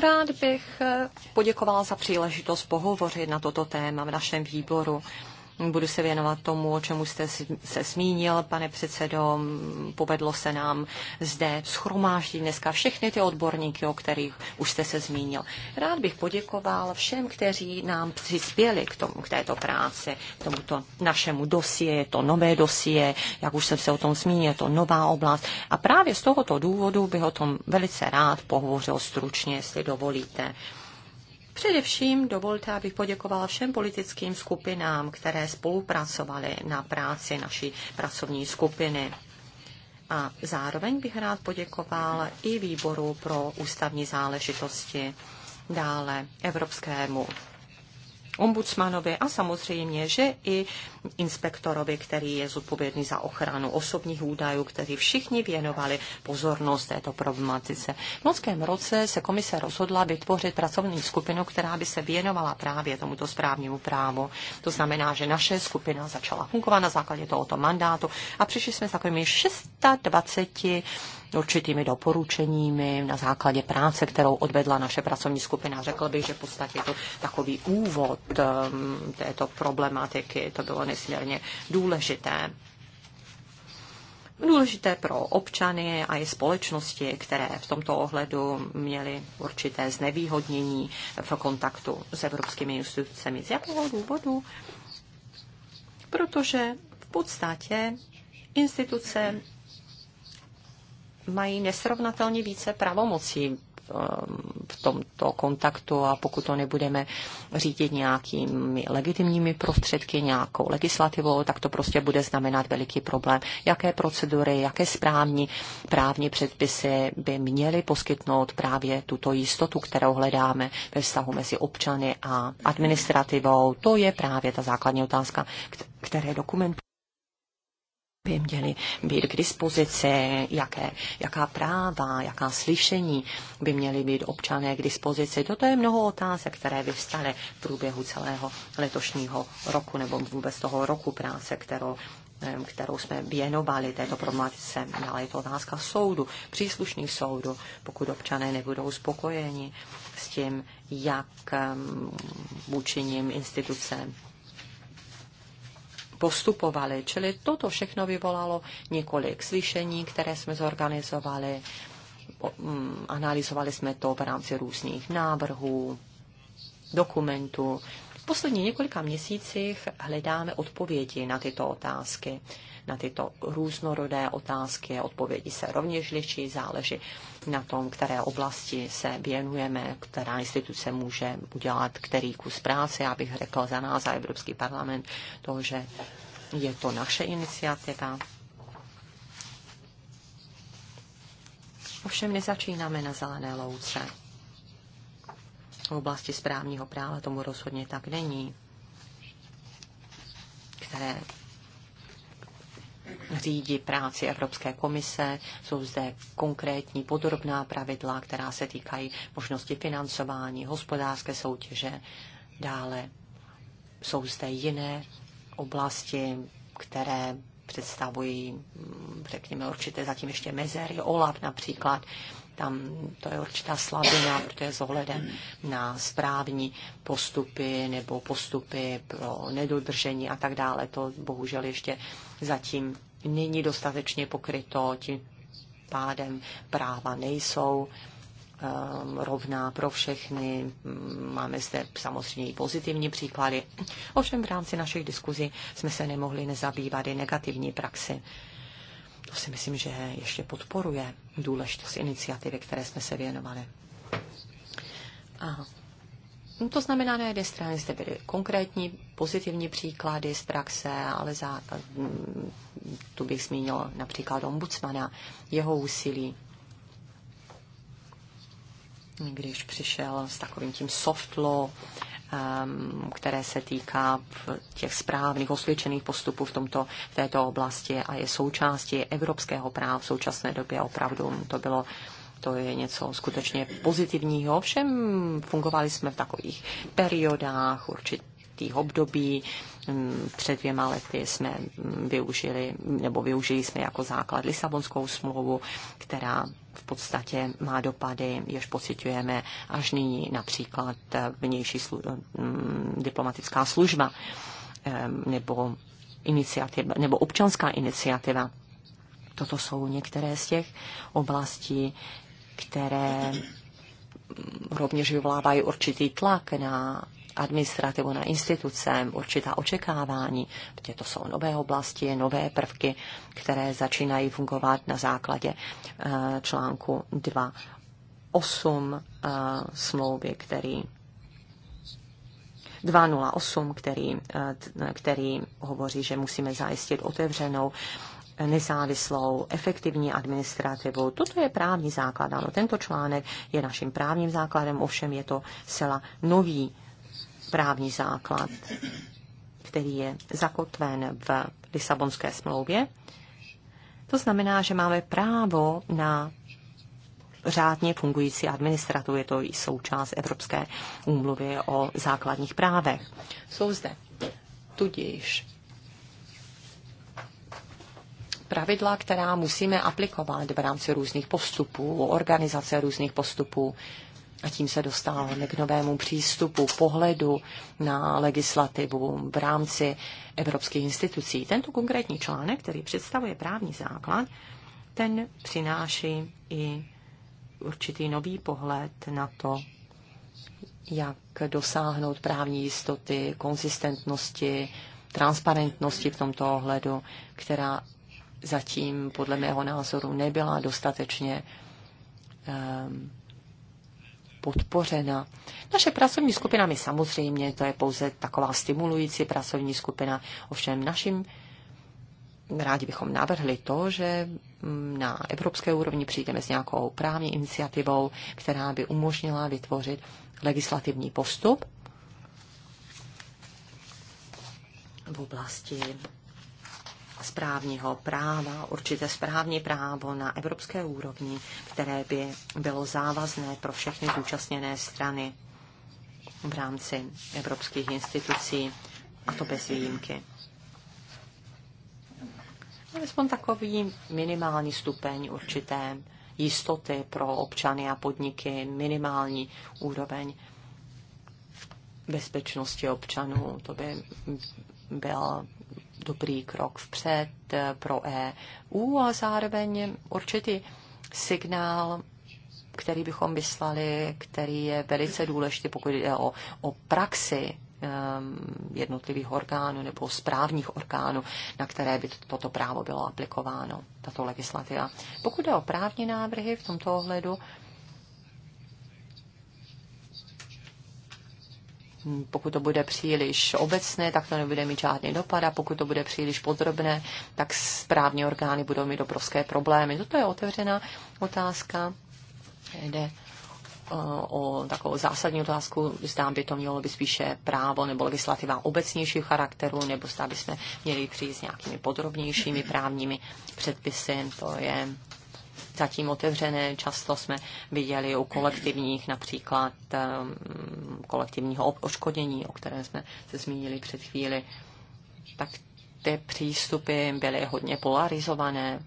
Speaker 2: Rád bych eh, poděkoval za příležitost pohovořit na toto téma v našem výboru. Budu se věnovat tomu, o čemu jste se zmínil, pane předsedo. Povedlo se nám zde schromáždit dneska všechny ty odborníky, o kterých už jste se zmínil. Rád bych poděkoval všem, kteří nám přispěli k, tomu, k této práci, k tomuto našemu dosie. Je to nové dosie, jak už jsem se o tom zmínil, je to nová oblast. A právě z tohoto důvodu bych o tom velice rád pohovořil stručně, jestli dovolíte. Především dovolte, abych poděkovala všem politickým skupinám, které spolupracovaly na práci naší pracovní skupiny. A zároveň bych rád poděkoval i výboru pro ústavní záležitosti, dále Evropskému ombudsmanovi a samozřejmě, že i inspektorovi, který je zodpovědný za ochranu osobních údajů, kteří všichni věnovali pozornost této problematice. V loňském roce se komise rozhodla vytvořit pracovní skupinu, která by se věnovala právě tomuto správnímu právu. To znamená, že naše skupina začala fungovat na základě tohoto mandátu a přišli jsme s takovými 620 určitými doporučeními na základě práce, kterou odvedla naše pracovní skupina. Řekl bych, že v podstatě to takový úvod um, této problematiky, to bylo nesmírně důležité důležité pro občany a i společnosti, které v tomto ohledu měly určité znevýhodnění v kontaktu s evropskými institucemi. Z jakého důvodu? Protože v podstatě instituce mají nesrovnatelně více pravomocí um, v tomto kontaktu a pokud to nebudeme řídit nějakými legitimními prostředky, nějakou legislativou, tak to prostě bude znamenat veliký problém. Jaké procedury, jaké správní právní předpisy by měly poskytnout právě tuto jistotu, kterou hledáme ve vztahu mezi občany a administrativou, to je právě ta základní otázka, které dokument by měly být k dispozici, jaké, jaká práva, jaká slyšení by měly být občané k dispozici. Toto je mnoho otázek, které vyvstaly v průběhu celého letošního roku nebo vůbec toho roku práce, kterou kterou jsme věnovali této problematice. Ale je to otázka soudu, příslušných soudu, pokud občané nebudou spokojeni s tím, jak vůči ním instituce postupovali. Čili toto všechno vyvolalo několik slyšení, které jsme zorganizovali. Mm, analyzovali jsme to v rámci různých návrhů, dokumentů. V posledních několika měsících hledáme odpovědi na tyto otázky na tyto různorodé otázky. Odpovědi se rovněž liší, záleží na tom, které oblasti se věnujeme, která instituce může udělat který kus práce. Já bych řekla za nás, za Evropský parlament, to, že je to naše iniciativa. Ovšem nezačínáme na zelené louce. V oblasti správního práva tomu rozhodně tak není, které řídí práci Evropské komise. Jsou zde konkrétní podrobná pravidla, která se týkají možnosti financování, hospodářské soutěže. Dále jsou zde jiné oblasti, které představují, řekněme, určité zatím ještě mezery. OLAF například tam to je určitá slabina, protože s ohledem na správní postupy nebo postupy pro nedodržení a tak dále, to bohužel ještě zatím není dostatečně pokryto, tím pádem práva nejsou ehm, rovná pro všechny. Máme zde samozřejmě i pozitivní příklady. Ovšem v rámci našich diskuzí jsme se nemohli nezabývat i negativní praxi. To si myslím, že ještě podporuje důležitost iniciativy, které jsme se věnovali. A No to znamená, na jedné straně zde byly konkrétní pozitivní příklady z praxe, ale za, tu bych zmínil například ombudsmana, jeho úsilí, když přišel s takovým tím soft law které se týká těch správných osvědčených postupů v, tomto, v této oblasti a je součástí evropského práva v současné době. Opravdu to bylo to je něco skutečně pozitivního. Všem fungovali jsme v takových periodách, určitých období. Před dvěma lety jsme využili, nebo využili jsme jako základ Lisabonskou smlouvu, která v podstatě má dopady, jež pocitujeme až nyní, například vnější slu- mm, diplomatická služba nebo, iniciativa, nebo občanská iniciativa. Toto jsou některé z těch oblastí, které rovněž vyvolávají určitý tlak na administrativu, na instituce, určitá očekávání, protože to jsou nové oblasti, nové prvky, které začínají fungovat na základě eh, článku 2.8 eh, smlouvy, který 208, který, eh, který hovoří, že musíme zajistit otevřenou nezávislou, efektivní administrativu. Toto je právní základ. Ano, tento článek je naším právním základem, ovšem je to zcela nový právní základ, který je zakotven v Lisabonské smlouvě. To znamená, že máme právo na řádně fungující administrativu. Je to i součást Evropské úmluvy o základních právech. Jsou zde tudíž pravidla, která musíme aplikovat v rámci různých postupů, organizace různých postupů, a tím se dostáváme k novému přístupu, pohledu na legislativu v rámci evropských institucí. Tento konkrétní článek, který představuje právní základ, ten přináší i určitý nový pohled na to, jak dosáhnout právní jistoty, konzistentnosti, transparentnosti v tomto ohledu, která zatím podle mého názoru nebyla dostatečně um, podpořena. Naše pracovní skupina, my samozřejmě, to je pouze taková stimulující pracovní skupina, ovšem našim rádi bychom navrhli to, že mm, na evropské úrovni přijdeme s nějakou právní iniciativou, která by umožnila vytvořit legislativní postup v oblasti správního práva, určité správní právo na evropské úrovni, které by bylo závazné pro všechny zúčastněné strany v rámci evropských institucí, a to bez výjimky. Alespoň takový minimální stupeň určité jistoty pro občany a podniky, minimální úroveň bezpečnosti občanů. To by byl dobrý krok vpřed eh, pro EU a zároveň určitý signál, který bychom vyslali, který je velice důležitý, pokud jde o, o praxi ehm, jednotlivých orgánů nebo správních orgánů, na které by toto právo bylo aplikováno, tato legislativa. Pokud jde o právní návrhy v tomto ohledu, Mm, pokud to bude příliš obecné, tak to nebude mít žádný dopad a pokud to bude příliš podrobné, tak správní orgány budou mít obrovské problémy. Toto je otevřená otázka. Jde eh, o takovou zásadní otázku, zdá by to mělo by spíše právo nebo legislativa obecnějšího charakteru, nebo zda by jsme měli přijít s nějakými podrobnějšími právními předpisy. To je zatím otevřené. Často jsme viděli u kolektivních, například um, kolektivního oškodění, o kterém jsme se zmínili před chvíli. Tak ty přístupy byly hodně polarizované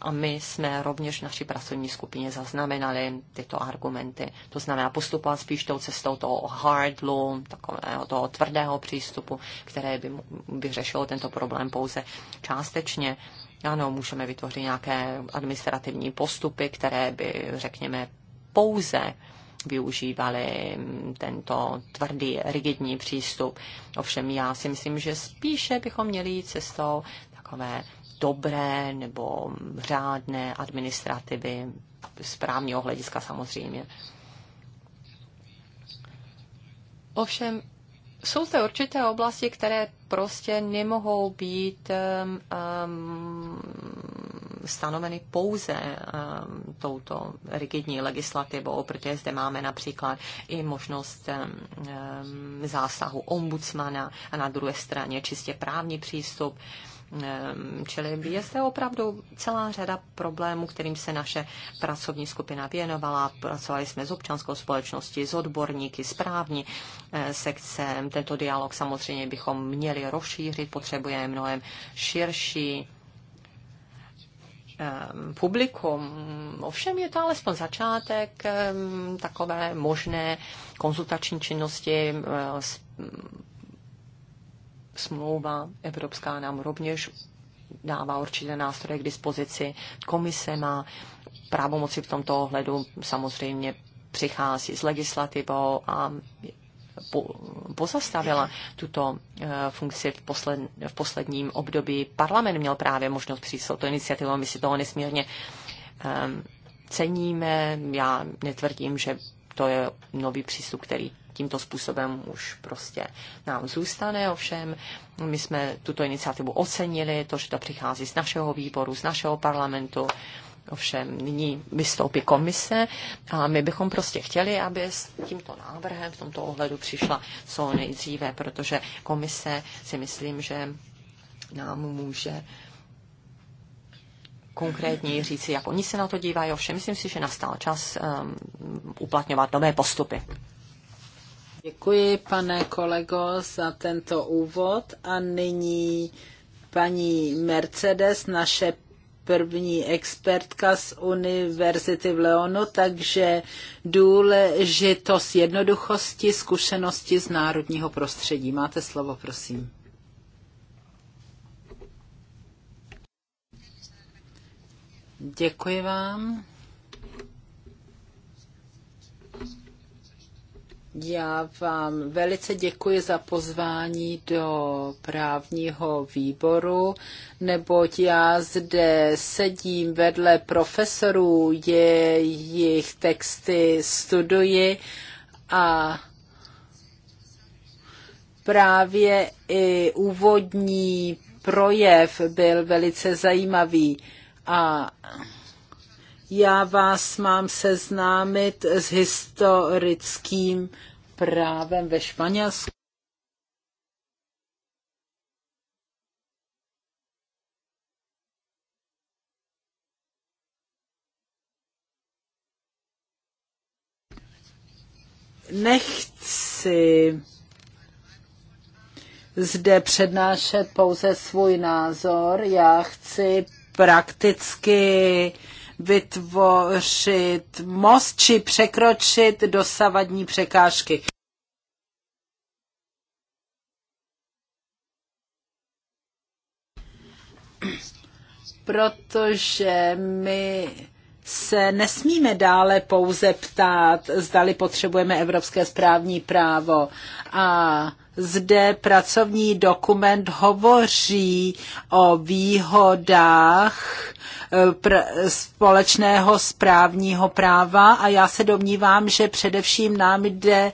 Speaker 2: a my jsme rovněž v naší pracovní skupině zaznamenali tyto argumenty. To znamená postupovat spíš tou cestou toho hard law, takového toho tvrdého přístupu, které by vyřešilo tento problém pouze částečně. Ano, můžeme vytvořit nějaké administrativní postupy, které by, řekněme, pouze využívali tento tvrdý, rigidní přístup. Ovšem já si myslím, že spíše bychom měli jít cestou takové dobré nebo řádné administrativy, správního hlediska samozřejmě. Ovšem, jsou zde určité oblasti, které prostě nemohou být um, um, stanoveny pouze um, touto rigidní legislativou, protože zde máme například i možnost um, um zásahu ombudsmana a na druhé straně čistě právní přístup. Um, Ehm, čili je zde opravdu celá řada problémů, kterým se naše pracovní skupina věnovala. Pracovali jsme s občanskou společností, s odborníky, s právní eh, sekce. Tento dialog samozřejmě bychom měli rozšířit, potřebujeme mnohem širší ehm, publikum. Ovšem je to alespoň začátek ehm, takové možné konzultační činnosti eh, smlouva evropská nám rovněž dává určité nástroje k dispozici. Komise má právomoci v tomto ohledu, samozřejmě přichází s legislativou a po, pozastavila tuto eh, funkci v, posled, v posledním období. Parlament měl právě možnost přijít s touto iniciativou, my si toho nesmírně um, ceníme. Já netvrdím, že to je nový přístup, který tímto způsobem už prostě nám zůstane. Ovšem, my jsme tuto iniciativu ocenili, to, že to přichází z našeho výboru, z našeho parlamentu. Ovšem, nyní vystoupí komise a my bychom prostě chtěli, aby s tímto návrhem v tomto ohledu přišla co nejdříve, protože komise si myslím, že nám může konkrétně říci, jak oni se na to dívají. Ovšem, myslím si, že nastal čas um, uplatňovat nové postupy.
Speaker 1: Děkuji, pane kolego, za tento úvod a nyní paní Mercedes, naše první expertka z Univerzity v Leonu, takže důležitost jednoduchosti, zkušenosti z národního prostředí. Máte slovo, prosím. Děkuji vám. Já vám velice děkuji za pozvání do právního výboru, neboť já zde sedím vedle profesorů, jejich texty studuji a právě i úvodní projev byl velice zajímavý. A já vás mám seznámit s historickým právem ve Španělsku. Nechci zde přednášet pouze svůj názor. Já chci prakticky vytvořit most či překročit dosavadní překážky. Protože my se nesmíme dále pouze ptát, zdali potřebujeme evropské správní právo a zde pracovní dokument hovoří o výhodách e, společného správního práva a já se domnívám, že především nám jde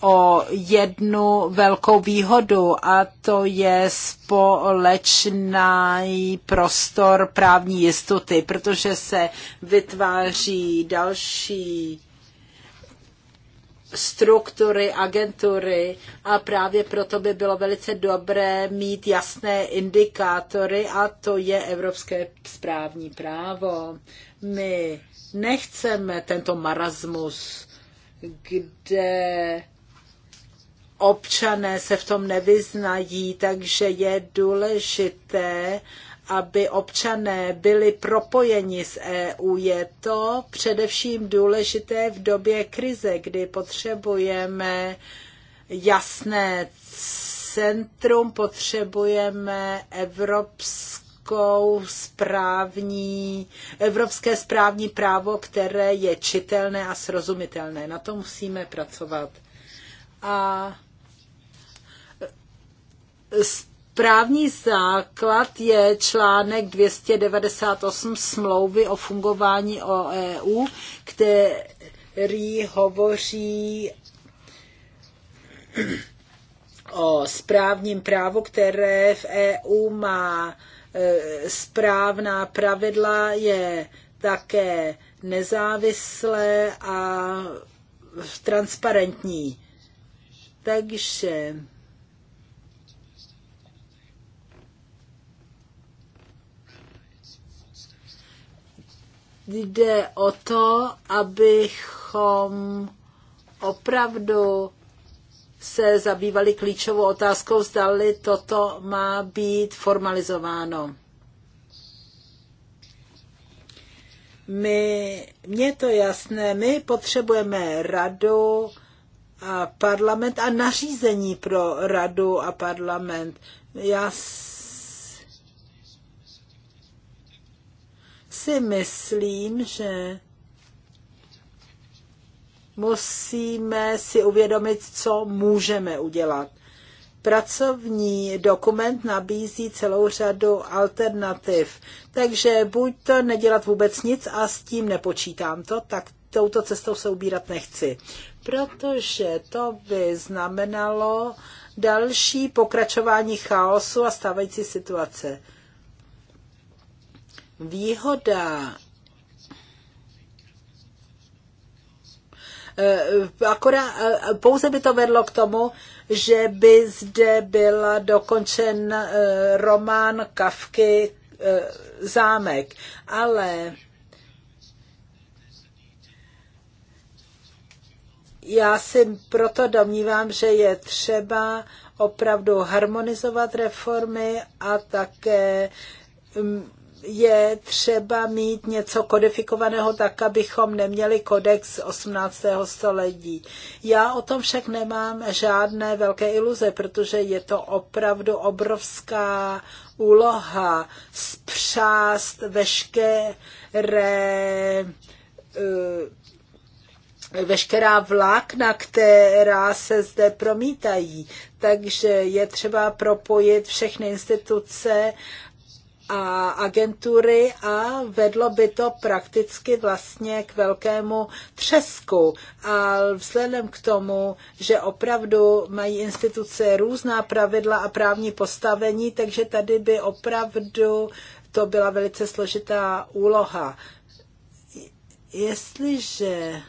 Speaker 1: o jednu velkou výhodu a to je společný prostor právní jistoty, protože se vytváří další struktury, agentury a právě proto by bylo velice dobré mít jasné indikátory a to je evropské správní právo. My nechceme tento marasmus, kde občané se v tom nevyznají, takže je důležité, aby občané byli propojeni s EU. Je to především důležité v době krize, kdy potřebujeme jasné centrum, potřebujeme evropskou správní, evropské správní právo, které je čitelné a srozumitelné. Na to musíme pracovat. A Právní základ je článek 298 smlouvy o fungování o EU, který hovoří o správním právu, které v EU má e, správná pravidla, je také nezávislé a transparentní. Takže jde o to, abychom opravdu se zabývali klíčovou otázkou, zdali toto má být formalizováno. My, mně to jasné, my potřebujeme radu a parlament a nařízení pro radu a parlament. Já si myslím, že musíme si uvědomit, co můžeme udělat. Pracovní dokument nabízí celou řadu alternativ, takže buď to nedělat vůbec nic a s tím nepočítám to, tak touto cestou se ubírat nechci, protože to by znamenalo další pokračování chaosu a stávající situace. Výhoda eh, akorát, eh, pouze by to vedlo k tomu, že by zde byla dokončen eh, román Kafky Zámek. Ale já si proto domnívám, že je třeba opravdu harmonizovat reformy a také mm, je třeba mít něco kodifikovaného tak, abychom neměli kodex 18. století. Já o tom však nemám žádné velké iluze, protože je to opravdu obrovská úloha zpřást veškeré eh, veškerá vlákna, která se zde promítají. Takže je třeba propojit všechny instituce a agentury a vedlo by to prakticky vlastně k velkému třesku. A vzhledem k tomu, že opravdu mají instituce různá pravidla a právní postavení, takže tady by opravdu to byla velice složitá úloha. Jestliže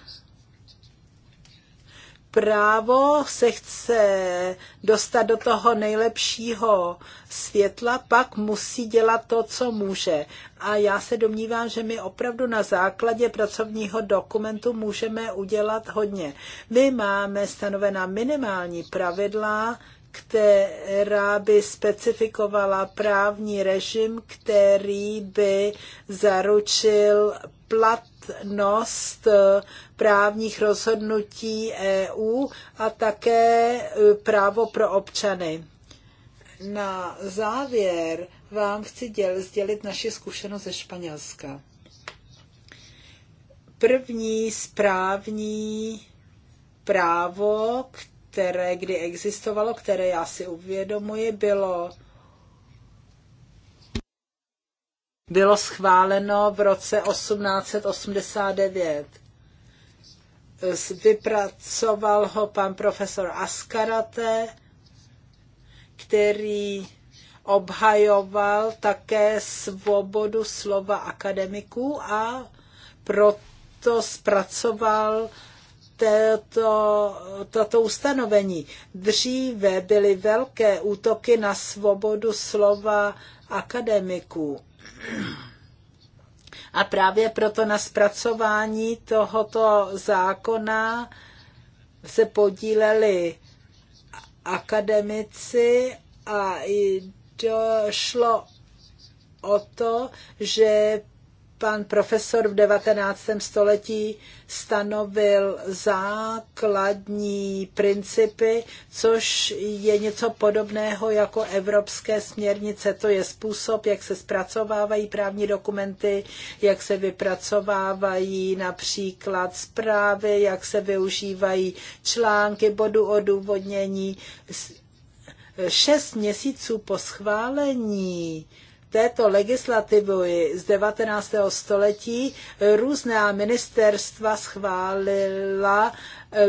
Speaker 1: právo se chce dostat do toho nejlepšího světla, pak musí dělat to, co může. A já se domnívám, že my opravdu na základě pracovního dokumentu můžeme udělat hodně. My máme stanovená minimální pravidla, která by specifikovala právní režim, který by zaručil platnost eh, právních rozhodnutí EU a také eh, právo pro občany. Na závěr vám chci děl, sdělit naše zkušenost ze Španělska. První správní právo, které kdy existovalo, které já si uvědomuji, bylo bylo schváleno v roce 1889. Vypracoval ho pan profesor Askarate, který obhajoval také svobodu slova akademiků a proto zpracoval této, tato ustanovení. Dříve byly velké útoky na svobodu slova akademiků. A právě proto na zpracování tohoto zákona se podíleli akademici a i došlo o to, že pan profesor v 19. století stanovil základní principy, což je něco podobného jako evropské směrnice. To je způsob, jak se zpracovávají právní dokumenty, jak se vypracovávají například zprávy, jak se využívají články bodu odůvodnění. Šest měsíců po schválení této legislativy z 19. století různá ministerstva schválila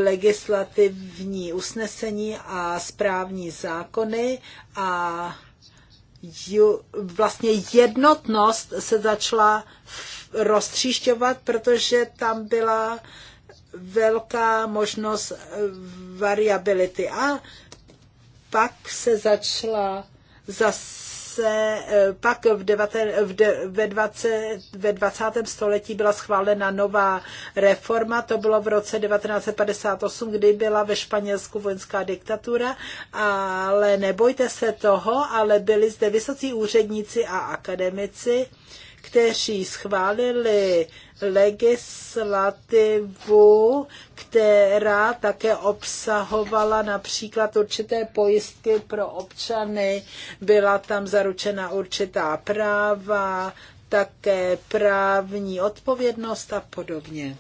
Speaker 1: legislativní usnesení a správní zákony a ju, vlastně jednotnost se začala roztříšťovat, protože tam byla velká možnost variability. A pak se začala zase se eh, pak v devate, v de, ve, 20, ve 20. století byla schválena nová reforma, to bylo v roce 1958, kdy byla ve Španělsku vojenská diktatura, ale nebojte se toho, ale byli zde vysocí úředníci a akademici, kteří schválili legislativu, která také obsahovala například určité pojistky pro občany, byla tam zaručena určitá práva, také právní odpovědnost a podobně.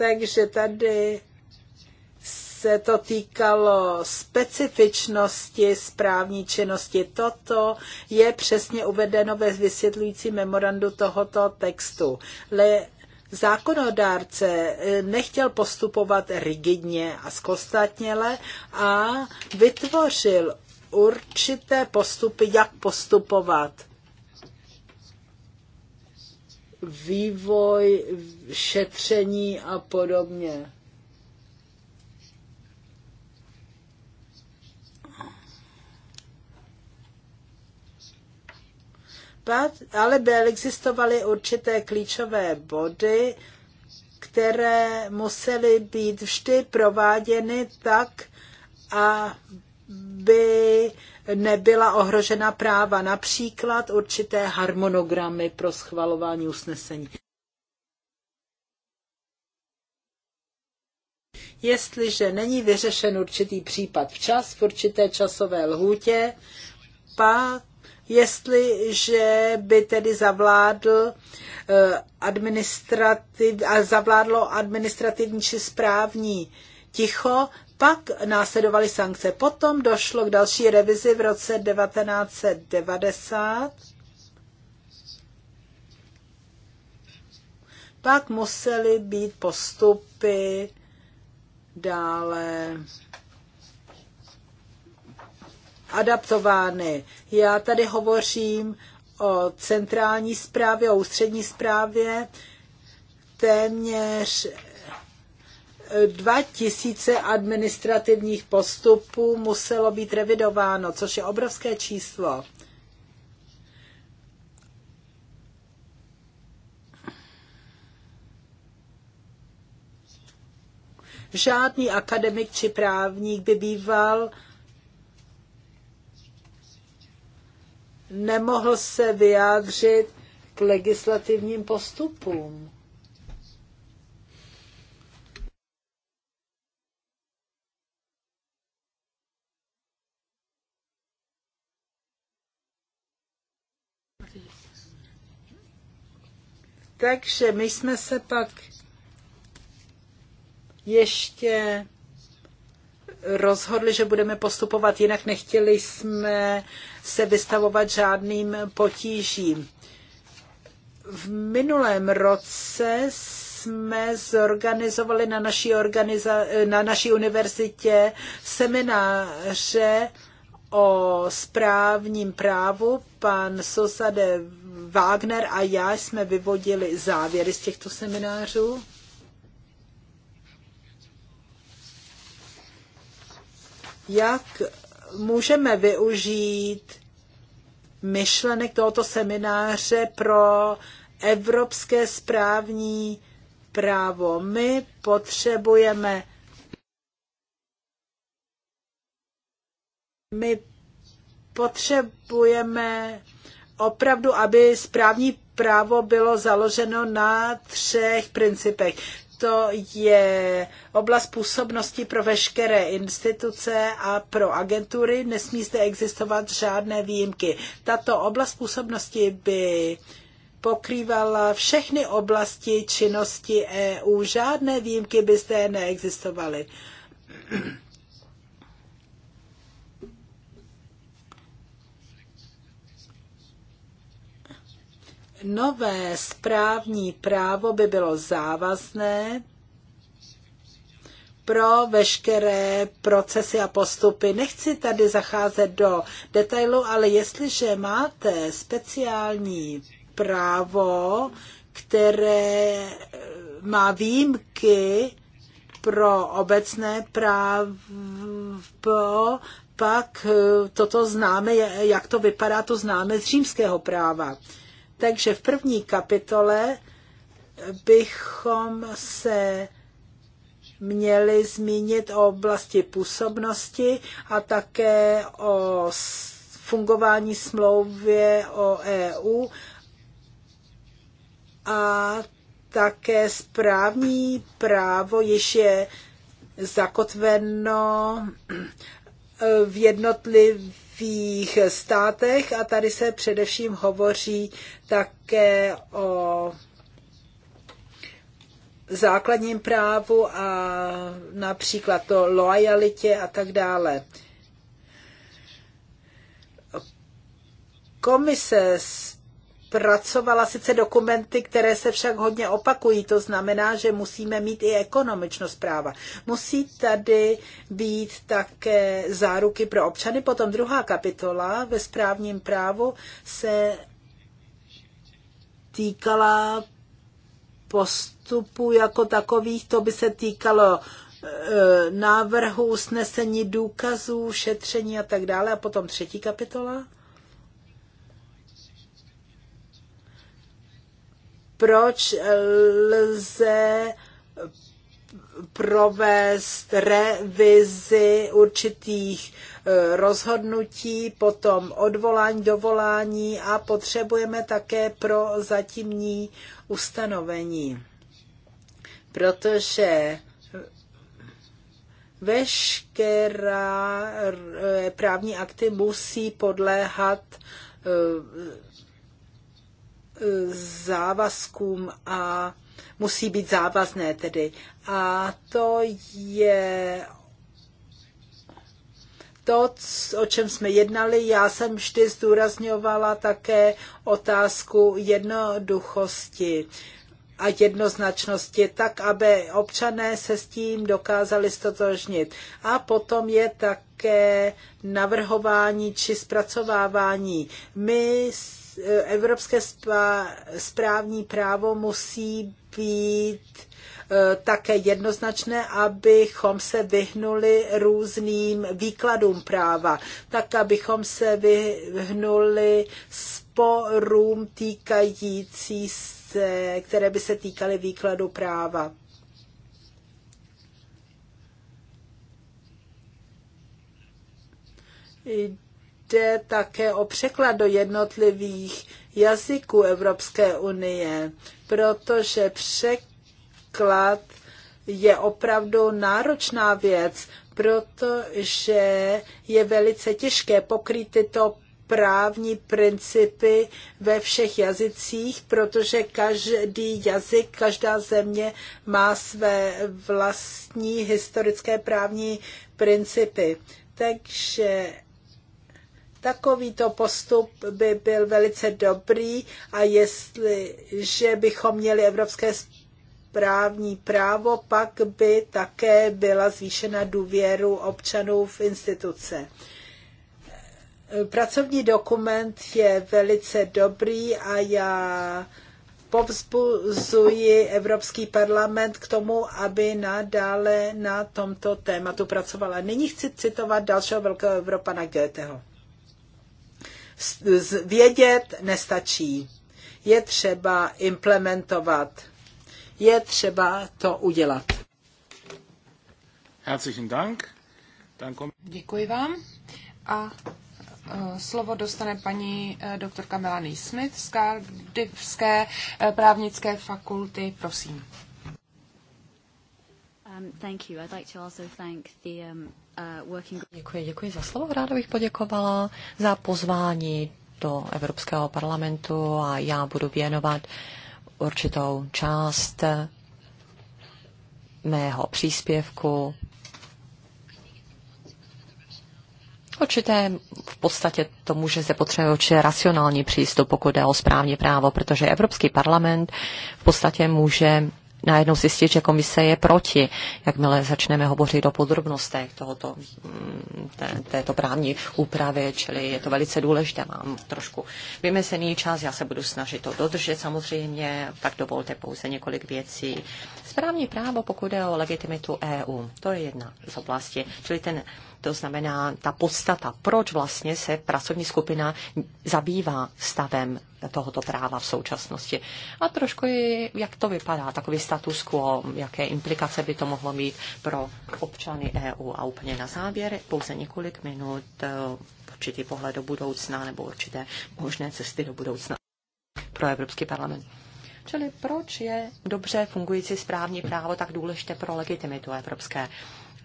Speaker 1: takže tady se to týkalo specifičnosti správní činnosti. Toto je přesně uvedeno ve vysvětlující memorandu tohoto textu. Le zákonodárce eh, nechtěl postupovat rigidně a zkostatněle a vytvořil určité postupy, jak postupovat vývoj, šetření a podobně. Ale by existovaly určité klíčové body, které musely být vždy prováděny tak, aby nebyla ohrožena práva, například určité harmonogramy pro schvalování usnesení. Jestliže není vyřešen určitý případ včas, v určité časové lhůtě, pak jestliže by tedy zavládl eh, administrativ, a zavládlo administrativní či správní ticho, pak následovaly sankce. Potom došlo k další revizi v roce 1990. Pak musely být postupy dále adaptovány. Já tady hovořím o centrální správě, o ústřední správě. Téměř 2000 administrativních postupů muselo být revidováno, což je obrovské číslo. Žádný akademik či právník by býval nemohl se vyjádřit k legislativním postupům. Takže my jsme se pak ještě rozhodli, že budeme postupovat jinak. Nechtěli jsme se vystavovat žádným potížím. V minulém roce jsme zorganizovali na naší, organiza- na naší univerzitě semináře o správním právu. Pan Sosa de Wagner a já jsme vyvodili závěry z těchto seminářů. Jak můžeme využít myšlenek tohoto semináře pro evropské správní právo. My potřebujeme my potřebujeme opravdu, aby správní právo bylo založeno na třech principech. To je oblast působnosti pro veškeré instituce a pro agentury. Nesmí zde existovat žádné výjimky. Tato oblast působnosti by pokrývala všechny oblasti činnosti EU. Žádné výjimky by zde neexistovaly. Nové správní právo by bylo závazné pro veškeré procesy a postupy. Nechci tady zacházet do detailu, ale jestliže máte speciální právo, které eh, má výjimky pro obecné právo, pak eh, toto známe, jak to vypadá, to známe z římského práva. Takže v první kapitole bychom se měli zmínit o oblasti působnosti a také o fungování smlouvě o EU a také správní právo již je zakotveno v jednotlivých jednotlivých státech a tady se především hovoří také o základním právu a například o loajalitě a tak dále. Komise zpracovala sice dokumenty, které se však hodně opakují. To znamená, že musíme mít i ekonomičnost práva. Musí tady být také záruky pro občany. Potom druhá kapitola ve správním právu se týkala postupu jako takových. To by se týkalo e, návrhu, usnesení důkazů, šetření a tak dále. A potom třetí kapitola proč eh, lze provést revizi určitých eh, rozhodnutí, potom odvolání, dovolání a potřebujeme také pro zatímní ustanovení. Protože veškerá eh, právní akty musí podléhat závazkům a musí být závazné tedy. A to je to, o čem jsme jednali, já jsem vždy zdůrazňovala také otázku jednoduchosti a jednoznačnosti, tak aby občané se s tím dokázali stotožnit. A potom je také navrhování či zpracovávání. My evropské správní právo musí být eh, také jednoznačné, abychom se vyhnuli různým výkladům práva, tak abychom se vyhnuli sporům týkající se, které by se týkaly výkladu práva. Jde jde také o překlad do jednotlivých jazyků Evropské unie, protože překlad je opravdu náročná věc, protože je velice těžké pokrýt tyto právní principy ve všech jazycích, protože každý jazyk, každá země má své vlastní historické právní principy. Takže Takovýto postup by byl velice dobrý a jestliže bychom měli evropské právní právo, pak by také byla zvýšena důvěru občanů v instituce. Pracovní dokument je velice dobrý a já povzbuzuji Evropský parlament k tomu, aby nadále na tomto tématu pracovala. Nyní chci citovat dalšího velkého Evropana Goetheho. Vědět nestačí. Je třeba implementovat. Je třeba to udělat. Herzlichen Dank. Děkuji vám.
Speaker 3: A e, slovo dostane paní e, doktorka Melanie Smith z Kardivské e, právnické fakulty. Prosím.
Speaker 2: Um, thank you. I'd like to also thank the um, Uh, děkuji, děkuji za slovo. Ráda bych poděkovala za pozvání do Evropského parlamentu a já budu věnovat určitou část mého příspěvku určité v podstatě to může se potřebuje určitě racionální přístup, pokud jde o správní právo, protože Evropský parlament v podstatě může najednou zjistit, že komise je proti, jakmile začneme hovořit o podrobnostech tohoto, mm, té, této právní úpravy, čili je to velice důležité. Mám trošku vymezený čas, já se budu snažit to dodržet samozřejmě, tak dovolte pouze několik věcí. Správní právo, pokud je o legitimitu EU, to je jedna z oblasti, čili ten to znamená ta podstata, proč vlastně se pracovní skupina zabývá stavem tohoto práva v současnosti. A trošku je, jak to vypadá, takový status quo, jaké implikace by to mohlo mít pro občany EU. A úplně na závěr pouze několik minut eh, určitý pohled do budoucna nebo určité možné cesty do budoucna pro Evropský parlament. Čili proč je dobře fungující správní právo tak důležité pro legitimitu Evropské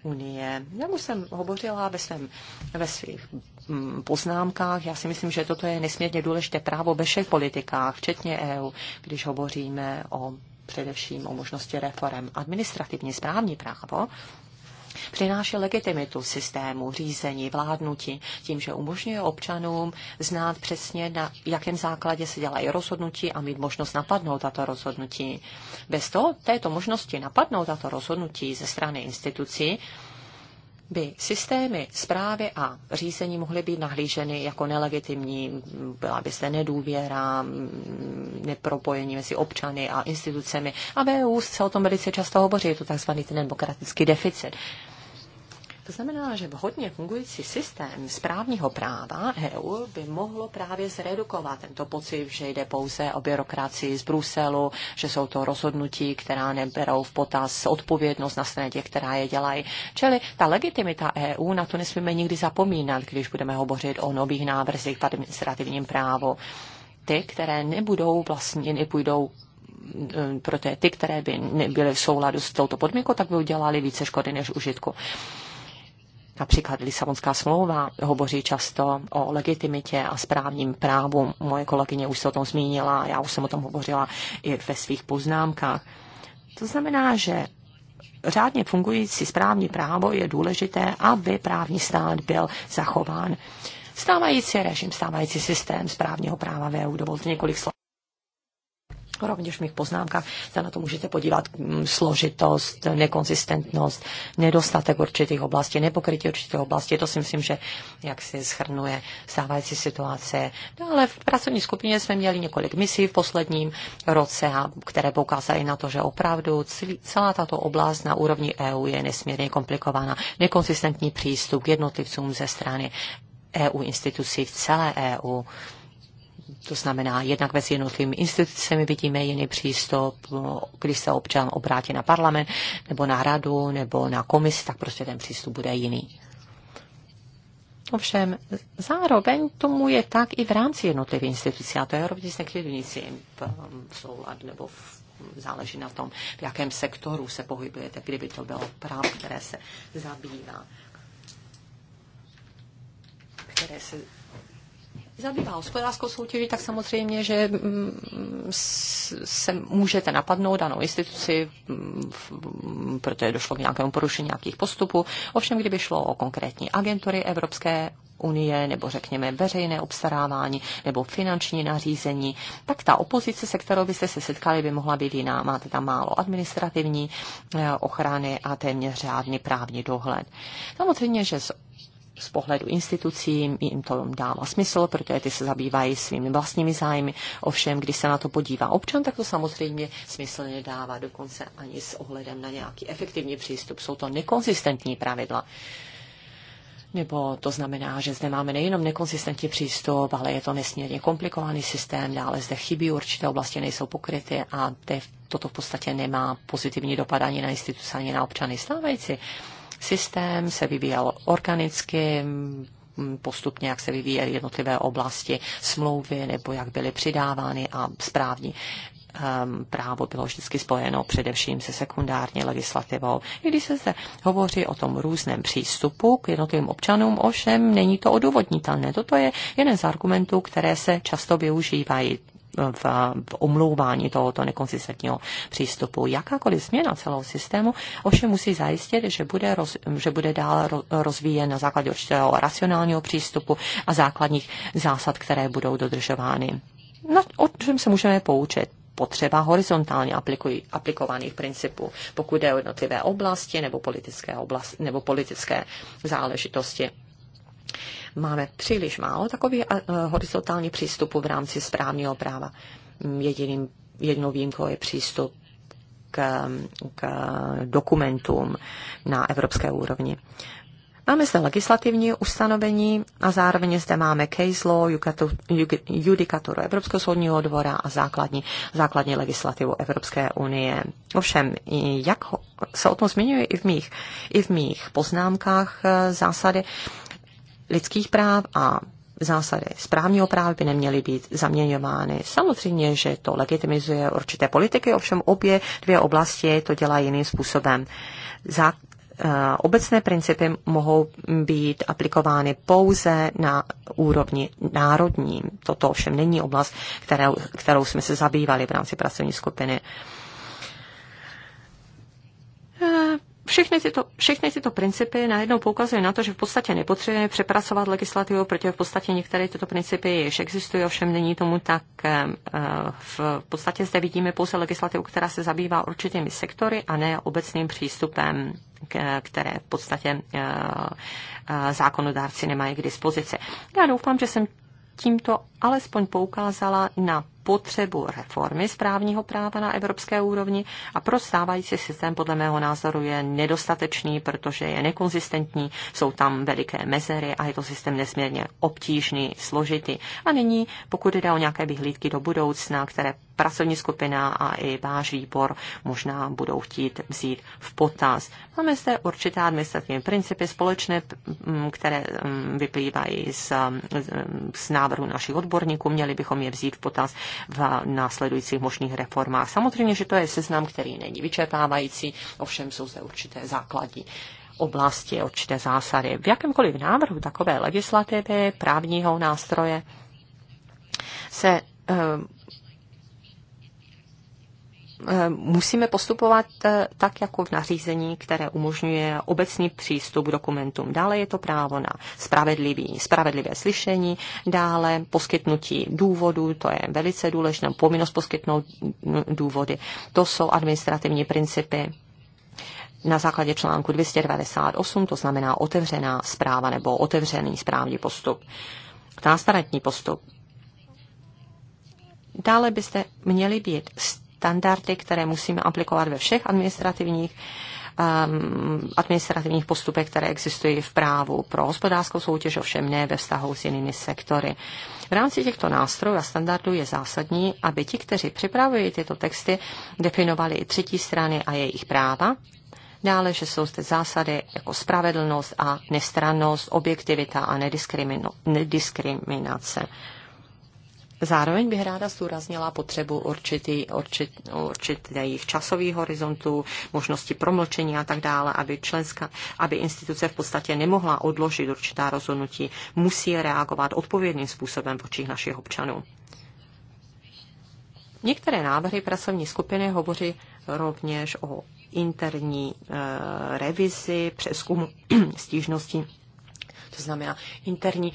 Speaker 2: unie. Jak už jsem hovořila ve, svém, ve svých mm, poznámkách, já si myslím, že toto je nesmírně důležité právo ve všech politikách, včetně EU, když hovoříme o především o možnosti reform. Administrativní správní právo přináší legitimitu systému řízení, vládnutí, tím, že umožňuje občanům znát přesně, na jakém základě se dělají rozhodnutí a mít možnost napadnout tato rozhodnutí. Bez toho, této možnosti napadnout tato rozhodnutí ze strany institucí, by systémy zprávy a řízení mohly být nahlíženy jako nelegitimní, byla by se nedůvěra, mm, nepropojení mezi občany a institucemi. A VU se o tom velice často hovoří, je to takzvaný ten demokratický deficit. To znamená, že vhodně fungující systém správního práva EU by mohlo právě zredukovat tento pocit, že jde pouze o byrokracii z Bruselu, že jsou to rozhodnutí, která neberou v potaz odpovědnost na straně těch, která je dělají. Čili ta legitimita EU, na to nesmíme nikdy zapomínat, když budeme hovořit o nových návrzích v administrativním právu. Ty, které nebudou vlastně, nepůjdou eh, pro ty, ty, které by nebyly v souladu s touto podmínkou, tak by udělali více škody než užitku. Například Lisabonská smlouva hovoří často o legitimitě a správním právu. Moje kolegyně už se o tom zmínila, já už jsem o tom hovořila i ve svých poznámkách. To znamená, že řádně fungující správní právo je důležité, aby právní stát byl zachován. Stávající režim, stávající systém správního práva v EU, dovolte několik slov rovněž v mých poznámkách se na to můžete podívat mm, složitost, nekonzistentnost, nedostatek určitých oblastí, nepokrytí určitých oblastí. To si myslím, že jak si schrnuje stávající situace. No, ale v pracovní skupině jsme měli několik misí v posledním roce, které poukázaly na to, že opravdu celá tato oblast na úrovni EU je nesmírně komplikovaná. Nekonzistentní přístup k jednotlivcům ze strany EU institucí v celé EU to znamená, jednak mezi jednotlivými institucemi vidíme jiný přístup, když se občan obrátí na parlament, nebo na radu, nebo na komisi, tak prostě ten přístup bude jiný. Ovšem, zároveň tomu je tak i v rámci jednotlivých institucí, a to je rovněž s v soulad nebo v, záleží na tom, v jakém sektoru se pohybujete, kdyby to bylo právo, které se zabývá, které se zabývá hospodářskou soutěží, tak samozřejmě, že mm, se můžete napadnout danou instituci, mm, protože došlo k nějakému porušení nějakých postupů. Ovšem, kdyby šlo o konkrétní agentury Evropské unie nebo řekněme veřejné obstarávání nebo finanční nařízení, tak ta opozice, se kterou byste se setkali, by mohla být jiná. Máte tam málo administrativní eh, ochrany a téměř žádný právní dohled. Samozřejmě, že s z pohledu institucí jim to dává smysl, protože ty se zabývají svými vlastními zájmy. Ovšem, když se na to podívá občan, tak to samozřejmě smysl nedává, dokonce ani s ohledem na nějaký efektivní přístup. Jsou to nekonzistentní pravidla. Nebo to znamená, že zde máme nejenom nekonsistentní přístup, ale je to nesmírně komplikovaný systém, dále zde chybí určité oblasti, nejsou pokryty a te, toto v podstatě nemá pozitivní dopad ani na instituce, ani na občany stávající systém se vyvíjel organicky, postupně, jak se vyvíjely jednotlivé oblasti smlouvy nebo jak byly přidávány a správní ehm, právo bylo vždycky spojeno především se sekundární legislativou. I když se zde hovoří o tom různém přístupu k jednotlivým občanům, ovšem není to odůvodnitelné. Toto je jeden z argumentů, které se často využívají v, v omlouvání tohoto nekonsistentního přístupu. Jakákoliv změna celého systému ovšem musí zajistit, že bude, roz, že bude dál rozvíjen na základě určitého racionálního přístupu a základních zásad, které budou dodržovány. No, o čem se můžeme poučit? potřeba horizontálně aplikuj, aplikovaných principů, pokud je o jednotlivé oblasti nebo politické, oblasti, nebo politické záležitosti. Máme příliš málo takových eh, horizontálních přístupů v rámci správního práva. Jediným, jednou výjimkou je přístup k, k dokumentům na evropské úrovni. Máme zde legislativní ustanovení a zároveň zde máme case law, judikaturu Evropského soudního dvora a základní, základní legislativu Evropské unie. Ovšem, jak se o tom zmiňuje i v mých, i v mých poznámkách eh, zásady lidských práv a zásady správního práva by neměly být zaměňovány. Samozřejmě, že to legitimizuje určité politiky, ovšem obě dvě oblasti to dělá jiným způsobem. Za, eh, obecné principy mohou být aplikovány pouze na úrovni národní. Toto ovšem není oblast, kterou, kterou jsme se zabývali v rámci pracovní skupiny. Eh, všechny tyto, všechny tyto principy najednou poukazují na to, že v podstatě nepotřebujeme přepracovat legislativu, protože v podstatě některé tyto principy již existují, ovšem není tomu tak. Eh, v podstatě zde vidíme pouze legislativu, která se zabývá určitými sektory a ne obecným přístupem, které v podstatě eh, eh, zákonodárci nemají k dispozici. Já doufám, že jsem tímto alespoň poukázala na potřebu reformy správního práva na evropské úrovni a pro stávající systém podle mého názoru je nedostatečný, protože je nekonzistentní, jsou tam veliké mezery a je to systém nesmírně obtížný, složitý. A nyní, pokud jde o nějaké vyhlídky do budoucna, které pracovní skupina a i váš výbor možná budou chtít vzít v potaz. Máme zde určitá administrativní principy společné, které vyplývají z, z návrhu našich odborníků. Měli bychom je vzít v potaz v následujících možných reformách. Samozřejmě, že to je seznam, který není vyčerpávající, ovšem jsou zde určité základní oblasti, určité zásady. V jakémkoliv návrhu takové legislativy, právního nástroje se eh, Eh, musíme postupovat eh, tak, jako v nařízení, které umožňuje obecný přístup k dokumentům. Dále je to právo na spravedlivý, spravedlivé slyšení, dále poskytnutí důvodů, to je velice důležité, povinnost poskytnout důvody. To jsou administrativní principy na základě článku 298, to znamená otevřená zpráva nebo otevřený správní postup. Transparentní postup. Dále byste měli být standardy, které musíme aplikovat ve všech administrativních um, administrativních postupech, které existují v právu pro hospodářskou soutěž, ovšem ne ve vztahu s jinými sektory. V rámci těchto nástrojů a standardů je zásadní, aby ti, kteří připravují tyto texty, definovali i třetí strany a jejich práva, Dále, že jsou zde zásady jako spravedlnost a nestrannost, objektivita a nediskriminace. Zároveň bych ráda zdůraznila potřebu určitý, určit, určitých časových horizontů, možnosti promlčení a tak dále, aby, členská, aby instituce v podstatě nemohla odložit určitá rozhodnutí, musí reagovat odpovědným způsobem v očích našich občanů. Některé návrhy pracovní skupiny hovoří rovněž o interní e, revizi, přeskumu stížností, to znamená interní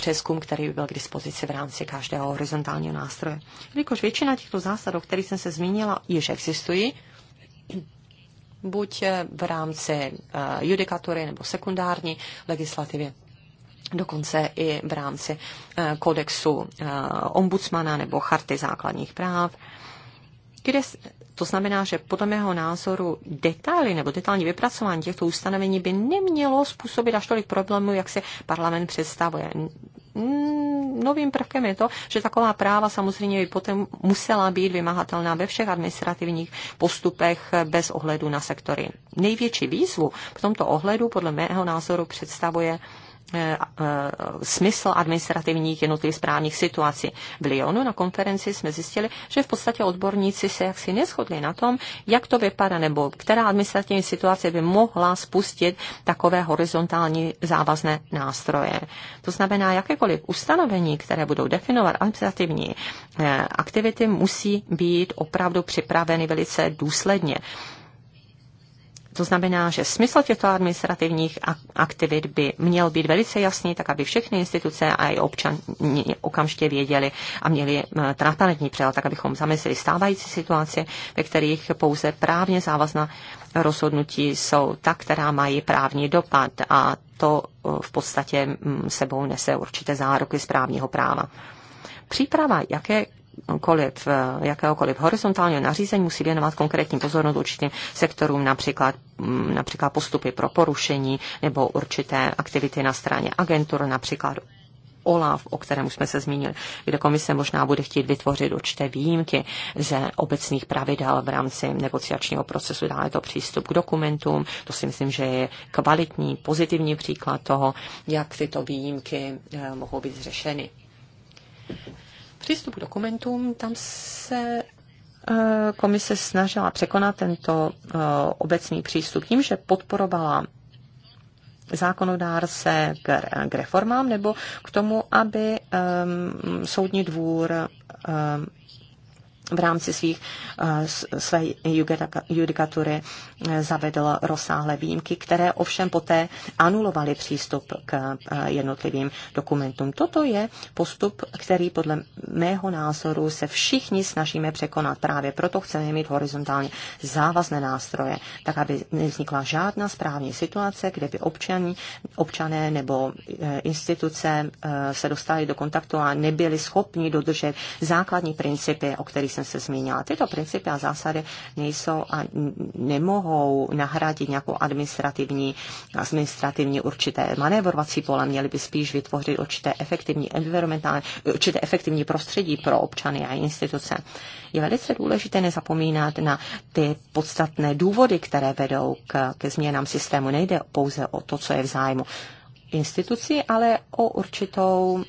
Speaker 2: přeskum, který by byl k dispozici v rámci každého horizontálního nástroje. Jelikož většina těchto zásad, o kterých jsem se zmínila, již existují, buď eh, v rámci eh, judikatury nebo sekundární legislativě, dokonce i v rámci eh, kodexu ombudsmana nebo charty základních práv, kde to znamená, že podle mého názoru detaily nebo detailní vypracování těchto ustanovení by nemělo způsobit až tolik problémů, jak se parlament představuje. Novým prvkem je to, že taková práva samozřejmě by potom musela být vymahatelná ve všech administrativních postupech bez ohledu na sektory. Největší výzvu v tomto ohledu podle mého názoru představuje Eh, eh, smysl administrativních jednotlivých správních situací. V Lyonu na konferenci jsme zjistili, že v podstatě odborníci se jaksi neschodli na tom, jak to vypadá, nebo která administrativní situace by mohla spustit takové horizontální závazné nástroje. To znamená, jakékoliv ustanovení, které budou definovat administrativní eh, aktivity, musí být opravdu připraveny velice důsledně. To znamená, že smysl těchto administrativních aktivit by měl být velice jasný, tak aby všechny instituce a i občané okamžitě věděli a měli eh, transparentní přehled, tak abychom zamysleli stávající situace, ve kterých pouze právně závazná rozhodnutí jsou ta, která mají právní dopad a to eh, v podstatě mm, sebou nese určité záruky správního práva. Příprava jaké, jakékoliv, eh, jakéhokoliv horizontálního nařízení musí věnovat konkrétní pozornost určitým sektorům, například, mm, například postupy pro porušení nebo určité aktivity na straně agentur, například OLAF, o kterém už jsme se zmínili, kde komise možná bude chtít vytvořit určité výjimky ze obecných pravidel v rámci negociačního procesu, dále to přístup k dokumentům. To si myslím, že je kvalitní, pozitivní příklad toho, jak tyto výjimky eh, mohou být zřešeny. Přístup k dokumentům, tam se eh, komise snažila překonat tento eh, obecný přístup tím, že podporovala zákonodárce k, k reformám nebo k tomu, aby ehm, soudní dvůr ehm, v rámci svých, eh, své judikatury eh, zavedl rozsáhlé výjimky, které ovšem poté anulovaly přístup k eh, jednotlivým dokumentům. Toto je postup, který podle mého názoru se všichni snažíme překonat. Právě proto chceme mít horizontálně závazné nástroje, tak aby nevznikla žádná správní situace, kde by občaní, občané nebo instituce se dostali do kontaktu a nebyli schopni dodržet základní principy, o kterých jsem se zmínila. Tyto principy a zásady nejsou a nemohou nahradit nějakou administrativní, administrativní určité manévrovací pole. Měli by spíš vytvořit určité efektivní environmentální, určité efektivní prostředí pro občany a instituce. Je velice důležité nezapomínat na ty podstatné důvody, které vedou k, ke změnám systému. Nejde pouze o to, co je v zájmu instituci, ale o určitou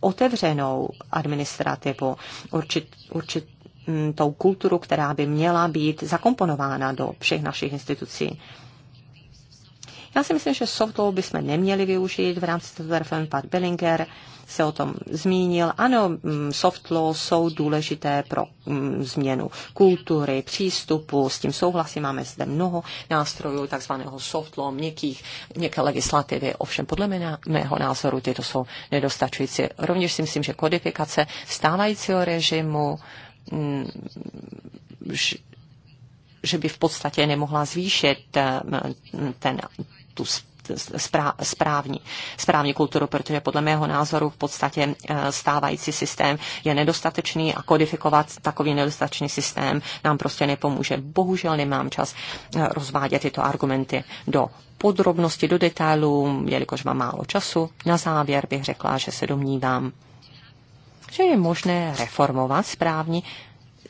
Speaker 2: otevřenou administrativu, určit, určit, Mm, tou kulturu, která by měla být zakomponována do všech našich institucí. Já si myslím, že soft law bychom neměli využít v rámci Tverfen Pat Bellinger se o tom zmínil. Ano, mm, soft law jsou důležité pro mm, změnu kultury, přístupu, s tím souhlasím, máme zde mnoho nástrojů takzvaného soft law, měkkých, měkké legislativy, ovšem podle mě, mého názoru tyto jsou nedostačující. Rovněž si myslím, že kodifikace stávajícího režimu Mm, že by v podstatě nemohla zvýšit mm, ten, tu správní, správní kulturu, protože podle mého názoru v podstatě eh, stávající systém je nedostatečný a kodifikovat takový nedostatečný systém nám prostě nepomůže. Bohužel nemám čas eh, rozvádět tyto argumenty do podrobnosti, do detailů, jelikož mám málo času. Na závěr bych řekla, že se domnívám, že je možné reformovat správní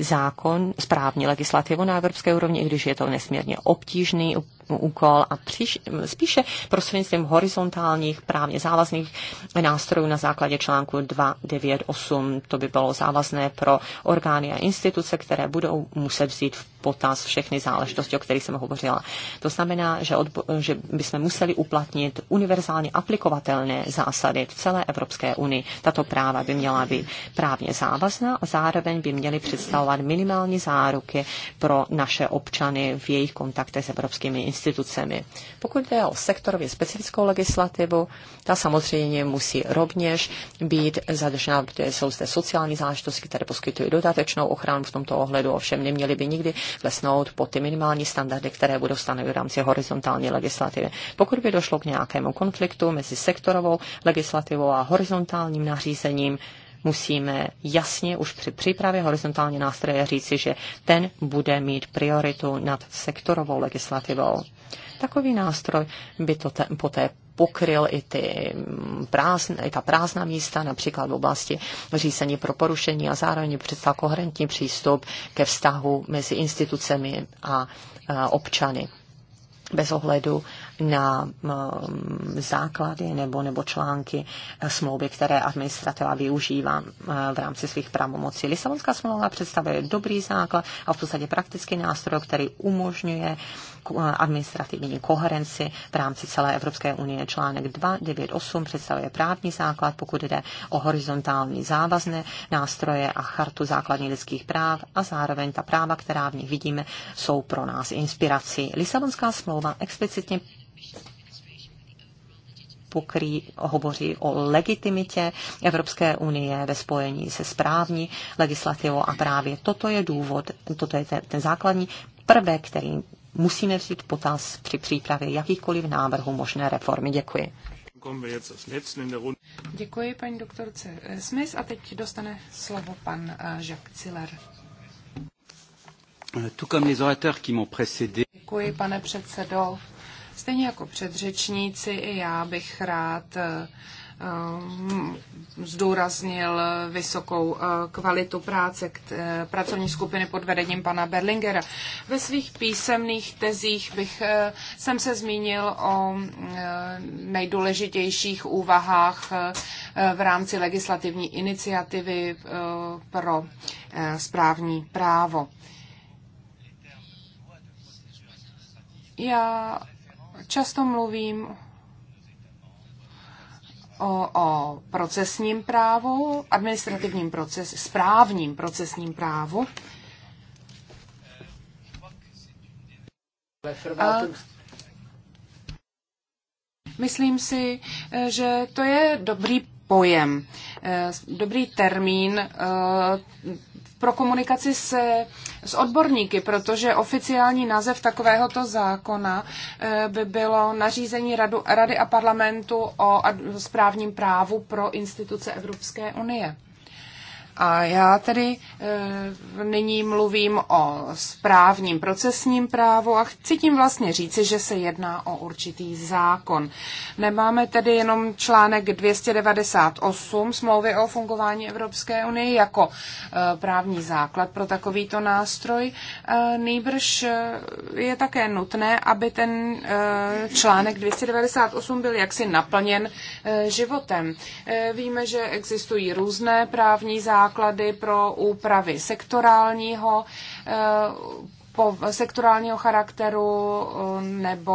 Speaker 2: zákon, správní legislativu na evropské úrovni, i když je to nesmírně obtížný úkol a příš, spíše prostřednictvím horizontálních právně závazných nástrojů na základě článku 298. To by bylo závazné pro orgány a instituce, které budou muset vzít v potaz všechny záležitosti, o kterých jsem hovořila. To znamená, že, odbo- že bychom museli uplatnit univerzálně aplikovatelné zásady v celé Evropské unii. Tato práva by měla být právně závazná a zároveň by měly představovat minimální záruky pro naše občany v jejich kontaktech s evropskými institucemi. Pokud jde o sektorově specifickou legislativu, ta samozřejmě musí rovněž být zadržena, protože jsou zde sociální záležitosti, které poskytují dodatečnou ochranu v tomto ohledu, ovšem neměly by nikdy klesnout pod ty minimální standardy, které budou stanovy v rámci horizontální legislativy. Pokud by došlo k nějakému konfliktu mezi sektorovou legislativou a horizontálním nařízením, musíme jasně už při přípravě horizontální nástroje říci, že ten bude mít prioritu nad sektorovou legislativou. Takový nástroj by to te, poté pokryl i, ty mm, prázdn, i ta prázdná místa, například v oblasti řízení pro porušení a zároveň představ koherentní přístup ke vztahu mezi institucemi a, a občany bez ohledu na mm, základy nebo, nebo články eh, smlouvy, které administrativa využívá eh, v rámci svých pravomocí. Lisabonská smlouva představuje dobrý základ a v podstatě praktický nástroj, který umožňuje eh, administrativní koherenci v rámci celé Evropské unie. Článek 298 představuje právní základ, pokud jde o horizontální závazné nástroje a chartu základních lidských práv a zároveň ta práva, která v nich vidíme, jsou pro nás inspirací. Lisabonská smlouva explicitně pokrý, hovoří o legitimitě Evropské unie ve spojení se správní legislativou a právě toto je důvod, toto je ten, ten základní prvek, který musíme vzít potaz při přípravě jakýchkoliv návrhů možné reformy. Děkuji.
Speaker 3: Děkuji paní doktorce Smith a teď dostane slovo pan eh, Jacques Ziller.
Speaker 1: Tout comme les qui m'ont précédé.
Speaker 3: Děkuji, pane předsedo. Stejně jako předřečníci, i já bych rád eh, eh, zdůraznil vysokou eh, kvalitu práce pracovní skupiny pod vedením pana Berlingera. Ve svých písemných tezích bych, jsem se zmínil o nejdůležitějších úvahách v rámci legislativní iniciativy pro správní právo. Já Často mluvím o, o procesním právu, administrativním proces, správním procesním právu. A myslím si, že to je dobrý pojem, eh, dobrý termín eh, pro komunikaci se, s odborníky, protože oficiální název takovéhoto zákona eh, by bylo nařízení radu, Rady a parlamentu o správním právu pro instituce Evropské unie. A já tedy e, nyní mluvím o správním procesním právu a chci tím vlastně říci, že se jedná o určitý zákon. Nemáme tedy jenom článek 298 smlouvy o fungování Evropské unie jako e, právní základ pro takovýto nástroj. E, Nýbrž je také nutné, aby ten e, článek 298 byl jaksi naplněn e, životem. E, víme, že existují různé právní základy, základy pro úpravy sektorálního eh, po sektorálního charakteru eh, nebo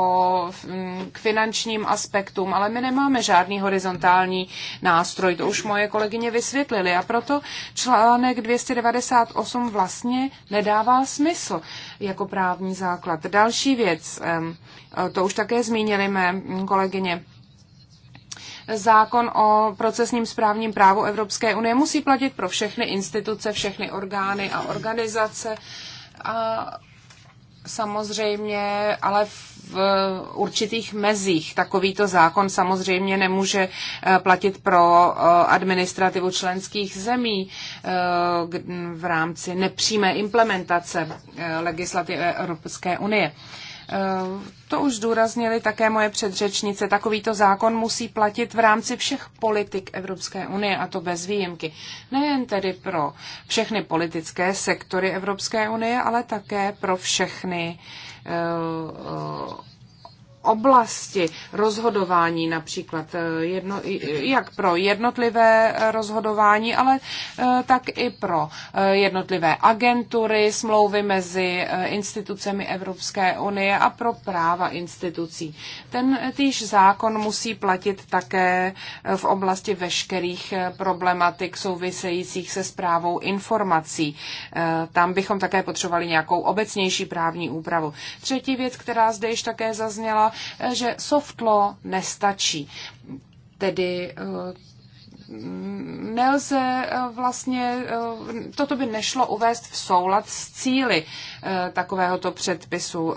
Speaker 3: mm, k finančním aspektům, ale my nemáme žádný horizontální nástroj, to už moje kolegyně vysvětlili a proto článek 298 vlastně nedává smysl jako právní základ. Další věc, eh, to už také zmínili mé kolegyně, zákon o procesním správním právu Evropské unie musí platit pro všechny instituce, všechny orgány a organizace. A samozřejmě, ale v určitých mezích. Takovýto zákon samozřejmě nemůže eh, platit pro eh, administrativu členských zemí eh, v rámci nepřímé implementace legislativy Evropské unie. Eh, to už zdůraznili také moje předřečnice. Takovýto zákon musí platit v rámci všech politik Evropské unie, a to bez výjimky. Nejen tedy pro všechny politické sektory Evropské unie, ale také pro všechny eh, eh, oblasti rozhodování například, eh, jedno, jak pro jednotlivé eh, rozhodování, ale eh, tak i pro jednotlivé agentury, smlouvy mezi institucemi Evropské unie a pro práva institucí. Ten týž zákon musí platit také v oblasti veškerých problematik souvisejících se zprávou informací. Tam bychom také potřebovali nějakou obecnější právní úpravu. Třetí věc, která zde již také zazněla, Eh, že soft law nestačí. Tedy eh, nelze eh, vlastně, toto by nešlo uvést v soulad s cíly takovéhoto předpisu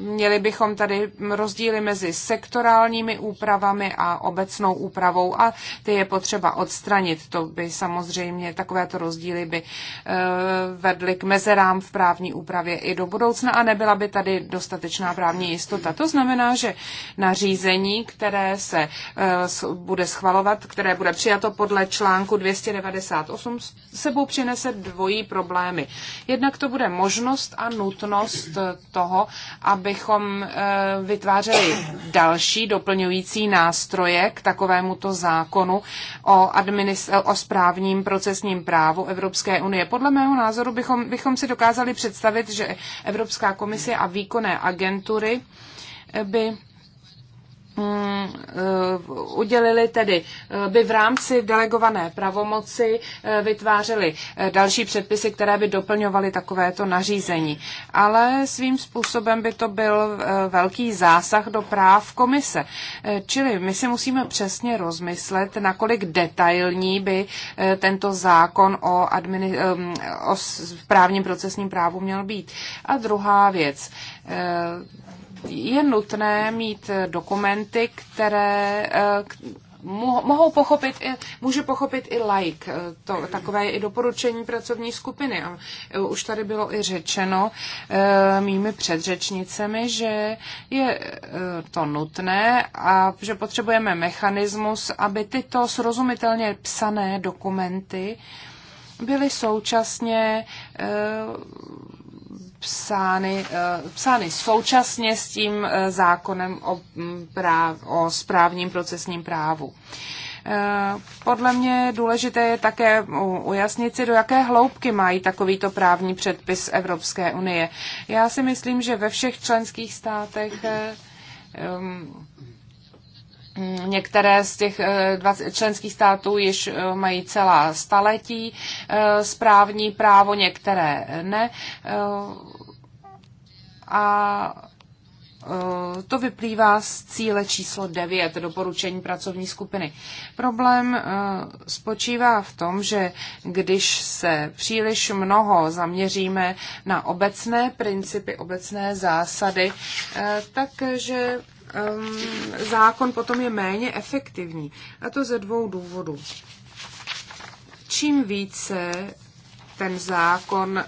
Speaker 3: Měli bychom tady rozdíly mezi sektorálními úpravami a obecnou úpravou a ty je potřeba odstranit. To by samozřejmě, takovéto rozdíly by eh, vedly k mezerám v právní úpravě i do budoucna a nebyla by tady dostatečná právní jistota. To znamená, že nařízení, které se eh, bude schvalovat, které bude přijato podle článku 298, sebou přinese dvojí problémy. Jednak to bude možnost a nutnost eh, toho, aby abychom eh, vytvářeli další doplňující nástroje k takovémuto zákonu o, administ- o správním procesním právu Evropské unie. Podle mého názoru bychom, bychom si dokázali představit, že Evropská komise a výkonné agentury by Mm, eh, udělili tedy, eh, by v rámci delegované pravomoci eh, vytvářeli další předpisy, které by doplňovaly takovéto nařízení. Ale svým způsobem by to byl velký zásah do práv komise. Čili my si musíme přesně rozmyslet, nakolik detailní by tento zákon o, admini- o právním procesním právu měl být. A druhá věc je nutné mít dokumenty, které eh, mohou pochopit, může pochopit i like. Eh, to, takové je i doporučení pracovní skupiny. A eh, už tady bylo i řečeno mými předřečnicemi, že je to nutné a že potřebujeme mechanismus, aby tyto srozumitelně psané dokumenty byly současně psány, eh, psány současně s tím eh, zákonem o, mm, práv, o správním procesním právu. Eh, podle mě důležité je také ujasnit si, do jaké hloubky mají takovýto právní předpis Evropské unie. Já si myslím, že ve všech členských státech Mm, některé z těch eh, členských států již eh, mají celá staletí eh, správní právo, některé ne. A to vyplývá z cíle číslo 9 doporučení pracovní skupiny. Problém spočívá v tom, že když se příliš mnoho zaměříme na obecné principy, obecné zásady, takže zákon potom je méně efektivní. A to ze dvou důvodů. Čím více ten zákon eh,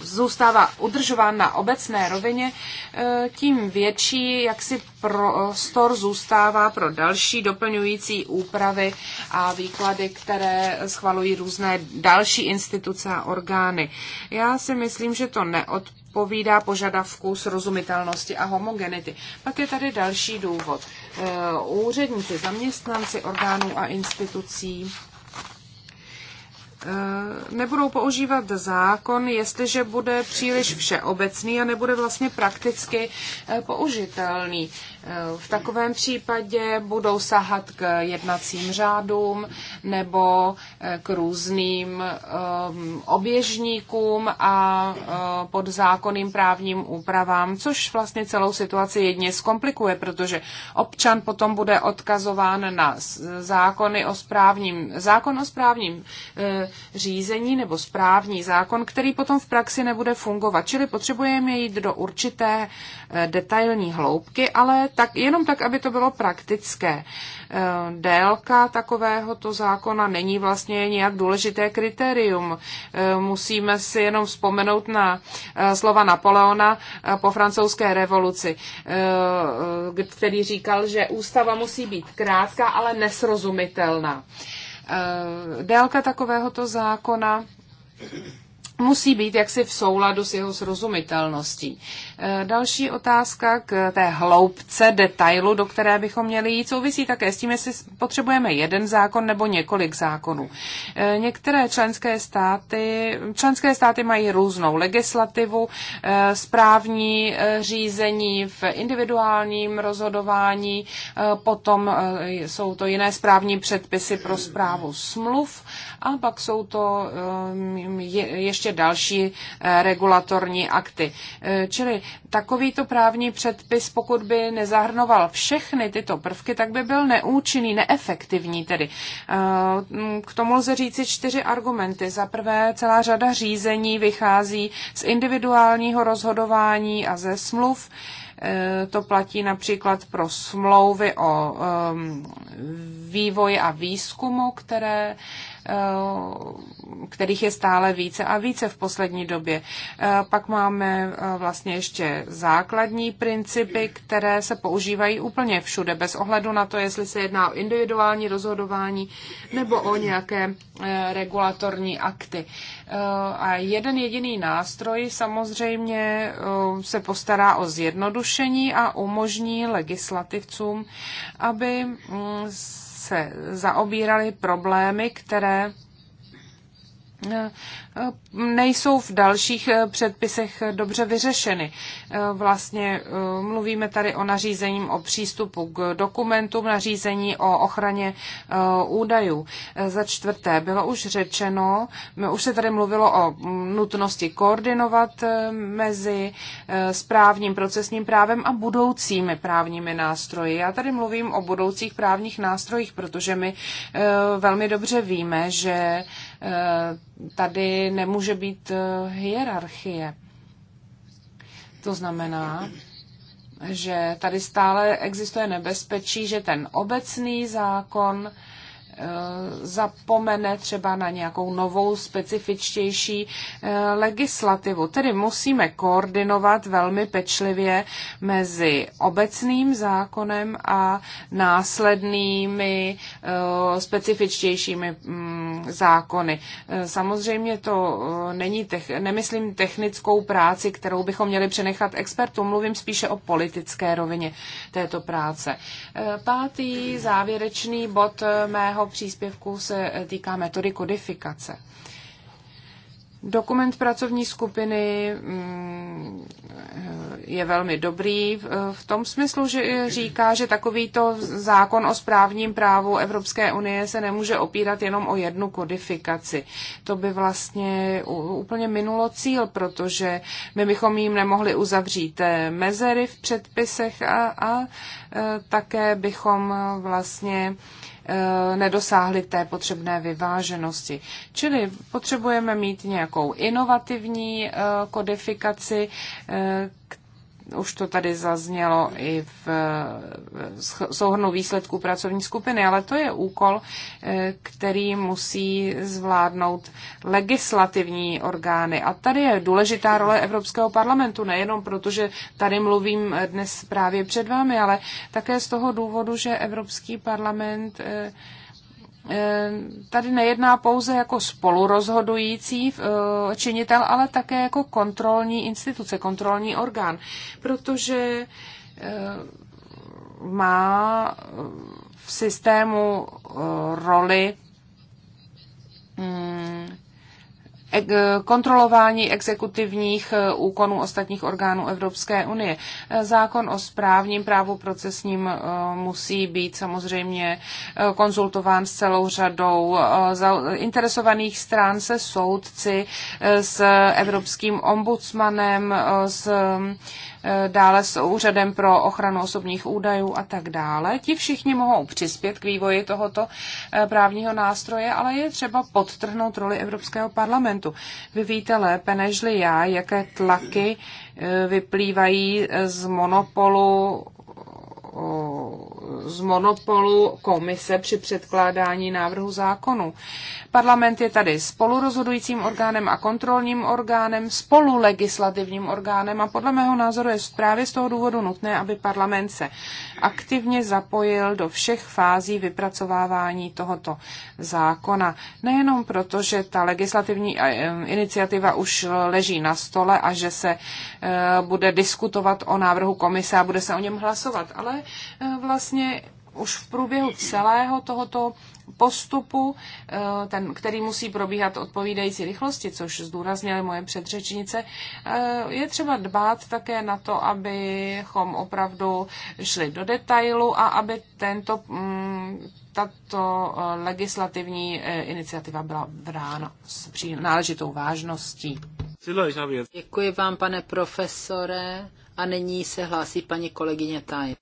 Speaker 3: zůstává udržován na obecné rovině, eh, tím větší jaksi prostor zůstává pro další doplňující úpravy a výklady, které schvalují různé další instituce a orgány. Já si myslím, že to neod odpovídá požadavku srozumitelnosti a homogenity. Pak je tady další důvod. E, úředníci, zaměstnanci orgánů a institucí e, nebudou používat zákon, jestliže bude příliš všeobecný a nebude vlastně prakticky e, použitelný. V takovém případě budou sahat k jednacím řádům nebo eh, k různým eh, oběžníkům a eh, pod zákonným právním úpravám, což vlastně celou situaci jedně zkomplikuje, protože občan potom bude odkazován na zákony o správním, zákon o správním řízení nebo správní zákon, který potom v praxi nebude fungovat. Čili potřebujeme jít do určité detailní hloubky, ale tak, jenom tak, aby to bylo praktické. E, délka takovéhoto zákona není vlastně nějak důležité kritérium. E, musíme si jenom vzpomenout na e, slova Napoleona po francouzské revoluci, který říkal, že ústava musí být krátká, ale nesrozumitelná. Délka takovéhoto zákona musí být jaksi v souladu s jeho srozumitelností. E, další otázka k té hloubce detailu, do které bychom měli jít, souvisí také s tím, jestli potřebujeme jeden zákon nebo několik zákonů. E, některé členské státy, členské státy mají různou legislativu, e, správní řízení v individuálním rozhodování, potom jsou to jiné správní předpisy pro zprávu smluv ale pak jsou to um, ještě další eh, regulatorní akty. Eh, čili takovýto právní předpis, pokud by nezahrnoval všechny tyto prvky, tak by byl neúčinný, neefektivní tedy. Eh, k tomu lze říci čtyři argumenty. Za prvé, celá řada řízení vychází z individuálního rozhodování a ze smluv. To platí například pro smlouvy o vývoji a výzkumu, které Eh, kterých je stále více a více v poslední době. Eh, pak máme eh, vlastně ještě základní principy, které se používají úplně všude, bez ohledu na to, jestli se jedná o individuální rozhodování nebo o nějaké regulatorní akty. A jeden jediný nástroj samozřejmě se postará o zjednodušení a umožní legislativcům, aby mm, se zaobírali problémy, které Eh, nejsou v dalších eh, předpisech eh, dobře vyřešeny. Vlastně mluvíme tady o nařízením o přístupu k dokumentům, nařízení o ochraně údajů. Za čtvrté, bylo už řečeno, no, už se tady mluvilo o mm, nutnosti koordinovat mezi správním procesním právem a budoucími právními nástroji. Já tady mluvím o budoucích právních nástrojích, protože my velmi dobře víme, že tady nemůže být eh, hierarchie. To znamená, že tady stále existuje nebezpečí, že ten obecný zákon Eh, zapomene třeba na nějakou novou, specifičtější eh, legislativu. Tedy musíme koordinovat velmi pečlivě mezi obecným zákonem a následnými eh, specifičtějšími mm, zákony. Samozřejmě to není, tech, nemyslím technickou práci, kterou bychom měli přenechat expertům, mluvím spíše o politické rovině této práce. Pátý závěrečný bod mého příspěvku se týká metody kodifikace. Dokument pracovní skupiny mm, je velmi dobrý v tom smyslu, že říká, že takovýto zákon o správním právu Evropské unie se nemůže opírat jenom o jednu kodifikaci. To by vlastně úplně minulo cíl, protože my bychom jim nemohli uzavřít eh, mezery v předpisech a, a eh, také bychom vlastně Eh, nedosáhli té potřebné vyváženosti. Čili potřebujeme mít nějakou inovativní eh, kodifikaci, eh, už to tady zaznělo i v souhrnu výsledků pracovní skupiny, ale to je úkol, eh, který musí zvládnout legislativní orgány. A tady je důležitá role Evropského parlamentu, nejenom proto, že tady mluvím dnes právě před vámi, ale také z toho důvodu, že Evropský parlament eh, Ehm, tady nejedná pouze jako spolurozhodující eh, činitel, ale také jako kontrolní instituce, kontrolní orgán, protože eh, má eh, v systému roli mm, kontrolování exekutivních eh, úkonů ostatních orgánů Evropské unie. Eh, zákon o správním právu procesním eh, musí být samozřejmě konzultován s celou řadou interesovaných stran, se soudci, s evropským ombudsmanem, s dále s úřadem pro ochranu osobních údajů a tak dále. Ti všichni mohou přispět k vývoji tohoto eh, právního nástroje, ale je třeba podtrhnout roli Evropského parlamentu. Vy víte lépe nežli já, jaké tlaky eh, vyplývají z monopolu z monopolu komise při předkládání návrhu zákonu. Parlament je tady spolurozhodujícím orgánem a kontrolním orgánem, spolulegislativním orgánem a podle mého názoru je právě z toho důvodu nutné, aby parlament se aktivně zapojil do všech fází vypracovávání tohoto zákona. Nejenom proto, že ta legislativní eh, iniciativa už leží na stole a že se eh, bude diskutovat o návrhu komise a bude se o něm hlasovat, ale eh, vlastně už v průběhu celého tohoto postupu, eh, ten, který musí probíhat odpovídající rychlosti, což zdůraznily moje předřečnice, eh, je třeba dbát také na to, abychom opravdu šli do detailu a aby tento, mm, tato eh, legislativní iniciativa byla brána s
Speaker 1: náležitou vážností. Děkuji vám, pane profesore. A nyní se hlásí paní kolegyně Taj.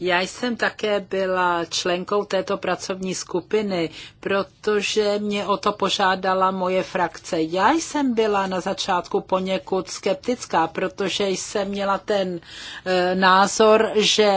Speaker 1: Já jsem také byla členkou této pracovní skupiny, protože mě o to požádala moje frakce. Já jsem byla na začátku poněkud skeptická, protože jsem měla ten e, názor, že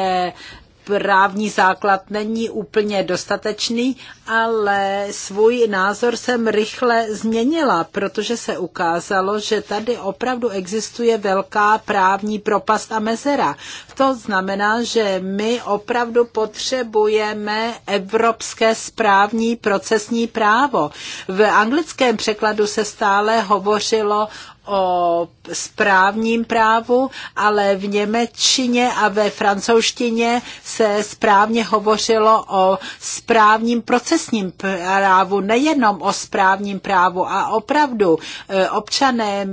Speaker 1: právní základ není úplně dostatečný, ale svůj názor jsem rychle změnila, protože se ukázalo, že tady opravdu existuje velká právní propast a mezera. To znamená, že my opravdu potřebujeme evropské správní procesní právo. V anglickém překladu se stále hovořilo o správním právu, ale v Němečtině a ve francouzštině se správně hovořilo o správním procesním právu, nejenom o správním právu. A opravdu e, občané,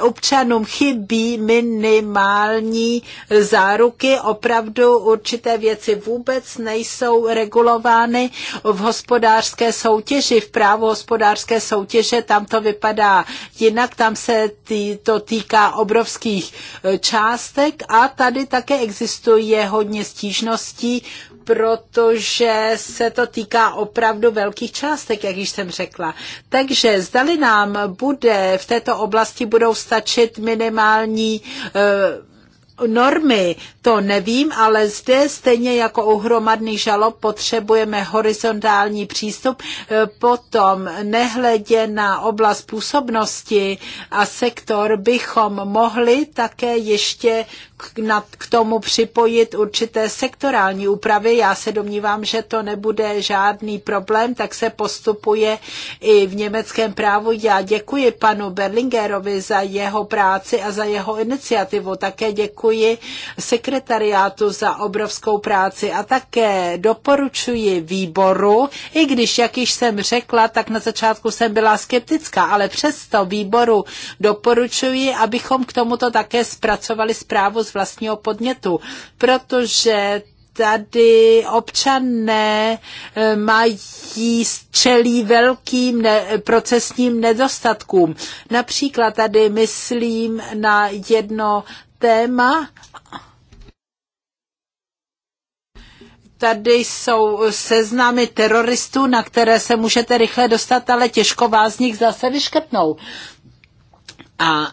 Speaker 1: občanům chybí minimální záruky, opravdu určité věci vůbec nejsou regulovány v hospodářské soutěži, v právu hospodářské soutěže, tam to vypadá jinak, tam se tý, to týká obrovských e, částek a tady také existuje hodně stížností, protože se to týká opravdu velkých částek, jak již jsem řekla. Takže zdali nám bude v této oblasti budou stačit minimální uh, normy, to nevím, ale zde stejně jako u hromadných žalob potřebujeme horizontální přístup, e, potom nehledě na oblast působnosti a sektor bychom mohli také ještě k tomu připojit určité sektorální úpravy. Já se domnívám, že to nebude žádný problém, tak se postupuje i v německém právu. Já děkuji panu Berlingerovi za jeho práci a za jeho iniciativu. Také děkuji děkuji sekretariátu za obrovskou práci a také doporučuji výboru, i když, jak již jsem řekla, tak na začátku jsem byla skeptická, ale přesto výboru doporučuji, abychom k tomuto také zpracovali zprávu z vlastního podnětu, protože tady občané eh, mají čelí velkým ne, procesním nedostatkům. Například tady myslím na jedno téma. Tady jsou seznamy teroristů, na které se můžete rychle dostat, ale těžko vás z nich zase vyškrtnou. A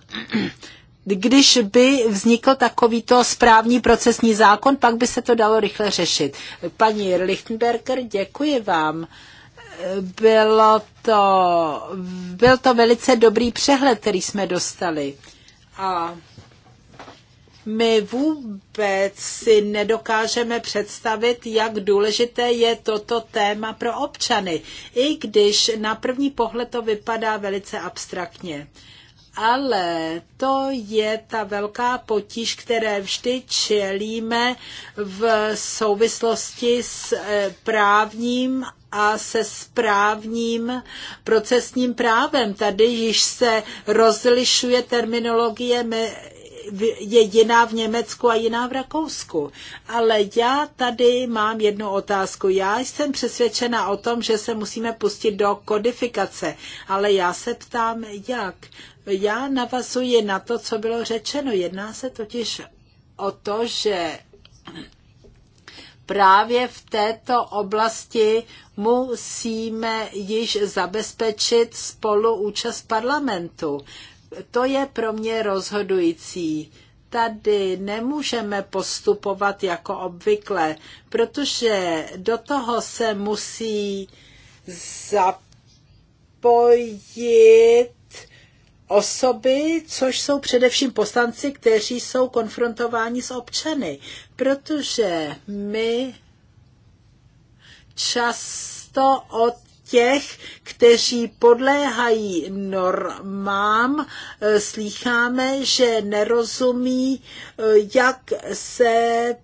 Speaker 1: když by vznikl takovýto správní procesní zákon, pak by se to dalo rychle řešit. Paní Lichtenberger, děkuji vám. Bylo to, byl to velice dobrý přehled, který jsme dostali. A my vůbec si nedokážeme představit, jak důležité je toto téma pro občany, i když na první pohled to vypadá velice abstraktně. Ale to je ta velká potíž, které vždy čelíme v souvislosti s eh, právním a se správním procesním právem. Tady již se rozlišuje terminologie je jiná v Německu a jiná v Rakousku. Ale já tady mám jednu otázku. Já jsem přesvědčena o tom, že se musíme pustit do kodifikace, ale já se ptám, jak. Já navazuji na to, co bylo řečeno. Jedná se totiž o to, že právě v této oblasti musíme již zabezpečit spoluúčast parlamentu to je pro mě rozhodující. Tady nemůžeme postupovat jako obvykle, protože do toho se musí zapojit osoby, což jsou především poslanci, kteří jsou konfrontováni s občany, protože my často od těch, kteří podléhají normám, e, slýcháme, že nerozumí, e, jak se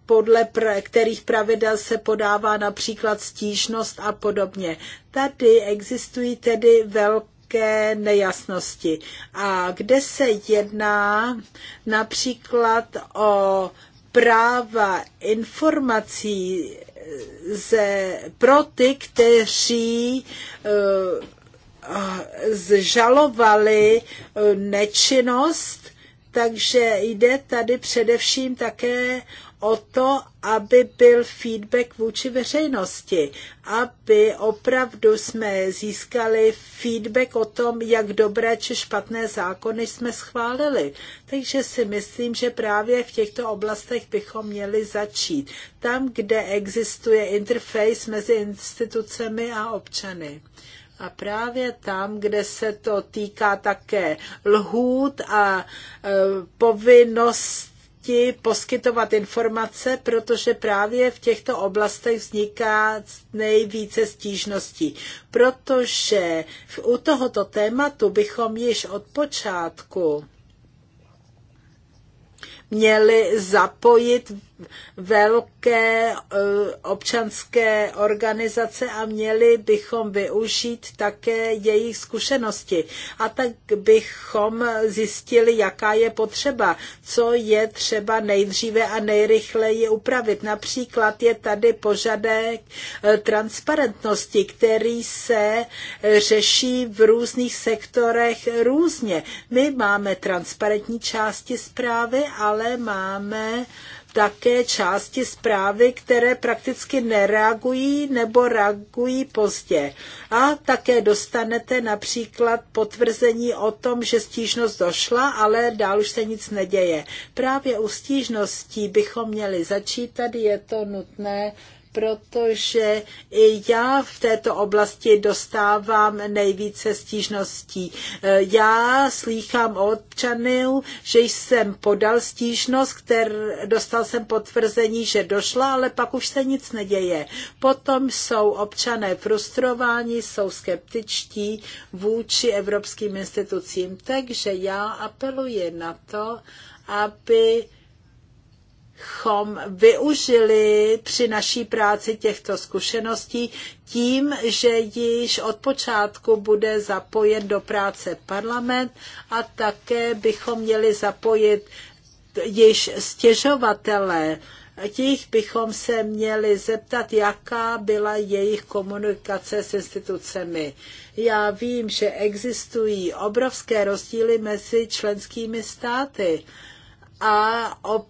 Speaker 1: podle kterých pravidel se podává například stížnost a podobně. Tady existují tedy velké nejasnosti. A kde se jedná například o práva informací ze, pro ty, kteří eh, zžalovali eh, nečinnost, takže jde tady především také o to, aby byl feedback vůči veřejnosti, aby opravdu jsme získali feedback o tom, jak dobré či špatné zákony jsme schválili. Takže si myslím, že právě v těchto oblastech bychom měli začít. Tam, kde existuje interface mezi institucemi a občany. A právě tam, kde se to týká také lhůt a e, povinnost ti poskytovat informace, protože právě v těchto oblastech vzniká nejvíce stížností. Protože u tohoto tématu bychom již od počátku měli zapojit velké eh, občanské organizace a měli bychom využít také jejich zkušenosti. A tak bychom zjistili, jaká je potřeba, co je třeba nejdříve a nejrychleji upravit. Například je tady požadek eh, transparentnosti, který se řeší v různých sektorech různě. My máme transparentní části zprávy, ale máme také části zprávy, které prakticky nereagují nebo reagují pozdě. A také dostanete například potvrzení o tom, že stížnost došla, ale dál už se nic neděje. Právě u stížností bychom měli začít, tady je to nutné protože i já v této oblasti dostávám nejvíce stížností. E, já slýchám od občanů, že jsem podal stížnost, kter, dostal jsem potvrzení, že došla, ale pak už se nic neděje. Potom jsou občané frustrováni, jsou skeptičtí vůči evropským institucím. Takže já apeluji na to, aby chom využili při naší práci těchto zkušeností tím, že již od počátku bude zapojen do práce parlament a také bychom měli zapojit již stěžovatele. Těch bychom se měli zeptat, jaká byla jejich komunikace s institucemi. Já vím, že existují obrovské rozdíly mezi členskými státy a op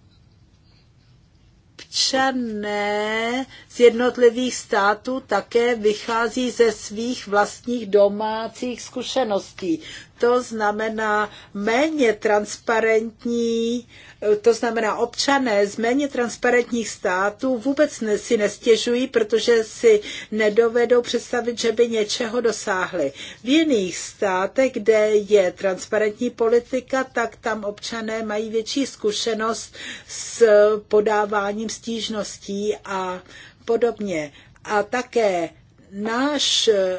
Speaker 1: občané z jednotlivých států také vychází ze svých vlastních domácích zkušeností to znamená méně transparentní, to znamená občané z méně transparentních států vůbec si nestěžují, protože si nedovedou představit, že by něčeho dosáhli. V jiných státech, kde je transparentní politika, tak tam občané mají větší zkušenost s podáváním stížností a podobně. A také náš eh,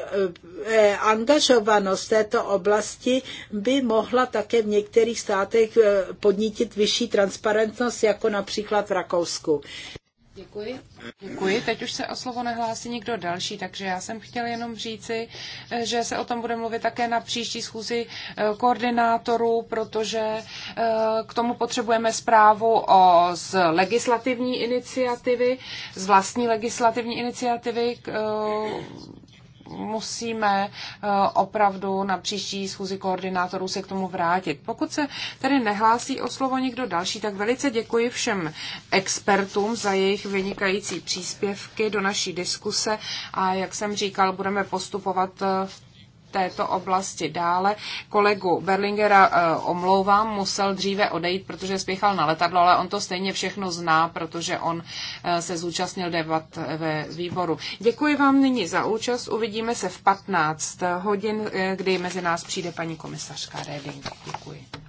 Speaker 1: eh, angažovanost této oblasti by mohla také v některých státech eh, podnítit vyšší transparentnost, jako například v Rakousku. Děkuji.
Speaker 3: Děkuji. Teď už se o slovo nehlásí nikdo další, takže já jsem chtěl jenom říci, eh, že se o tom bude mluvit také na příští schůzi eh, koordinátorů, protože eh, k tomu potřebujeme zprávu o, z legislativní iniciativy, z vlastní legislativní iniciativy, k, musíme eh, opravdu na příští schůzi koordinátorů se k tomu vrátit. Pokud se tedy nehlásí o slovo někdo další, tak velice děkuji všem expertům za jejich vynikající příspěvky do naší diskuse a jak jsem říkal, budeme postupovat v eh, této oblasti dále. Kolegu Berlingera eh, omlouvám, musel dříve odejít, protože spěchal na letadlo, ale on to stejně všechno zná, protože on eh, se zúčastnil debat ve výboru. Děkuji vám nyní za účast. Uvidíme se v 15 hodin, eh, kdy mezi nás přijde paní komisařka Reding. Děkuji.